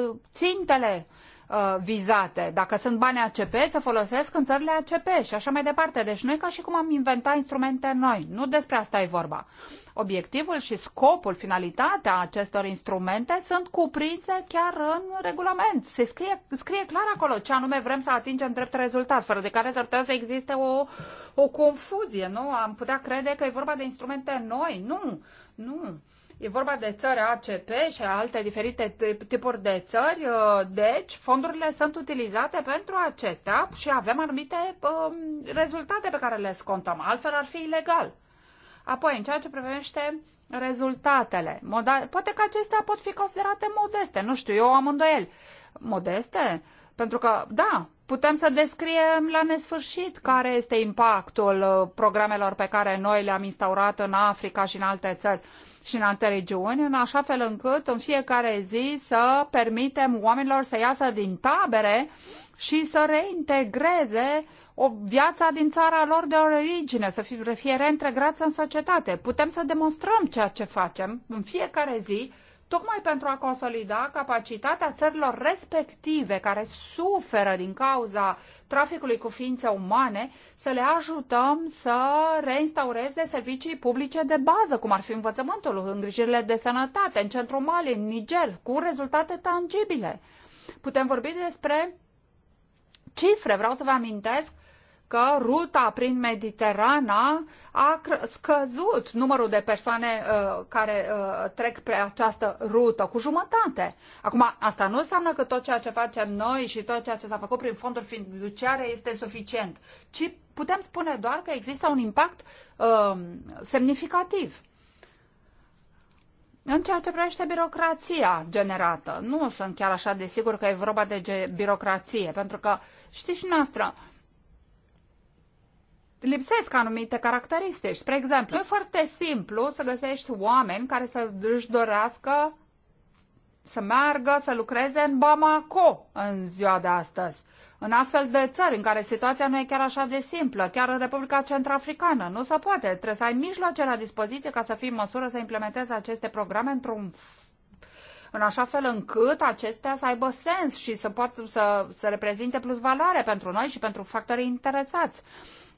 uh, țintele uh, Uh, vizate. Dacă sunt bani ACP, se folosesc în țările ACP și așa mai departe. Deci nu e ca și cum am inventat instrumente noi. Nu despre asta e vorba. Obiectivul și scopul, finalitatea acestor instrumente sunt cuprinse chiar în regulament. Se scrie, scrie clar acolo ce anume vrem să atingem drept rezultat, fără de care s-ar putea să existe o, o confuzie. Nu? Am putea crede că e vorba de instrumente noi. Nu, nu. E vorba de țări ACP și alte diferite tipuri de țări, uh, deci fondurile sunt utilizate pentru acestea și avem anumite um, rezultate pe care le scontăm, altfel ar fi ilegal. Apoi, în ceea ce privește rezultatele, moda- poate că acestea pot fi considerate modeste, nu știu, eu am îndoiel. Modeste? Pentru că, da, putem să descriem la nesfârșit care este impactul uh, programelor pe care noi le-am instaurat în Africa și în alte țări și în alte regiuni, în așa fel încât în fiecare zi să permitem oamenilor să iasă din tabere și să reintegreze o viața din țara lor de origine, să fie reintegrați în societate. Putem să demonstrăm ceea ce facem în fiecare zi tocmai pentru a consolida capacitatea țărilor respective care suferă din cauza traficului cu ființe umane, să le ajutăm să reinstaureze servicii publice de bază, cum ar fi învățământul, îngrijirile de sănătate, în centrul Mali, în Niger, cu rezultate tangibile. Putem vorbi despre cifre, vreau să vă amintesc că ruta prin Mediterana a scăzut numărul de persoane uh, care uh, trec pe această rută cu jumătate. Acum, asta nu înseamnă că tot ceea ce facem noi și tot ceea ce s-a făcut prin fonduri fiduciare este suficient, ci putem spune doar că există un impact uh, semnificativ. În ceea ce privește birocrația generată, nu sunt chiar așa de sigur că e vorba de birocrație, pentru că, știți și noastră, uh, lipsesc anumite caracteristici. Spre exemplu, e foarte simplu să găsești oameni care să își dorească să meargă să lucreze în Bamako în ziua de astăzi. În astfel de țări în care situația nu e chiar așa de simplă, chiar în Republica Centrafricană, nu se poate. Trebuie să ai mijloace la dispoziție ca să fii în măsură să implementezi aceste programe într-un în așa fel încât acestea să aibă sens și să poată să, să reprezinte plus valoare pentru noi și pentru factorii interesați.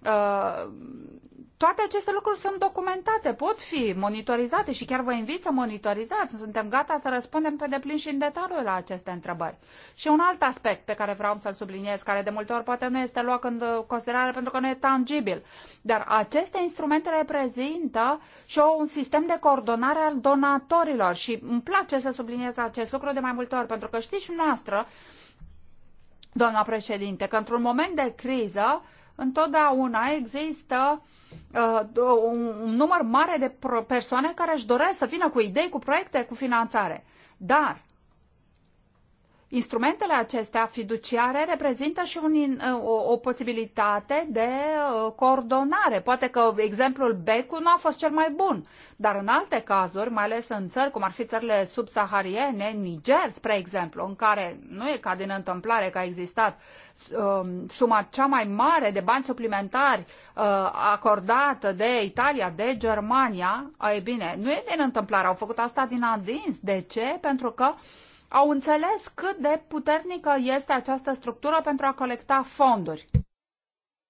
Uh, toate aceste lucruri sunt documentate, pot fi monitorizate și chiar vă invit să monitorizați. Suntem gata să răspundem pe deplin și în detaliu la aceste întrebări. Și un alt aspect pe care vreau să-l subliniez, care de multe ori poate nu este luat în considerare pentru că nu e tangibil, dar aceste instrumente reprezintă și un sistem de coordonare al donatorilor și îmi place să subliniez acest lucru de mai multe ori, pentru că știți și noastră, doamna președinte, că într-un moment de criză, întotdeauna există uh, un, un număr mare de persoane care își doresc să vină cu idei, cu proiecte, cu finanțare. Dar Instrumentele acestea fiduciare reprezintă și un, o, o posibilitate de uh, coordonare. Poate că exemplul Becu nu a fost cel mai bun, dar în alte cazuri, mai ales în țări cum ar fi țările subsahariene, Niger, spre exemplu, în care nu e ca din întâmplare că a existat um, suma cea mai mare de bani suplimentari uh, acordată de Italia, de Germania, ai bine, nu e din întâmplare, au făcut asta din adins. De ce? Pentru că uh, au înțeles cât de puternică este această structură pentru a colecta fonduri.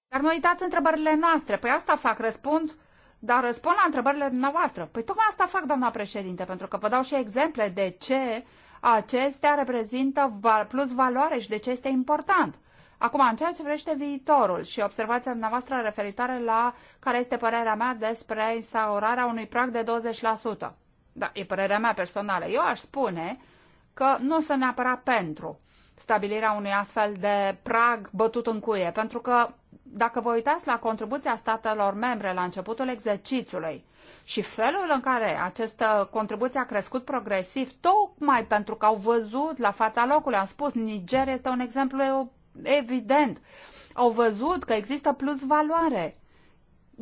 Dar nu uitați întrebările noastre. Păi asta fac, răspund, dar răspund la întrebările dumneavoastră. Păi tocmai asta fac, doamna președinte, pentru că vă dau și exemple de ce acestea reprezintă plus valoare și de ce este important. Acum, în ceea ce vrește viitorul și observația dumneavoastră referitoare la care este părerea mea despre instaurarea unui prag de 20%. Da, e părerea mea personală. Eu aș spune că nu se neapăra pentru stabilirea unui astfel de prag bătut în cuie, pentru că dacă vă uitați la contribuția statelor membre la începutul exercițiului și felul în care această contribuție a crescut progresiv, tocmai pentru că au văzut la fața locului, am spus, Niger este un exemplu evident, au văzut că există plus valoare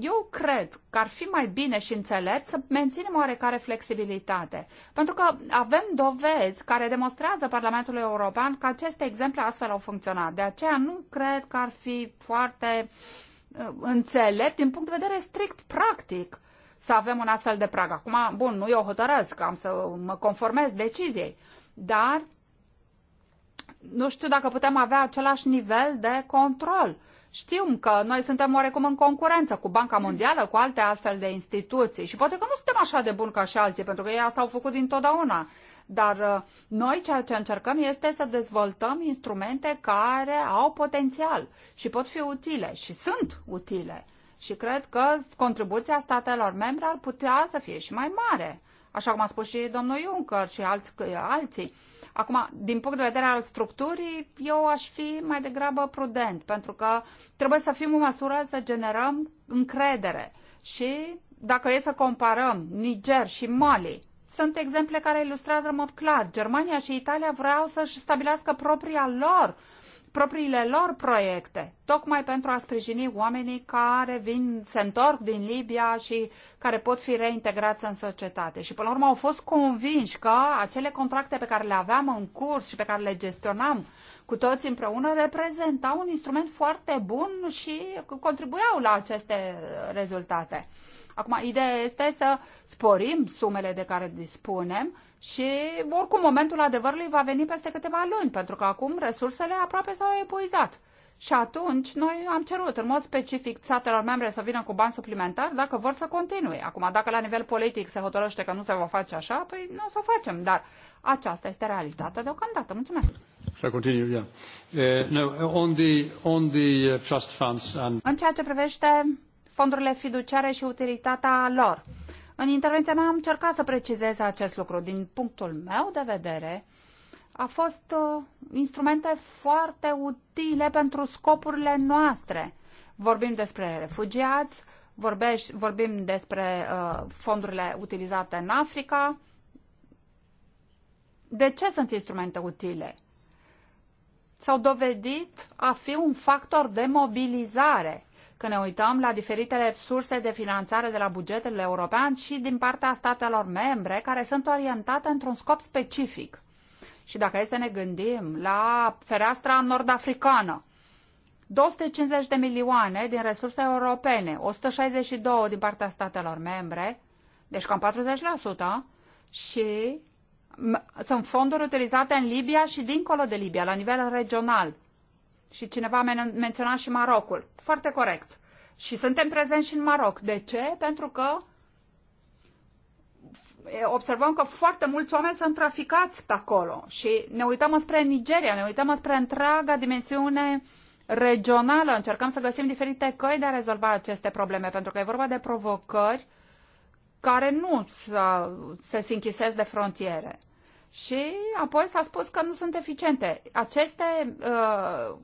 eu cred că ar fi mai bine și înțelept să menținem oarecare flexibilitate. Pentru că avem dovezi care demonstrează Parlamentul European că aceste exemple astfel au funcționat. De aceea nu cred că ar fi foarte uh, înțelept din punct de vedere strict practic să avem un astfel de prag. Acum, bun, nu eu hotărăsc, am să mă conformez deciziei, dar nu știu dacă putem avea același nivel de control Știm că noi suntem oarecum în concurență cu Banca Mondială, cu alte altfel de instituții și poate că nu suntem așa de buni ca și alții, pentru că ei asta au făcut dintotdeauna. Dar uh, noi ceea ce încercăm este să dezvoltăm instrumente care au potențial și pot fi utile și sunt utile. Și cred că contribuția statelor membre ar putea să fie și mai mare așa cum a spus și domnul Juncker și alți, alții. Acum, din punct de vedere al structurii, eu aș fi mai degrabă prudent, pentru că trebuie să fim în măsură să generăm încredere. Și dacă e să comparăm Niger și Mali, sunt exemple care ilustrează în mod clar. Germania și Italia vreau să-și stabilească propria lor propriile lor proiecte, tocmai pentru a sprijini oamenii care vin, se întorc din Libia și care pot fi reintegrați în societate. Și până la urmă au fost convinși că acele contracte pe care le aveam în curs și pe care le gestionam cu toți împreună reprezentau un instrument foarte bun și contribuiau la aceste rezultate. Acum, ideea este să sporim sumele de care dispunem și oricum momentul adevărului va veni peste câteva luni, pentru că acum resursele aproape s-au epuizat. Și atunci noi am cerut în mod specific statelor membre să vină cu bani suplimentari dacă vor să continue. Acum, dacă la nivel politic se hotărăște că nu se va face așa, păi nu o să o facem, dar aceasta este realitatea deocamdată. Mulțumesc! Uh, no, on the, on the uh, trust funds and... În ceea ce privește fondurile fiduciare și utilitatea lor. În intervenția mea am încercat să precizez acest lucru. Din punctul meu de vedere, a fost uh, instrumente foarte utile pentru scopurile noastre. Vorbim despre refugiați, vorbeș, vorbim despre uh, fondurile utilizate în Africa. De ce sunt instrumente utile? S-au dovedit a fi un factor de mobilizare când ne uităm la diferitele surse de finanțare de la bugetul european și din partea statelor membre care sunt orientate într-un scop specific. Și dacă e să ne gândim la fereastra nord-africană, 250 de milioane din resurse europene, 162 din partea statelor membre, deci cam 40%, și sunt fonduri utilizate în Libia și dincolo de Libia, la nivel regional. Și cineva a menționat și Marocul. Foarte corect. Și suntem prezenți și în Maroc. De ce? Pentru că observăm că foarte mulți oameni sunt traficați pe acolo și ne uităm spre Nigeria, ne uităm spre întreaga dimensiune regională, încercăm să găsim diferite căi de a rezolva aceste probleme, pentru că e vorba de provocări care nu se, se închisesc de frontiere și apoi s-a spus că nu sunt eficiente. Aceste uh,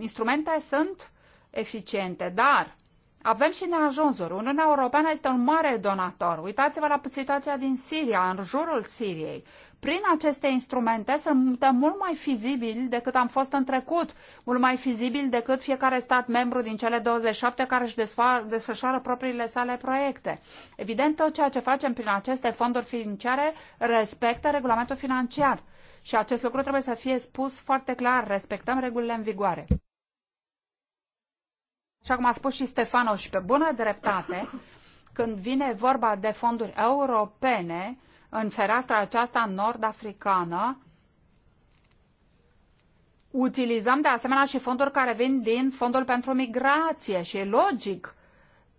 instrumente sunt eficiente, dar avem și neajunsuri. Uniunea Europeană este un mare donator. Uitați-vă la situația din Siria, în jurul Siriei. Prin aceste instrumente suntem mult mai fizibili decât am fost în trecut, mult mai fizibili decât fiecare stat membru din cele 27 care își desfășoară propriile sale proiecte. Evident, tot ceea ce facem prin aceste fonduri financiare respectă regulamentul financiar. Și acest lucru trebuie să fie spus foarte clar, respectăm regulile în vigoare. Așa cum a spus și Stefano și pe bună dreptate, când vine vorba de fonduri europene, în fereastra aceasta nord-africană, utilizăm de asemenea și fonduri care vin din fondul pentru migrație și e logic,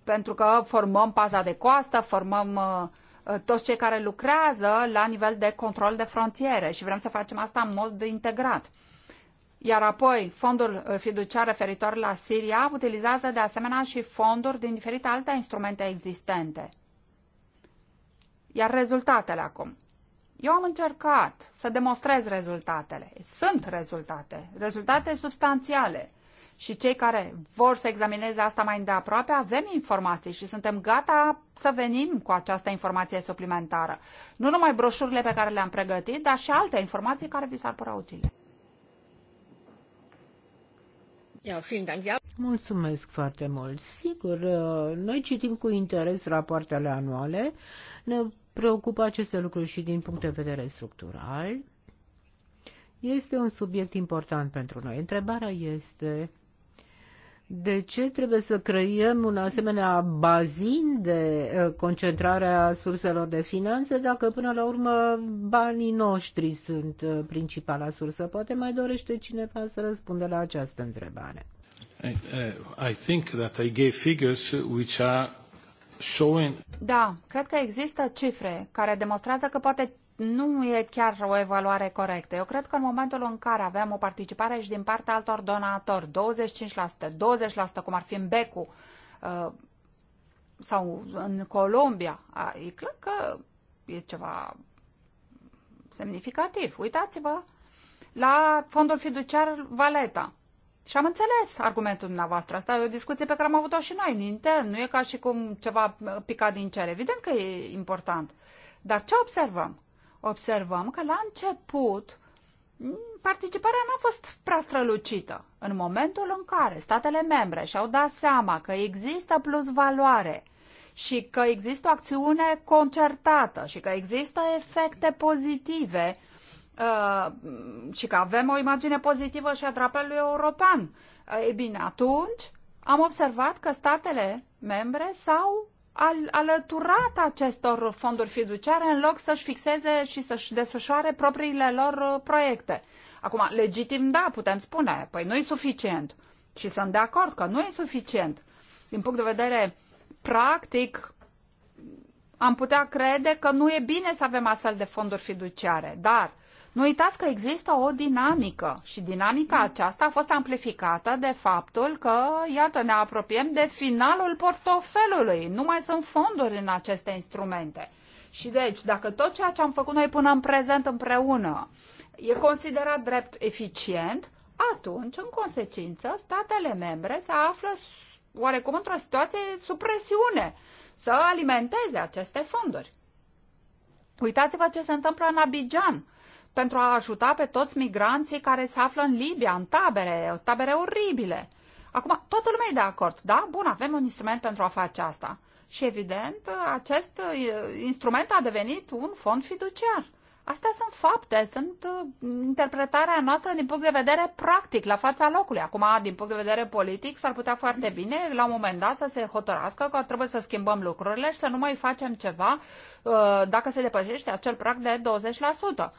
pentru că formăm paza de coastă, formăm uh, uh, toți cei care lucrează la nivel de control de frontiere și vrem să facem asta în mod integrat. Iar apoi, fondul uh, fiduciar referitor la Siria utilizează de asemenea și fonduri din diferite alte instrumente existente. Iar rezultatele acum. Eu am încercat să demonstrez rezultatele. Sunt rezultate, rezultate substanțiale. Și cei care vor să examineze asta mai îndeaproape, avem informații și suntem gata să venim cu această informație suplimentară. Nu numai broșurile pe care le-am pregătit, dar și alte informații care vi s-ar părea utile. Mulțumesc foarte mult. Sigur, uh, noi citim cu interes rapoartele anuale, ne preocupă aceste lucruri și din punct de vedere structural. Este un subiect important pentru noi. Întrebarea este de ce trebuie să creăm un asemenea bazin de uh, concentrare a surselor de finanțe dacă până la urmă banii noștri sunt uh, principala sursă? Poate mai dorește cineva să răspundă la această întrebare. I, uh, I think that I gave figures which are showing... Da, cred că există cifre care demonstrează că poate nu e chiar o evaluare corectă. Eu cred că în momentul în care aveam o participare și din partea altor donatori, 25%, 20%, cum ar fi în Becu uh, sau în Colombia, e clar că e ceva semnificativ. Uitați-vă la fondul fiduciar Valeta. Și am înțeles argumentul dumneavoastră. Asta e o discuție pe care am avut-o și noi în intern. Nu e ca și cum ceva picat din cer. Evident că e important. Dar ce observăm? observăm că la început participarea nu a fost prea strălucită. În momentul în care statele membre și-au dat seama că există plus valoare și că există o acțiune concertată și că există efecte pozitive uh, și că avem o imagine pozitivă și a drapelului european, uh, e bine, atunci am observat că statele membre s-au al, alăturat acestor fonduri fiduciare în loc să-și fixeze și să-și desfășoare propriile lor uh, proiecte. Acum, legitim, da, putem spune, păi nu e suficient. Și sunt de acord că nu e suficient. Din punct de vedere practic, am putea crede că nu e bine să avem astfel de fonduri fiduciare, dar nu uitați că există o dinamică și dinamica aceasta a fost amplificată de faptul că, iată, ne apropiem de finalul portofelului. Nu mai sunt fonduri în aceste instrumente. Și deci, dacă tot ceea ce am făcut noi până în prezent împreună e considerat drept eficient, atunci, în consecință, statele membre se află oarecum într-o situație sub presiune să alimenteze aceste fonduri. Uitați-vă ce se întâmplă în Abidjan pentru a ajuta pe toți migranții care se află în Libia, în tabere, tabere oribile. Acum, toată lumea e de acord, da? Bun, avem un instrument pentru a face asta. Și evident, acest uh, instrument a devenit un fond fiduciar. Astea sunt fapte, sunt uh, interpretarea noastră din punct de vedere practic, la fața locului. Acum, din punct de vedere politic, s-ar putea foarte bine, la un moment dat, să se hotărască că trebuie să schimbăm lucrurile și să nu mai facem ceva uh, dacă se depășește acel prag de 20%.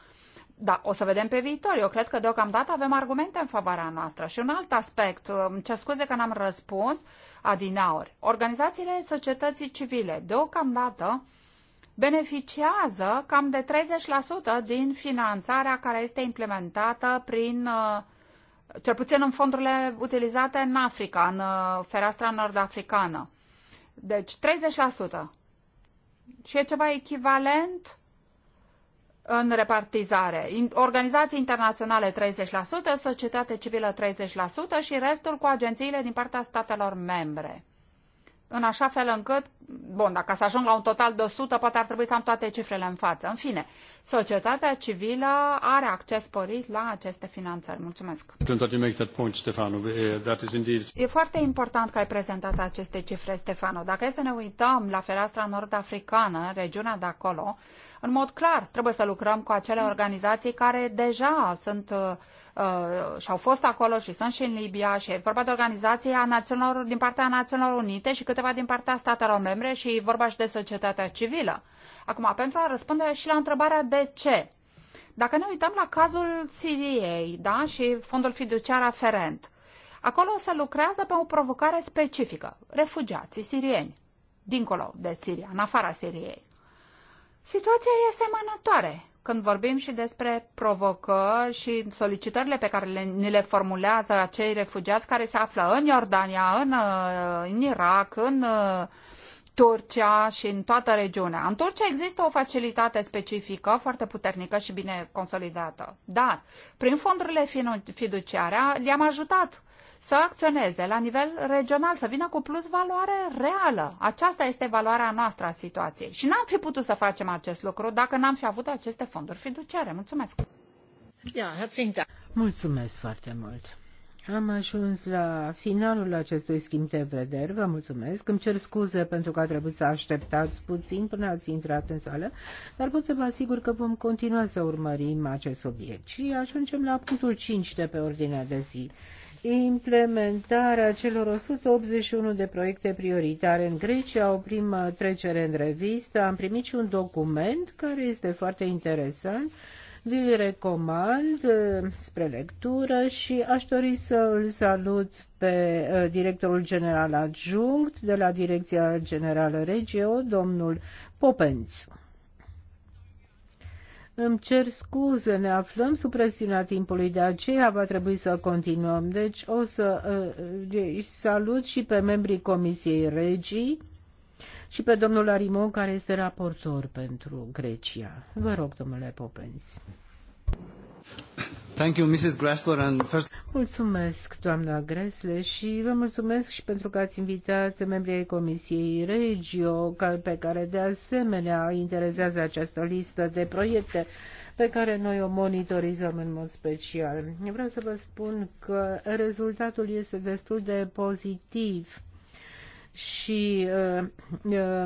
Da, o să vedem pe viitor. Eu cred că deocamdată avem argumente în favoarea noastră. Și un alt aspect, um, ce scuze că n-am răspuns, adinaori. Organizațiile societății civile deocamdată beneficiază cam de 30% din finanțarea care este implementată prin, uh, cel puțin în fondurile utilizate în Africa, în uh, fereastra nord-africană. Deci 30%. Și e ceva echivalent în repartizare. Organizații internaționale 30%, societate civilă 30% și restul cu agențiile din partea statelor membre. În așa fel încât, bun, dacă să ajung la un total de 100, poate ar trebui să am toate cifrele în față. În fine, societatea civilă are acces sporit la aceste finanțări. Mulțumesc. E foarte important că ai prezentat aceste cifre, Stefano. Dacă e să ne uităm la fereastra nord-africană, regiunea de acolo, în mod clar, trebuie să lucrăm cu acele organizații care deja sunt uh, uh, și au fost acolo și sunt și în Libia și e vorba de organizații a națiunilor, din partea Națiunilor Unite și câteva din partea statelor membre și e vorba și de societatea civilă. Acum, pentru a răspunde și la întrebarea de ce, dacă ne uităm la cazul Siriei da, și fondul fiduciar aferent, acolo se lucrează pe o provocare specifică, refugiații sirieni, dincolo de Siria, în afara Siriei. Situația e asemănătoare când vorbim și despre provocări și solicitările pe care le, ni le formulează acei refugiați care se află în Iordania, în, uh, în Irak, în uh, Turcia și în toată regiunea. În Turcia există o facilitate specifică foarte puternică și bine consolidată. Dar, prin fondurile fiduciare, le-am ajutat să acționeze la nivel regional, să vină cu plus valoare reală. Aceasta este valoarea noastră a situației. Și n-am fi putut să facem acest lucru dacă n-am fi avut aceste fonduri fiduciare. Mulțumesc! Mulțumesc foarte mult! Am ajuns la finalul acestui schimb de vederi. Vă mulțumesc. Îmi cer scuze pentru că a trebuit să așteptați puțin până ați intrat în sală, dar pot să vă asigur că vom continua să urmărim acest subiect. Și ajungem la punctul 5 de pe ordinea de zi implementarea celor 181 de proiecte prioritare în Grecia, o primă trecere în revistă. Am primit și un document care este foarte interesant. Vi-l recomand uh, spre lectură și aș dori să îl salut pe uh, directorul general adjunct de la Direcția Generală Regio, domnul Popenț. Îmi cer scuze, ne aflăm sub presiunea timpului, de aceea va trebui să continuăm. Deci o să uh, uh deci, salut și pe membrii Comisiei Regii și pe domnul Arimon, care este raportor pentru Grecia. Vă rog, domnule Popenzi. Thank you, Mrs. Gressler, and first... Mulțumesc, doamna Gresle, și vă mulțumesc și pentru că ați invitat membrii Comisiei Regio, pe care de asemenea interesează această listă de proiecte pe care noi o monitorizăm în mod special. Vreau să vă spun că rezultatul este destul de pozitiv și uh, uh,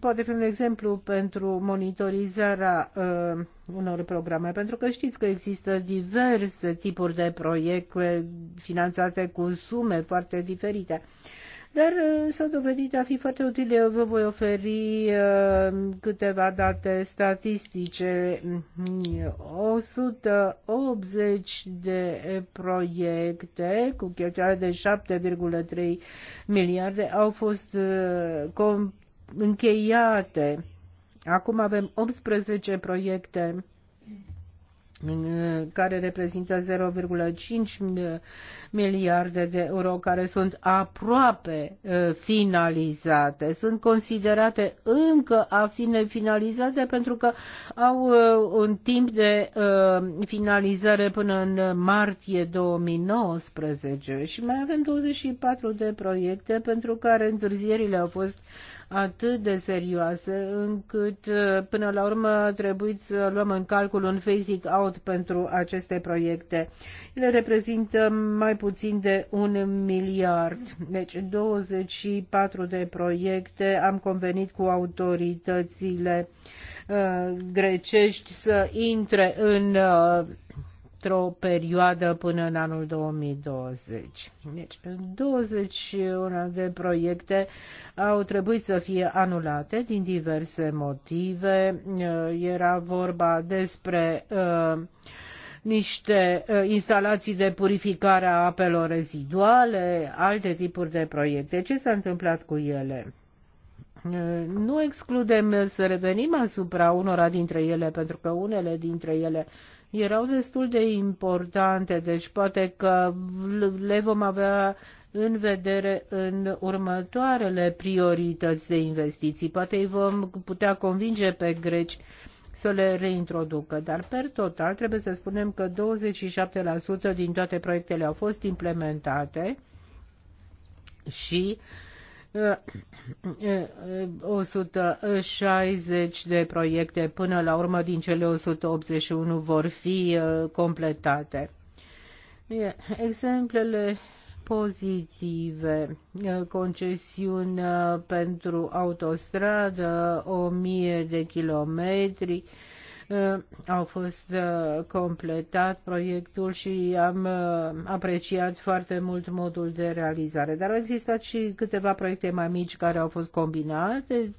poate fi un exemplu pentru monitorizarea uh, unor programe, pentru că știți că există diverse tipuri de proiecte finanțate cu sume foarte diferite dar uh, s-au dovedit a fi foarte utile. Eu vă voi oferi uh, câteva date statistice. 180 de proiecte cu cheltuială de 7,3 miliarde au fost uh, încheiate. Acum avem 18 proiecte care reprezintă 0,5 miliarde de euro, care sunt aproape uh, finalizate. Sunt considerate încă a fi nefinalizate pentru că au uh, un timp de uh, finalizare până în martie 2019 și mai avem 24 de proiecte pentru care întârzierile au fost atât de serioase încât uh, până la urmă trebuie să luăm în calcul un phasing out pentru aceste proiecte. Ele reprezintă mai puțin de un miliard. Deci 24 de proiecte am convenit cu autoritățile uh, grecești să intre în uh, într-o perioadă până în anul 2020. Deci, 21 de proiecte au trebuit să fie anulate din diverse motive. Uh, era vorba despre uh, niște uh, instalații de purificare a apelor reziduale, alte tipuri de proiecte. Ce s-a întâmplat cu ele? Nu excludem să revenim asupra unora dintre ele, pentru că unele dintre ele erau destul de importante, deci poate că le vom avea în vedere în următoarele priorități de investiții. Poate îi vom putea convinge pe greci să le reintroducă, dar per total trebuie să spunem că 27% din toate proiectele au fost implementate și uh, 160 de proiecte până la urmă din cele 181 vor fi uh, completate. Exemplele pozitive, uh, concesiune uh, pentru autostradă, 1000 de kilometri, Uh, au fost uh, completat proiectul și am uh, apreciat foarte mult modul de realizare. Dar au existat și câteva proiecte mai mici care au fost combinate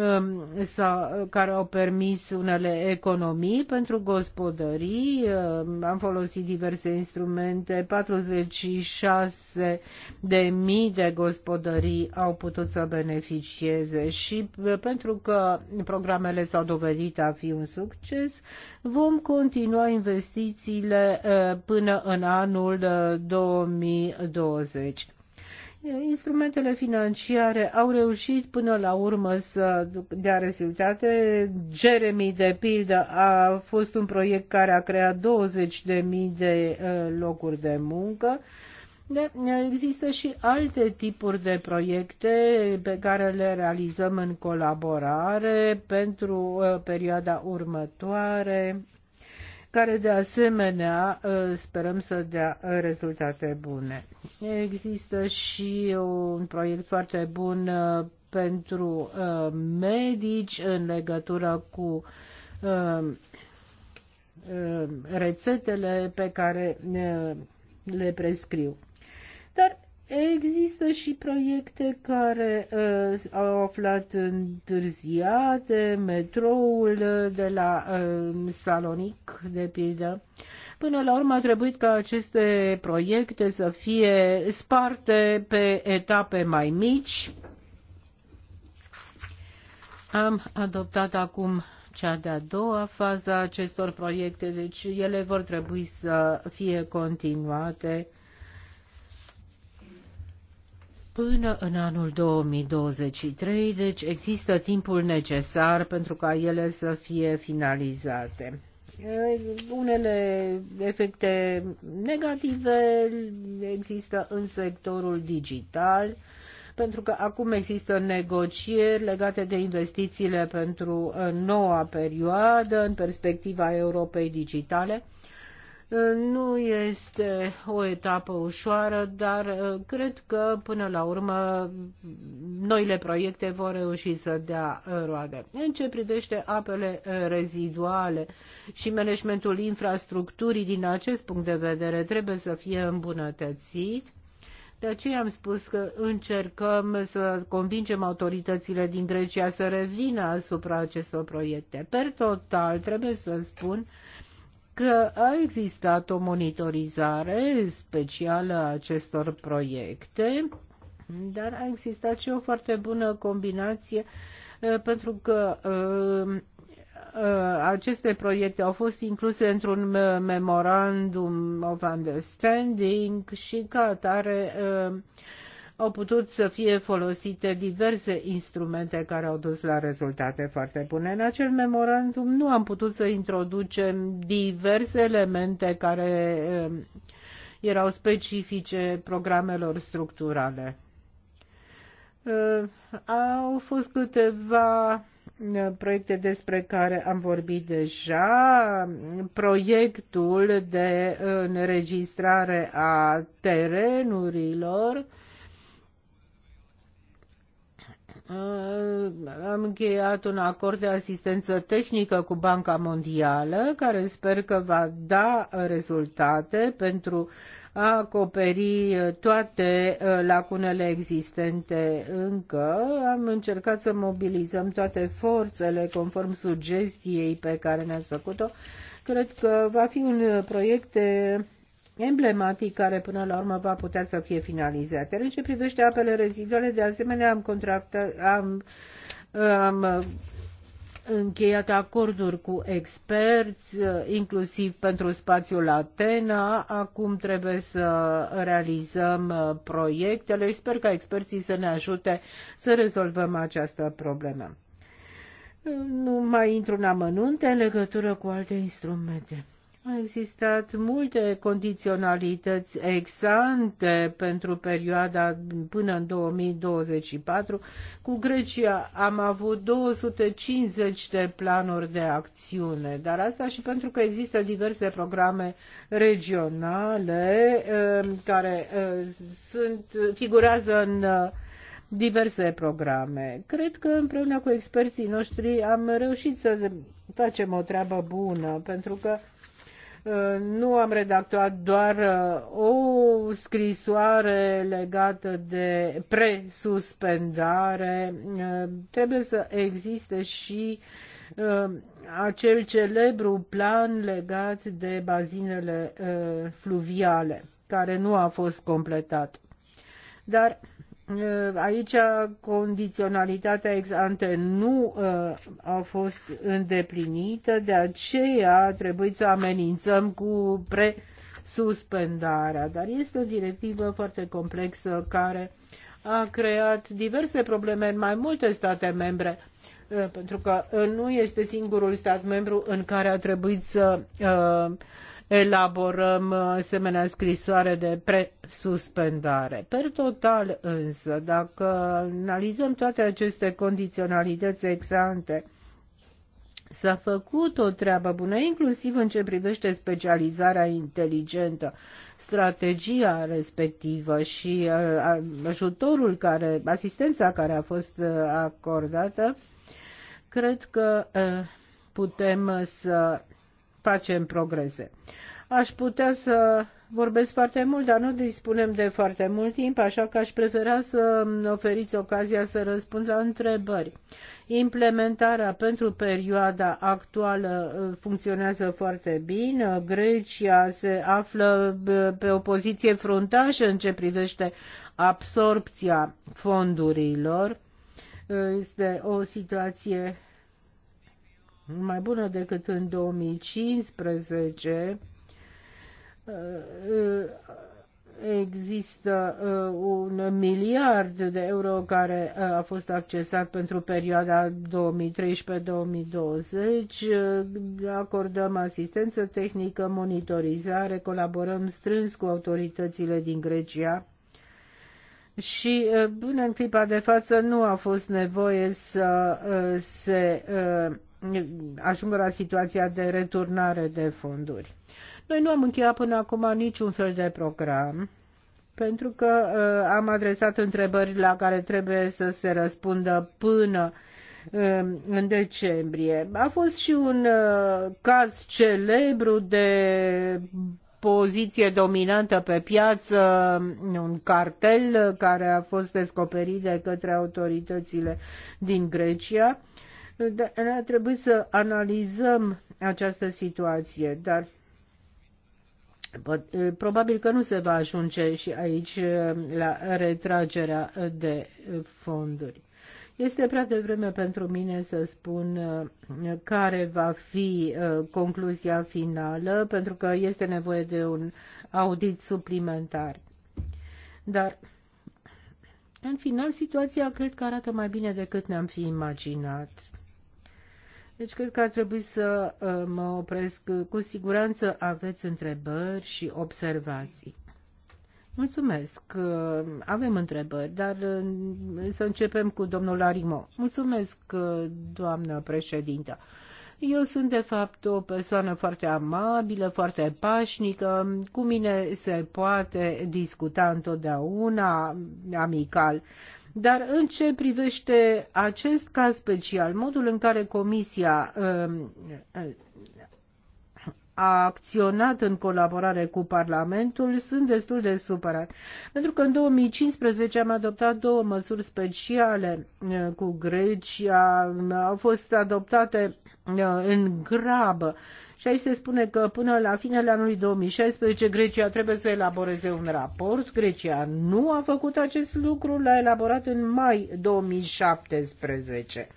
Um, sau, care au permis unele economii pentru gospodării. Um, am folosit diverse instrumente, 46 de mii de gospodării au putut să beneficieze și uh, pentru că programele s-au dovedit a fi un succes, vom continua investițiile uh, până în anul 2020. Uh, Instrumentele financiare au reușit până la urmă să dea rezultate. Jeremy, de pildă, a fost un proiect care a creat 20.000 de uh, locuri de muncă. De, există și alte tipuri de proiecte pe care le realizăm în colaborare pentru uh, perioada următoare care de asemenea ă, sperăm să dea rezultate bune. Există și un proiect foarte bun ă, pentru ă, medici în legătură cu rețetele pe care le prescriu. Dar Există și proiecte care uh, au aflat întârziate, metroul uh, de la uh, Salonic, de pildă. Până la urmă a trebuit ca aceste proiecte să fie sparte pe etape mai mici. Am adoptat acum cea de-a doua fază a acestor proiecte, deci ele vor trebui să fie continuate până în anul 2023, deci există timpul necesar pentru ca ele să fie finalizate. Eh, unele efecte negative există în sectorul digital, pentru că acum există negocieri legate de investițiile pentru eh, noua perioadă în perspectiva Europei digitale nu este o etapă ușoară, dar uh, cred că până la urmă noile proiecte vor reuși să dea uh, roade. În ce privește apele uh, reziduale și managementul infrastructurii din acest punct de vedere trebuie să fie îmbunătățit. De aceea am spus că încercăm să convingem autoritățile din Grecia să revină asupra acestor proiecte. Per total, trebuie să spun că a existat o monitorizare specială a acestor proiecte, dar a existat și o foarte bună combinație uh, pentru că uh, uh, aceste proiecte au fost incluse într-un memorandum of understanding și ca atare au putut să fie folosite diverse instrumente care au dus la rezultate foarte bune. În acel memorandum nu am putut să introducem diverse elemente care um, erau specifice programelor structurale. Uh, au fost câteva uh, proiecte despre care am vorbit deja, proiectul de uh, înregistrare a terenurilor, Uh, am încheiat un acord de asistență tehnică cu Banca Mondială, care sper că va da rezultate pentru a acoperi uh, toate uh, lacunele existente încă. Am încercat să mobilizăm toate forțele conform sugestiei pe care ne-ați făcut-o. Cred că va fi un proiect de emblematic care până la urmă va putea să fie finalizat. În ce privește apele reziduale, de asemenea am, contractat, am, am încheiat acorduri cu experți, inclusiv pentru spațiul Atena. Acum trebuie să realizăm uh, proiectele sper ca experții să ne ajute să rezolvăm această problemă. Nu mai intru în amănunte în legătură cu alte instrumente. Au existat multe condiționalități exante pentru perioada până în 2024. Cu Grecia am avut 250 de planuri de acțiune, dar asta și pentru că există diverse programe regionale eh, care eh, sunt, figurează în eh, diverse programe. Cred că împreună cu experții noștri am reușit să facem o treabă bună, pentru că Uh, nu am redactat doar uh, o scrisoare legată de presuspendare. Uh, trebuie să existe și acel celebru plan legat de bazinele fluviale, care nu a fost completat. Dar Eh, aici condiționalitatea ex ante nu eh, a fost îndeplinită, de aceea trebuie să amenințăm cu presuspendarea. Dar este o directivă foarte complexă care a creat diverse probleme în mai multe state membre, eh, pentru că nu este singurul stat membru în care a trebuit să uh, elaborăm asemenea scrisoare de presuspendare. Per total însă, dacă analizăm toate aceste condiționalități exante, S-a făcut o treabă bună, inclusiv în ce privește specializarea inteligentă, strategia respectivă și uh, ajutorul care, asistența care a fost uh, acordată. Cred că uh, putem să facem progrese. Aș putea să vorbesc foarte mult, dar nu dispunem de foarte mult timp, așa că aș prefera să oferiți ocazia să răspund la întrebări. Implementarea pentru perioada actuală uh, funcționează foarte bine. Grecia se află uh, pe o poziție fruntașă în ce privește absorpția fondurilor. Uh, este o situație mai bună decât în 2015, uh, există uh, un miliard de euro care uh, a fost accesat pentru perioada 2013-2020. Acordăm asistență tehnică, monitorizare, colaborăm strâns cu autoritățile din Grecia și până în clipa de față nu a fost nevoie să se ajungă la situația de returnare de fonduri. Noi nu am încheiat până acum niciun fel de program pentru că uh, am adresat întrebări la care trebuie să se răspundă până uh, în decembrie. A fost și un uh, caz celebru de poziție dominantă pe piață, un cartel care a fost descoperit de către autoritățile din Grecia. Uh, da, ne-a trebuit să analizăm această situație, dar eh, probabil că nu se va ajunge și aici eh, la retragerea de eh, fonduri. Este prea devreme pentru mine să spun care va fi concluzia finală, pentru că este nevoie de un audit suplimentar. Dar, în final, situația cred că arată mai bine decât ne-am fi imaginat. Deci cred că ar trebui să uh, mă opresc. Cu siguranță aveți întrebări și observații. Mulțumesc. Uh, avem întrebări, dar uh, să începem cu domnul Larimo. Mulțumesc, doamnă președintă. Eu sunt, de fapt, o persoană foarte amabilă, foarte pașnică. Cu mine se poate discuta întotdeauna amical. Dar în ce privește acest caz special, modul în care Comisia um, a acționat în colaborare cu Parlamentul, sunt destul de supărat. Pentru că în 2015 am adoptat două măsuri speciale eh, cu Grecia, au fost adoptate eh, în grabă. Și aici se spune că până la finele anului 2016 Grecia trebuie să elaboreze un raport. Grecia nu a făcut acest lucru, l-a elaborat în mai 2017.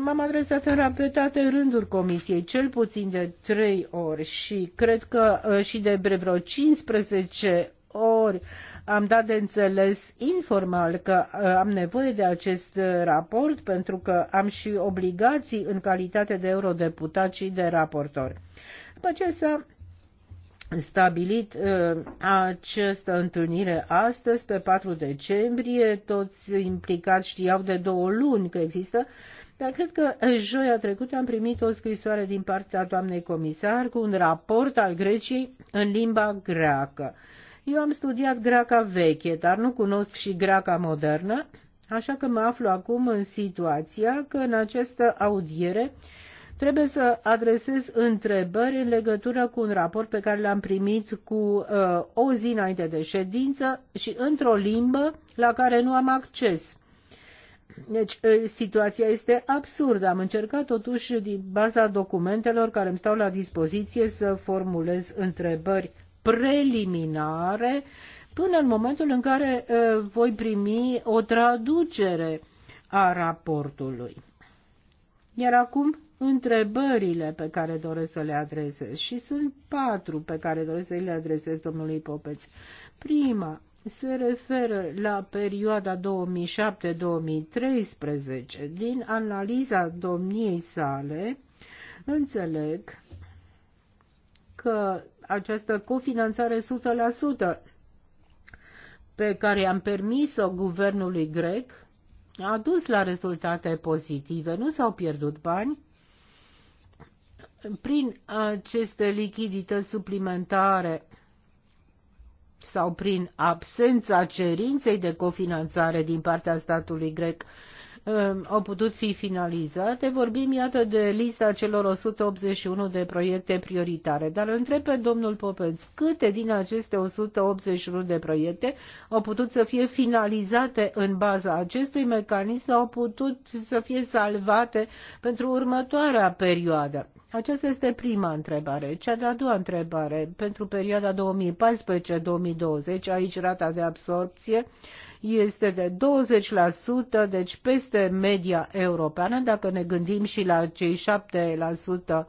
M-am adresat în repetate rânduri comisiei, cel puțin de trei ori și cred că ă, și de vreo 15 ori am dat de înțeles informal că ă, am nevoie de acest raport pentru că am și obligații în calitate de eurodeputat și de raportor. După ce s-a stabilit ă, această întâlnire astăzi, pe 4 decembrie, toți implicați știau de două luni că există dar cred că joia trecută am primit o scrisoare din partea doamnei comisar cu un raport al Greciei în limba greacă. Eu am studiat greaca veche, dar nu cunosc și greaca modernă, așa că mă aflu acum în situația că în această audiere trebuie să adresez întrebări în legătură cu un raport pe care l-am primit cu uh, o zi înainte de ședință și într-o limbă la care nu am acces. Deci, situația este absurdă. Am încercat totuși, din baza documentelor care îmi stau la dispoziție, să formulez întrebări preliminare până în momentul în care uh, voi primi o traducere a raportului. Iar acum întrebările pe care doresc să le adresez și sunt patru pe care doresc să le adresez domnului Popeț. Prima, se referă la perioada 2007-2013 din analiza domniei sale, înțeleg că această cofinanțare 100% pe care am permis-o guvernului grec a dus la rezultate pozitive. Nu s-au pierdut bani. Prin aceste lichidități suplimentare sau prin absența cerinței de cofinanțare din partea statului grec Um, au putut fi finalizate. Vorbim, iată, de lista celor 181 de proiecte prioritare. Dar întreb pe domnul Popenț, câte din aceste 181 de proiecte au putut să fie finalizate în baza acestui mecanism, au putut să fie salvate pentru următoarea perioadă? Aceasta este prima întrebare. Cea de-a doua întrebare, pentru perioada 2014-2020, aici rata de absorpție este de 20%, deci peste media europeană, dacă ne gândim și la cei 7%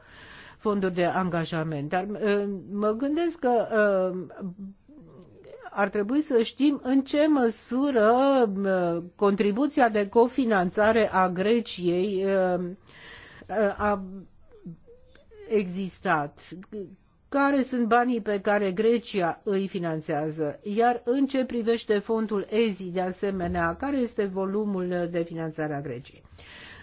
fonduri de angajament. Dar mă gândesc că uh, ar trebui să știm în ce măsură uh, contribuția de cofinanțare a Greciei uh, a existat care sunt banii pe care Grecia îi finanțează, iar în ce privește fondul EZI de asemenea, care este volumul de finanțare a Greciei.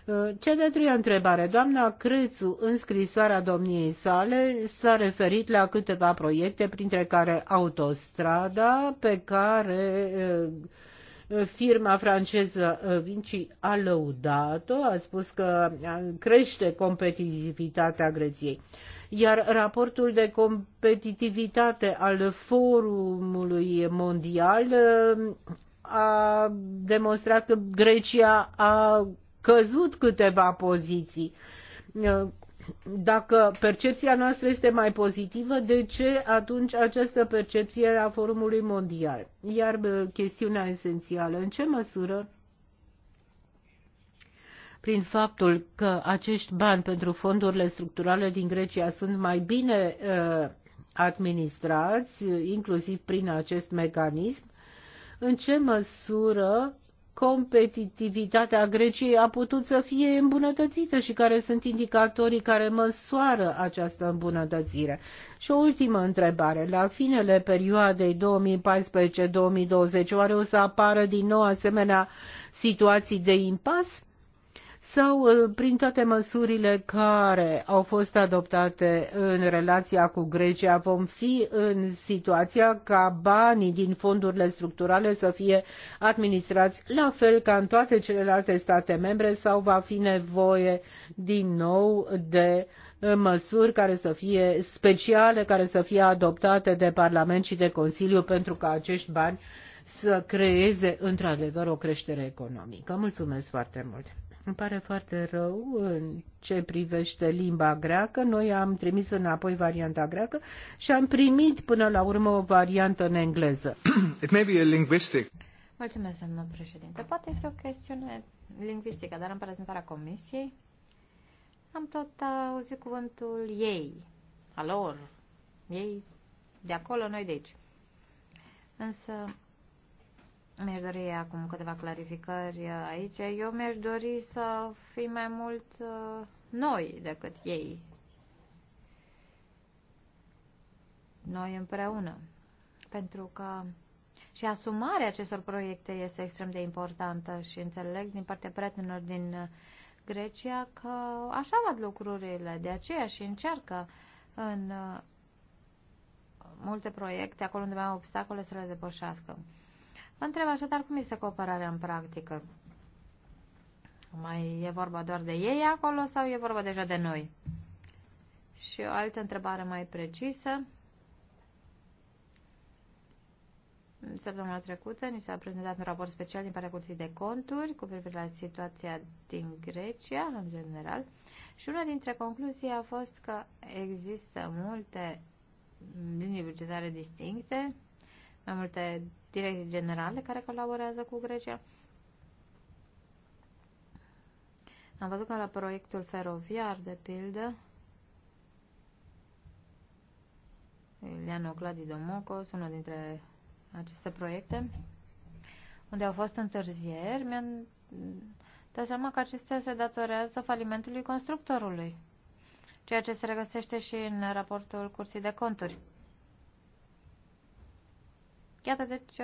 Uh, cea de-a treia întrebare. Doamna Crețu, în scrisoarea domniei sale, s-a referit la câteva proiecte, printre care autostrada pe care uh, firma franceză uh, Vinci a lăudat-o, a spus că crește competitivitatea Greției iar raportul de competitivitate al Forumului Mondial uh, a demonstrat că Grecia a căzut câteva poziții. Uh, dacă percepția noastră este mai pozitivă, de ce atunci această percepție a Forumului Mondial? Iar uh, chestiunea esențială, în ce măsură prin faptul că acești bani pentru fondurile structurale din Grecia sunt mai bine uh, administrați, inclusiv prin acest mecanism, în ce măsură competitivitatea Greciei a putut să fie îmbunătățită și care sunt indicatorii care măsoară această îmbunătățire. Și o ultimă întrebare. La finele perioadei 2014-2020, oare o să apară din nou asemenea situații de impas? sau uh, prin toate măsurile care au fost adoptate în relația cu Grecia, vom fi în situația ca banii din fondurile structurale să fie administrați la fel ca în toate celelalte state membre sau va fi nevoie din nou de uh, măsuri care să fie speciale, care să fie adoptate de Parlament și de Consiliu pentru ca acești bani să creeze într-adevăr o creștere economică. Mulțumesc foarte mult! Îmi pare foarte rău în ce privește limba greacă. Noi am trimis înapoi varianta greacă și am primit până la urmă o variantă în engleză. [clears throat] It may be a linguistic. Mulțumesc, doamnă președinte. Poate este o chestiune lingvistică, dar în prezentarea comisiei am tot auzit cuvântul ei, a lor, ei de acolo, noi de aici. Însă mi-aș dori acum câteva clarificări uh, aici. Eu mi-aș dori să fim mai mult uh, noi decât ei. Noi împreună. Pentru că și asumarea acestor proiecte este extrem de importantă și înțeleg din partea prietenilor din uh, Grecia că așa văd lucrurile, de aceea și încearcă în multe proiecte, acolo unde mai au obstacole, să le depășească. Vă întreb așadar cum este cooperarea în practică. Mai e vorba doar de ei acolo sau e vorba deja de noi? Și o altă întrebare mai precisă. Săptămâna trecută ni s-a prezentat un raport special din partea Curții de Conturi cu privire la situația din Grecia, în general, și una dintre concluzii a fost că există multe linii bugetare distincte, mai multe direcții generale care colaborează cu Grecia. Am văzut că la proiectul feroviar, de pildă, Iliano Gladidomocos, unul dintre aceste proiecte, unde au fost întârzieri, mi-am dat seama că acestea se datorează falimentului constructorului, ceea ce se regăsește și în raportul Curții de Conturi. Iată deci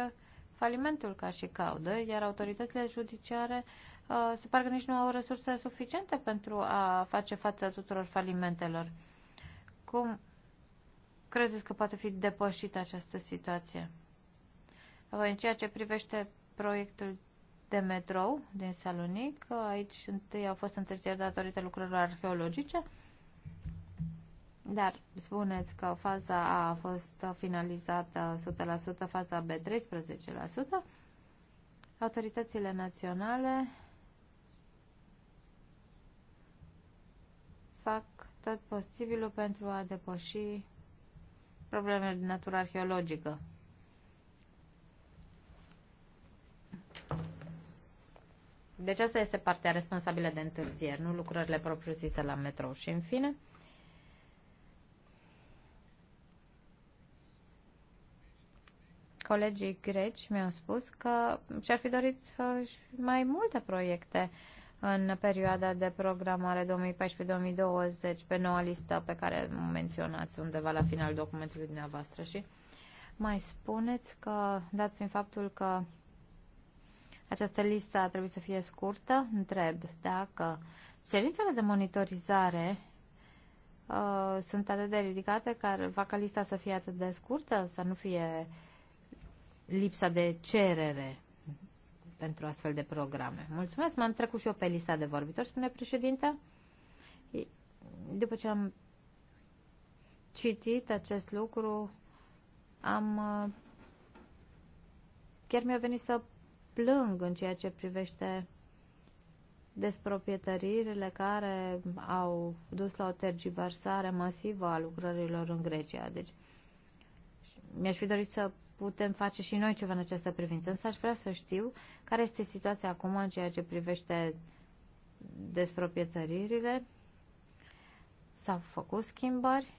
falimentul ca și caudă, iar autoritățile judiciare uh, se pare că nici nu au resurse suficiente pentru a face față tuturor falimentelor. Cum credeți că poate fi depășită această situație? în ceea ce privește proiectul de metrou din Salonic, uh, aici întâi au fost întârzieri datorită lucrărilor arheologice, dar spuneți că faza A a fost finalizată 100%, faza B 13%. Autoritățile naționale fac tot posibilul pentru a depăși problemele de natură arheologică. Deci asta este partea responsabilă de întârzieri, nu lucrările propriu-zise la metrou. Și în fine, colegii greci mi-au spus că și-ar fi dorit mai multe proiecte în perioada de programare 2014-2020 pe noua listă pe care o menționați undeva la final documentului dumneavoastră și mai spuneți că, dat fiind faptul că această listă a trebuit să fie scurtă, întreb dacă cerințele de monitorizare uh, sunt atât de ridicate care fac ca lista să fie atât de scurtă, să nu fie uh, lipsa de cerere pentru astfel de programe. Mulțumesc, m-am trecut și eu pe lista de vorbitori, spune președinte. După ce am citit acest lucru, am uh, chiar mi-a venit să plâng în ceea ce privește desproprietăririle care au dus la o tergiversare masivă a lucrărilor în Grecia. Deci mi-aș fi dorit să putem face și noi ceva în această privință. Însă aș vrea să știu care este situația acum în ceea ce privește desproprietăririle. S-au făcut schimbări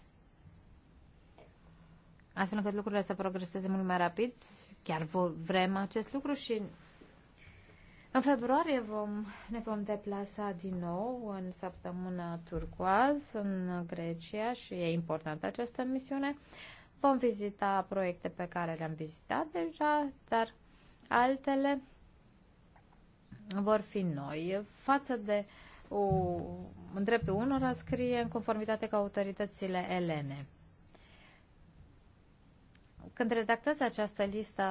astfel încât lucrurile să progreseze mult mai rapid. Chiar vrem acest lucru și în februarie vom, ne vom deplasa din nou în săptămână turcoaz în Grecia și e importantă această misiune. Vom vizita proiecte pe care le-am vizitat deja, dar altele vor fi noi. Față de o, în dreptul unora scrie în conformitate cu autoritățile elene. Când redactați această listă,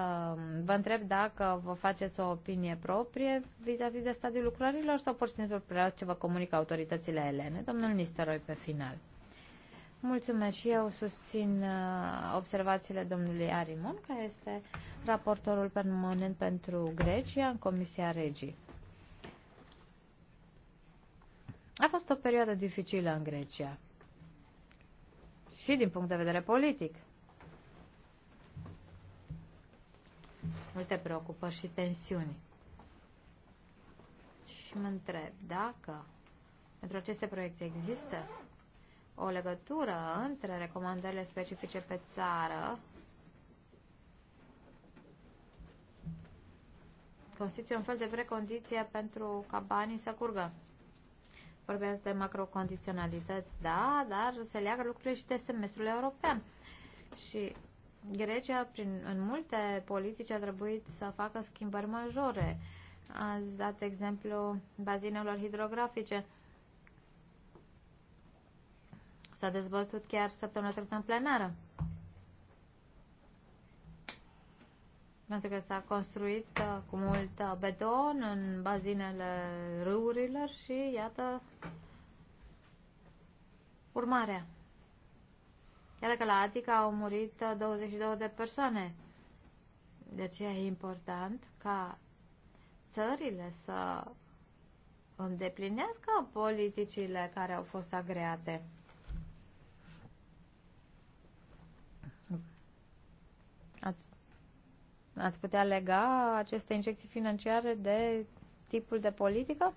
vă întreb dacă vă faceți o opinie proprie vis-a-vis -vis de stadiul lucrărilor sau pur și simplu ce vă comunică autoritățile elene. Domnul Nistoroi, pe final. Mulțumesc și eu susțin uh, observațiile domnului Arimon, care este raportorul permanent pentru Grecia în Comisia Regii. A fost o perioadă dificilă în Grecia și din punct de vedere politic. Multe preocupări și tensiuni. Și mă întreb dacă pentru aceste proiecte există o legătură între recomandările specifice pe țară constituie un fel de precondiție pentru ca banii să curgă. Vorbeați de macrocondiționalități, da, dar se leagă lucrurile și de semestrul european. Și Grecia, prin, în multe politici, a trebuit să facă schimbări majore. Ați dat exemplu bazinelor hidrografice. S-a dezbătut chiar săptămâna trecută în plenară. Pentru că s-a construit uh, cu mult uh, beton în bazinele râurilor și iată urmarea. Iată că la Atica au murit 22 uh, de persoane. De aceea e important ca țările să îndeplinească politicile care au fost agreate. Ați, ați putea lega aceste injecții financiare de tipul de politică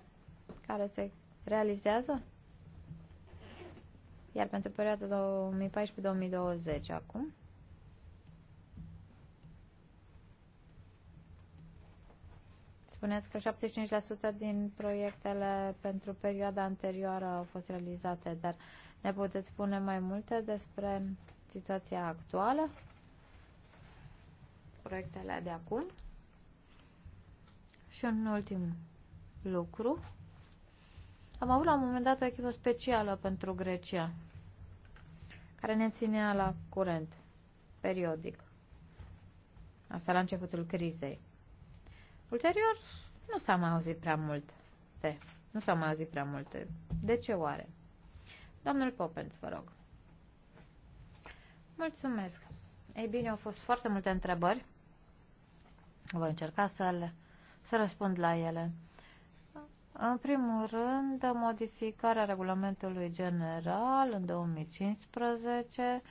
care se realizează? Iar pentru perioada 2014-2020 acum. Spuneți că 75% din proiectele pentru perioada anterioară au fost realizate, dar ne puteți spune mai multe despre situația actuală? proiectele de acum. Și un ultim lucru. Am avut la un moment dat o echipă specială pentru Grecia, care ne ținea la curent, periodic. Asta la începutul crizei. Ulterior, nu s-a mai auzit prea mult de. Nu s-a mai auzit prea multe. De ce oare? Domnul Popenț, vă rog. Mulțumesc. Ei bine, au fost foarte multe întrebări. Voi încerca să, le, să răspund la ele. În primul rând, modificarea regulamentului general în 2015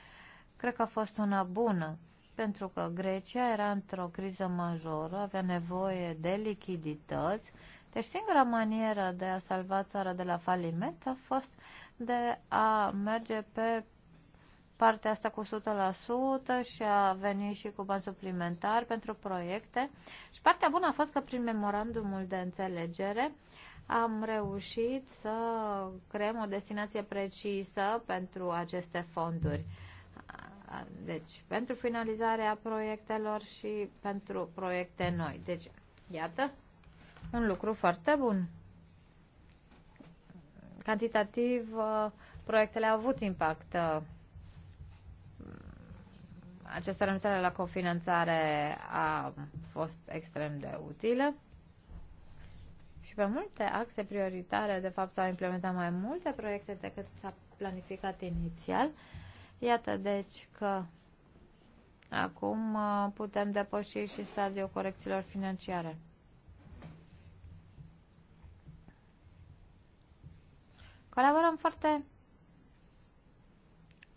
cred că a fost una bună, pentru că Grecia era într-o criză majoră, avea nevoie de lichidități, deci singura manieră de a salva țara de la faliment a fost de a merge pe partea asta cu 100% și a venit și cu bani suplimentari pentru proiecte. Și partea bună a fost că prin memorandumul de înțelegere am reușit să creăm o destinație precisă pentru aceste fonduri. Deci, pentru finalizarea proiectelor și pentru proiecte noi. Deci, iată, un lucru foarte bun. Cantitativ, uh, proiectele au avut impact uh, această renunțare la cofinanțare a fost extrem de utilă și pe multe axe prioritare, de fapt, s-au implementat mai multe proiecte decât s-a planificat inițial. Iată, deci, că acum uh, putem depăși și stadiul corecțiilor financiare. Colaborăm foarte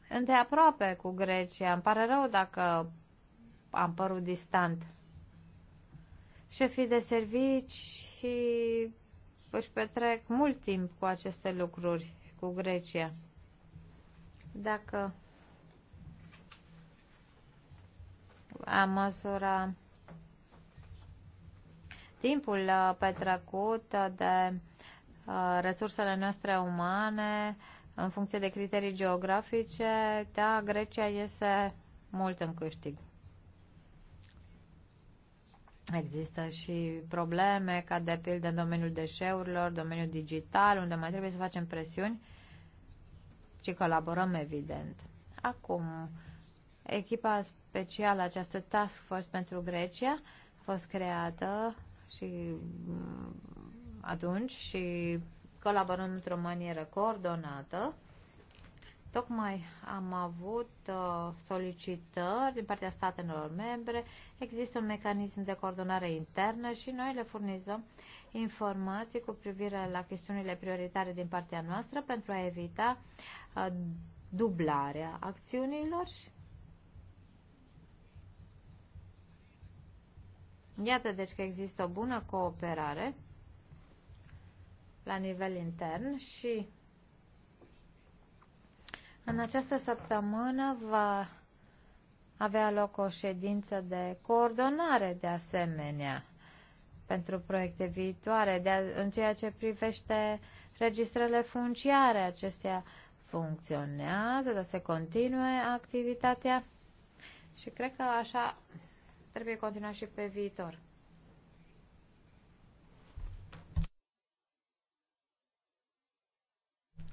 îndeaproape cu Grecia. Îmi pare rău dacă am părut distant. Șefii de servici și își petrec mult timp cu aceste lucruri, cu Grecia. Dacă am măsura timpul uh, petrecut de uh, resursele noastre umane, în funcție de criterii geografice, da, Grecia iese mult în câștig. Există și probleme, ca de pildă în domeniul deșeurilor, domeniul digital, unde mai trebuie să facem presiuni și colaborăm, evident. Acum, echipa specială, această task force pentru Grecia, a fost creată și mm, atunci și colaborăm într-o manieră coordonată. Tocmai am avut uh, solicitări din partea statelor membre, există un mecanism de coordonare internă și noi le furnizăm informații cu privire la chestiunile prioritare din partea noastră pentru a evita uh, dublarea acțiunilor. Iată deci că există o bună cooperare la nivel intern și în această săptămână va avea loc o ședință de coordonare de asemenea pentru proiecte viitoare, de a, în ceea ce privește registrele funciare. Acestea funcționează, dar se continue activitatea și cred că așa trebuie continuat și pe viitor.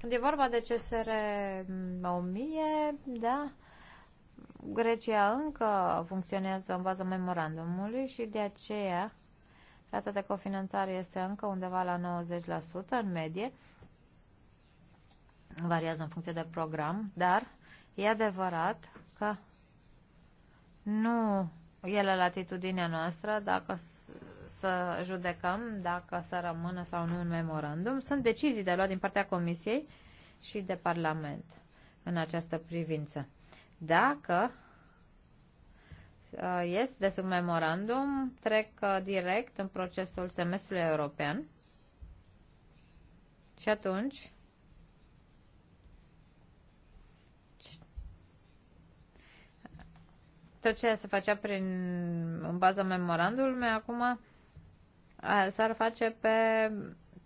Când e vorba de CSR 1000, da, Grecia încă funcționează în baza memorandumului și de aceea rata de cofinanțare este încă undeva la 90% în medie. Variază în funcție de program, dar e adevărat că nu e la latitudinea noastră dacă să judecăm dacă să rămână sau nu un memorandum. Sunt decizii de luat din partea Comisiei și de Parlament în această privință. Dacă uh, ies de sub memorandum, trec uh, direct în procesul semestrului european și atunci tot ce se făcea prin, în baza memorandului acum s-ar face pe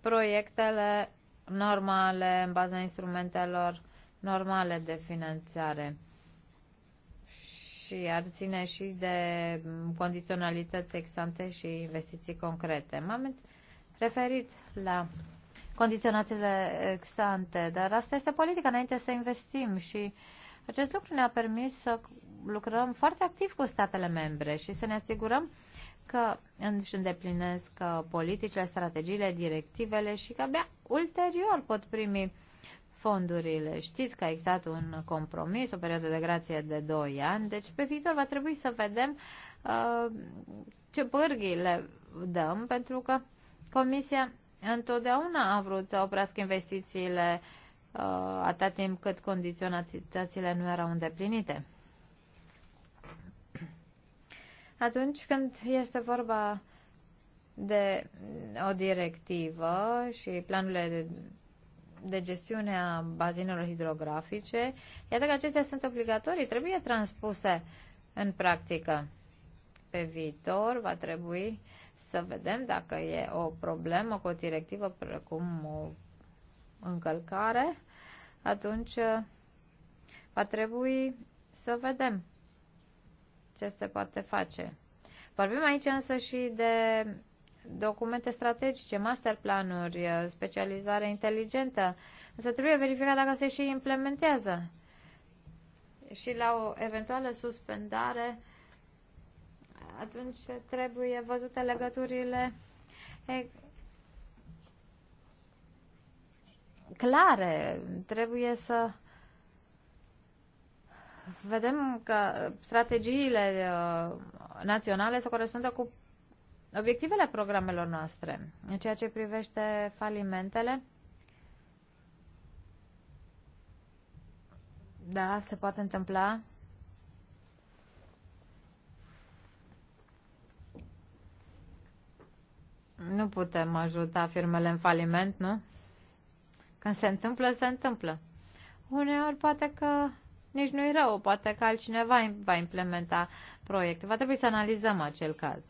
proiectele normale, în baza instrumentelor normale de finanțare și ar ține și de condiționalități exante și investiții concrete. M-am referit la condiționatele exante, dar asta este politica înainte să investim și acest lucru ne-a permis să lucrăm foarte activ cu statele membre și să ne asigurăm că își îndeplinesc uh, politicile, strategiile, directivele și că abia ulterior pot primi fondurile. Știți că a existat un compromis, o perioadă de grație de 2 ani, deci pe viitor va trebui să vedem uh, ce pârghii le dăm, pentru că Comisia întotdeauna a vrut să oprească investițiile uh, atâta timp cât condiționalitățile nu erau îndeplinite. Atunci când este vorba de o directivă și planurile de, de gestiune a bazinelor hidrografice, iată că acestea sunt obligatorii, trebuie transpuse în practică. Pe viitor va trebui să vedem dacă e o problemă cu o directivă precum o încălcare, atunci uh, va trebui să vedem ce se poate face. Vorbim aici însă și de documente strategice, master planuri, specializare inteligentă, însă trebuie verificat dacă se și implementează. Și la o eventuală suspendare, atunci trebuie văzute legăturile clare. Trebuie să vedem că strategiile uh, naționale se corespundă cu obiectivele programelor noastre. În ceea ce privește falimentele, da, se poate întâmpla. Nu putem ajuta firmele în faliment, nu? Când se întâmplă, se întâmplă. Uneori poate că nici nu-i rău, poate că altcineva va implementa proiectul. Va trebui să analizăm acel caz.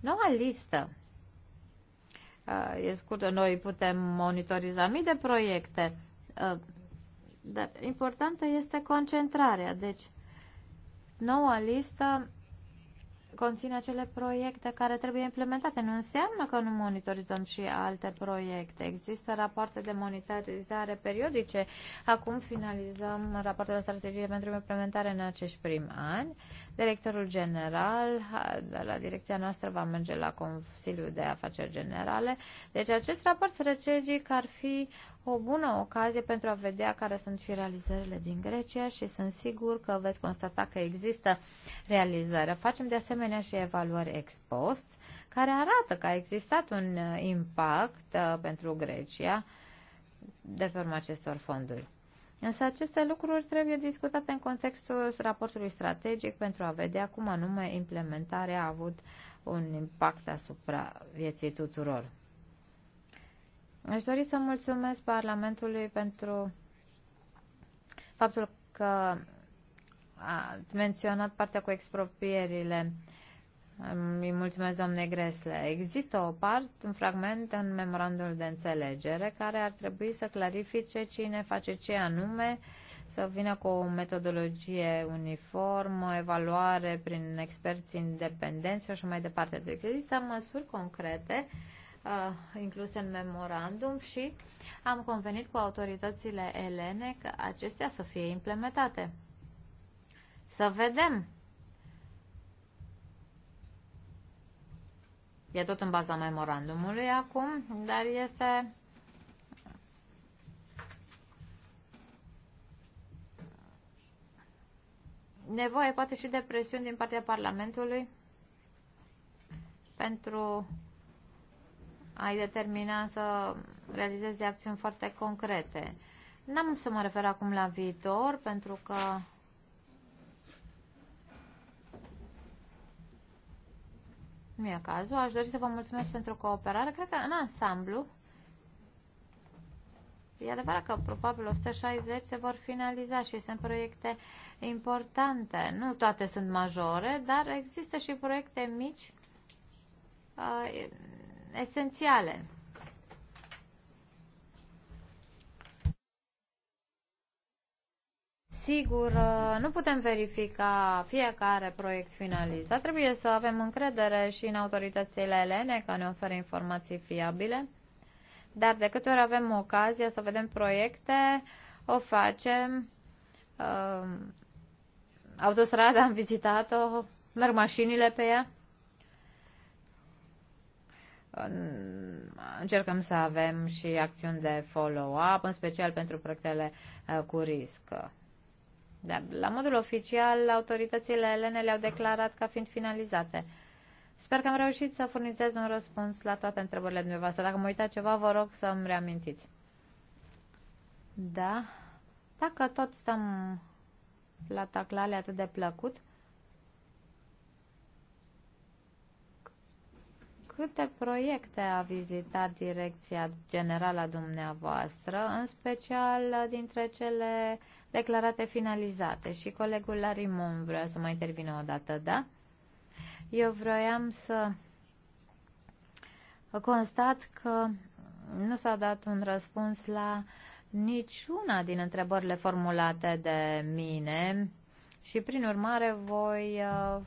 Noua listă e scurtă, noi putem monitoriza mii de proiecte, dar importantă este concentrarea. Deci, noua listă conține acele proiecte care trebuie implementate. Nu înseamnă că nu monitorizăm și alte proiecte. Există rapoarte de monitorizare periodice. Acum finalizăm rapoartele strategie pentru implementare în acești primi ani Directorul general de la direcția noastră va merge la Consiliul de Afaceri Generale. Deci acest raport strategic ar fi o bună ocazie pentru a vedea care sunt și realizările din Grecia și sunt sigur că veți constata că există realizare. Facem de asemenea și evaluări ex post care arată că a existat un uh, impact uh, pentru Grecia de pe urma acestor fonduri. Însă aceste lucruri trebuie discutate în contextul raportului strategic pentru a vedea cum anume implementarea a avut un impact asupra vieții tuturor. Aș dori să mulțumesc Parlamentului pentru faptul că ați menționat partea cu expropierile uh, îi mulțumesc, domnule Gresle. Există o parte, un fragment în memorandul de înțelegere care ar trebui să clarifice cine face ce anume, să vină cu o metodologie uniformă, evaluare prin experți independenți și așa mai departe. Deci există măsuri concrete uh, incluse în memorandum și am convenit cu autoritățile elene că acestea să fie implementate. Să vedem e tot în baza memorandumului acum, dar este nevoie poate și de presiuni din partea Parlamentului pentru a-i determina să realizeze acțiuni foarte concrete. N-am să mă refer acum la viitor, pentru că nu e cazul. Aș dori să vă mulțumesc pentru cooperare. Cred că în ansamblu, e adevărat că probabil 160 se vor finaliza și sunt proiecte importante. Nu toate sunt majore, dar există și proiecte mici uh, esențiale. Sigur, uh, nu putem verifica fiecare proiect finalizat. Trebuie să avem încredere și în autoritățile elene că ne oferă informații fiabile. Dar de câte ori avem ocazia să vedem proiecte, o facem. Uh, autostrada am vizitat-o, merg mașinile pe ea. Încercăm să avem și acțiuni de follow-up, în special pentru proiectele uh, cu risc. Da, la modul oficial, autoritățile elene le-au declarat ca fiind finalizate. Sper că am reușit să furnizez un răspuns la toate întrebările dumneavoastră. Dacă mă uitați ceva, vă rog să îmi reamintiți. Da, dacă tot stăm la taclale atât de plăcut, câte proiecte a vizitat Direcția Generală a dumneavoastră, în special dintre cele uh, declarate finalizate și colegul Larimon vrea să mai intervină o dată, da? Eu vroiam să constat că nu s-a dat un răspuns la niciuna din întrebările formulate de mine și, prin urmare, voi uh,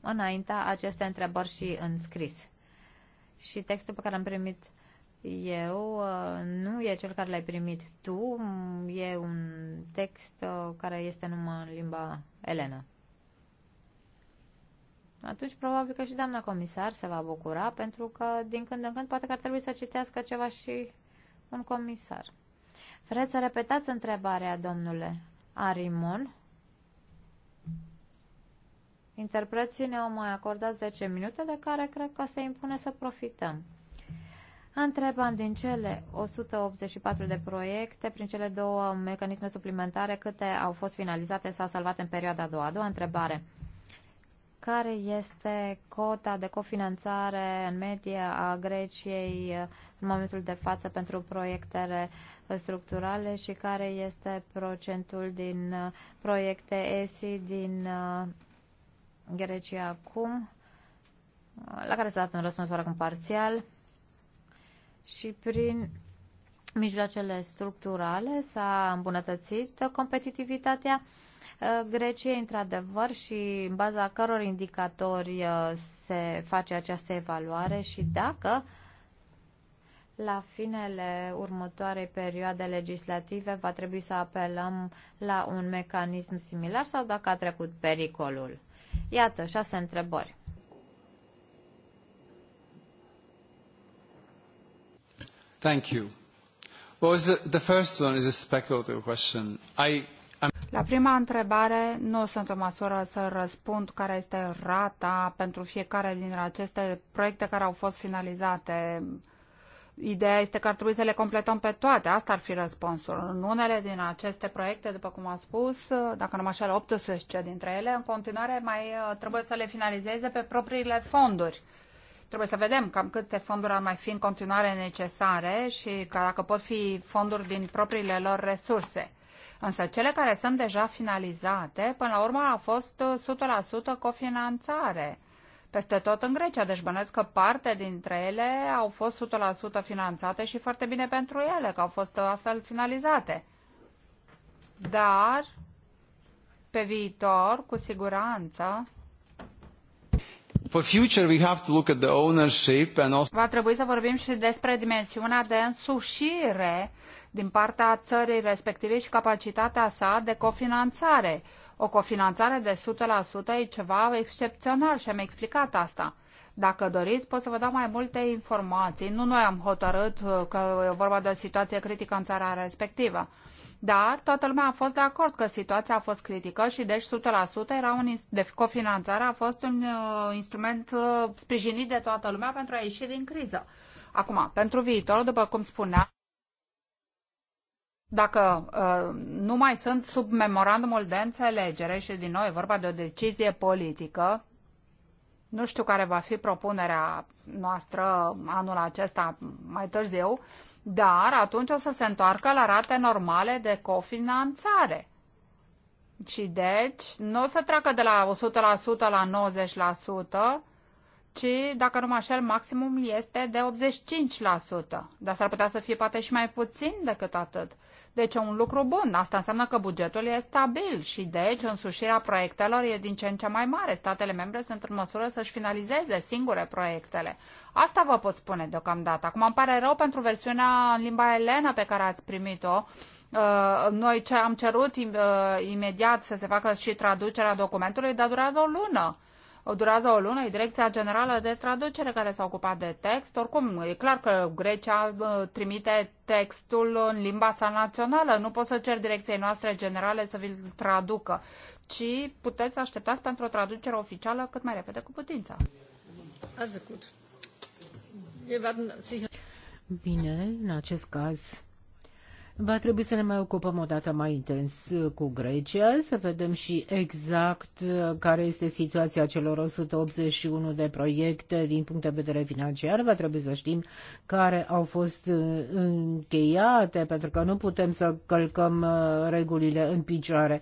înainta aceste întrebări și în scris. Și textul pe care l-am primit eu, uh, nu e cel care l-ai primit tu, e un text uh, care este numai în limba elenă. Atunci probabil că și doamna comisar se va bucura, pentru că din când în când poate că ar trebui să citească ceva și un comisar. Vreți să repetați întrebarea, domnule Arimon? Interpreții ne-au mai acordat 10 minute, de care cred că se impune să profităm. Întrebam din cele 184 de proiecte, prin cele două mecanisme suplimentare, câte au fost finalizate sau salvate în perioada a doua. A doua întrebare. Care este cota de cofinanțare în medie a Greciei în momentul de față pentru proiectele structurale și care este procentul din proiecte ESI din uh, Grecia acum? La care s-a dat un răspuns oarecum parțial și prin mijloacele structurale s-a îmbunătățit competitivitatea uh, Greciei, într-adevăr, și în baza căror indicatori uh, se face această evaluare și dacă la finele următoarei perioade legislative va trebui să apelăm la un mecanism similar sau dacă a trecut pericolul. Iată, șase întrebări. Thank you. Well, the first one is a speculative question. I, la prima întrebare nu sunt în măsură să răspund care este rata pentru fiecare dintre aceste proiecte care au fost finalizate. Ideea este că ar trebui să le completăm pe toate. Asta ar fi răspunsul. În unele din aceste proiecte, după cum am spus, dacă nu mă așa, 18 dintre ele, în continuare mai uh, trebuie să le finalizeze pe propriile fonduri. Trebuie să vedem cam câte fonduri ar mai fi în continuare necesare și dacă pot fi fonduri din propriile lor resurse. Însă cele care sunt deja finalizate, până la urmă a fost uh, 100% cofinanțare peste tot în Grecia, deci bănesc că parte dintre ele au fost 100% finanțate și foarte bine pentru ele, că au fost uh, astfel finalizate. Dar, pe viitor, cu siguranță, For future we have to look at the ownership and also... Va trebui să vorbim și despre dimensiunea de însușire din partea țării respective și capacitatea sa de cofinanțare. O cofinanțare de 100% e ceva excepțional și am explicat asta. Dacă doriți, pot să vă dau mai multe informații. Nu noi am hotărât uh, că e vorba de o situație critică în țara respectivă, dar toată lumea a fost de acord că situația a fost critică și deci 100% era un, de cofinanțare a fost un uh, instrument uh, sprijinit de toată lumea pentru a ieși din criză. Acum, pentru viitor, după cum spunea, dacă uh, nu mai sunt sub memorandumul de înțelegere și din nou e vorba de o decizie politică, nu știu care va fi propunerea noastră anul acesta mai târziu, dar atunci o să se întoarcă la rate normale de cofinanțare. Și deci nu o să treacă de la 100% la 90%, ci, dacă nu mă așel, maximum este de 85%. Dar s-ar putea să fie poate și mai puțin decât atât. Deci e un lucru bun. Asta înseamnă că bugetul e stabil și deci însușirea proiectelor e din ce în ce mai mare. Statele membre sunt în măsură să-și finalizeze singure proiectele. Asta vă pot spune deocamdată. Acum îmi pare rău pentru versiunea în limba elenă pe care ați primit-o. Uh, noi am cerut uh, imediat să se facă și traducerea documentului, dar durează o lună o durează o lună, e Direcția Generală de Traducere care s-a ocupat de text. Oricum, e clar că Grecia trimite textul în limba sa națională. Nu poți să cer Direcției noastre generale să vi-l traducă, ci puteți așteptați pentru o traducere oficială cât mai repede cu putința. Bine, în acest caz Va trebui să ne mai ocupăm o dată mai intens uh, cu Grecia, să vedem și exact uh, care este situația celor 181 de proiecte din punct de vedere financiar. Va trebui să știm care au fost uh, încheiate, pentru că nu putem să călcăm regulile în picioare.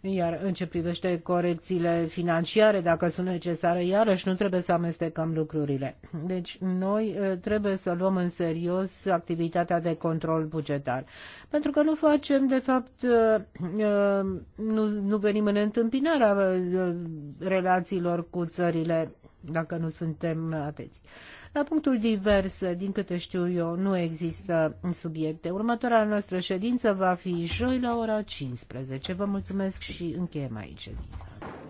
Iar în ce privește corecțiile financiare, dacă sunt necesare, iarăși nu trebuie să amestecăm lucrurile. Deci noi uh, trebuie să luăm în serios activitatea de control bugetar. Pentru că nu facem, de fapt, uh, uh, nu, nu venim în întâmpinarea relațiilor cu țările dacă nu suntem atenți. La punctul divers, din câte știu eu, nu există subiecte. Următoarea noastră ședință va fi joi la ora 15. Vă mulțumesc și încheiem aici ședința.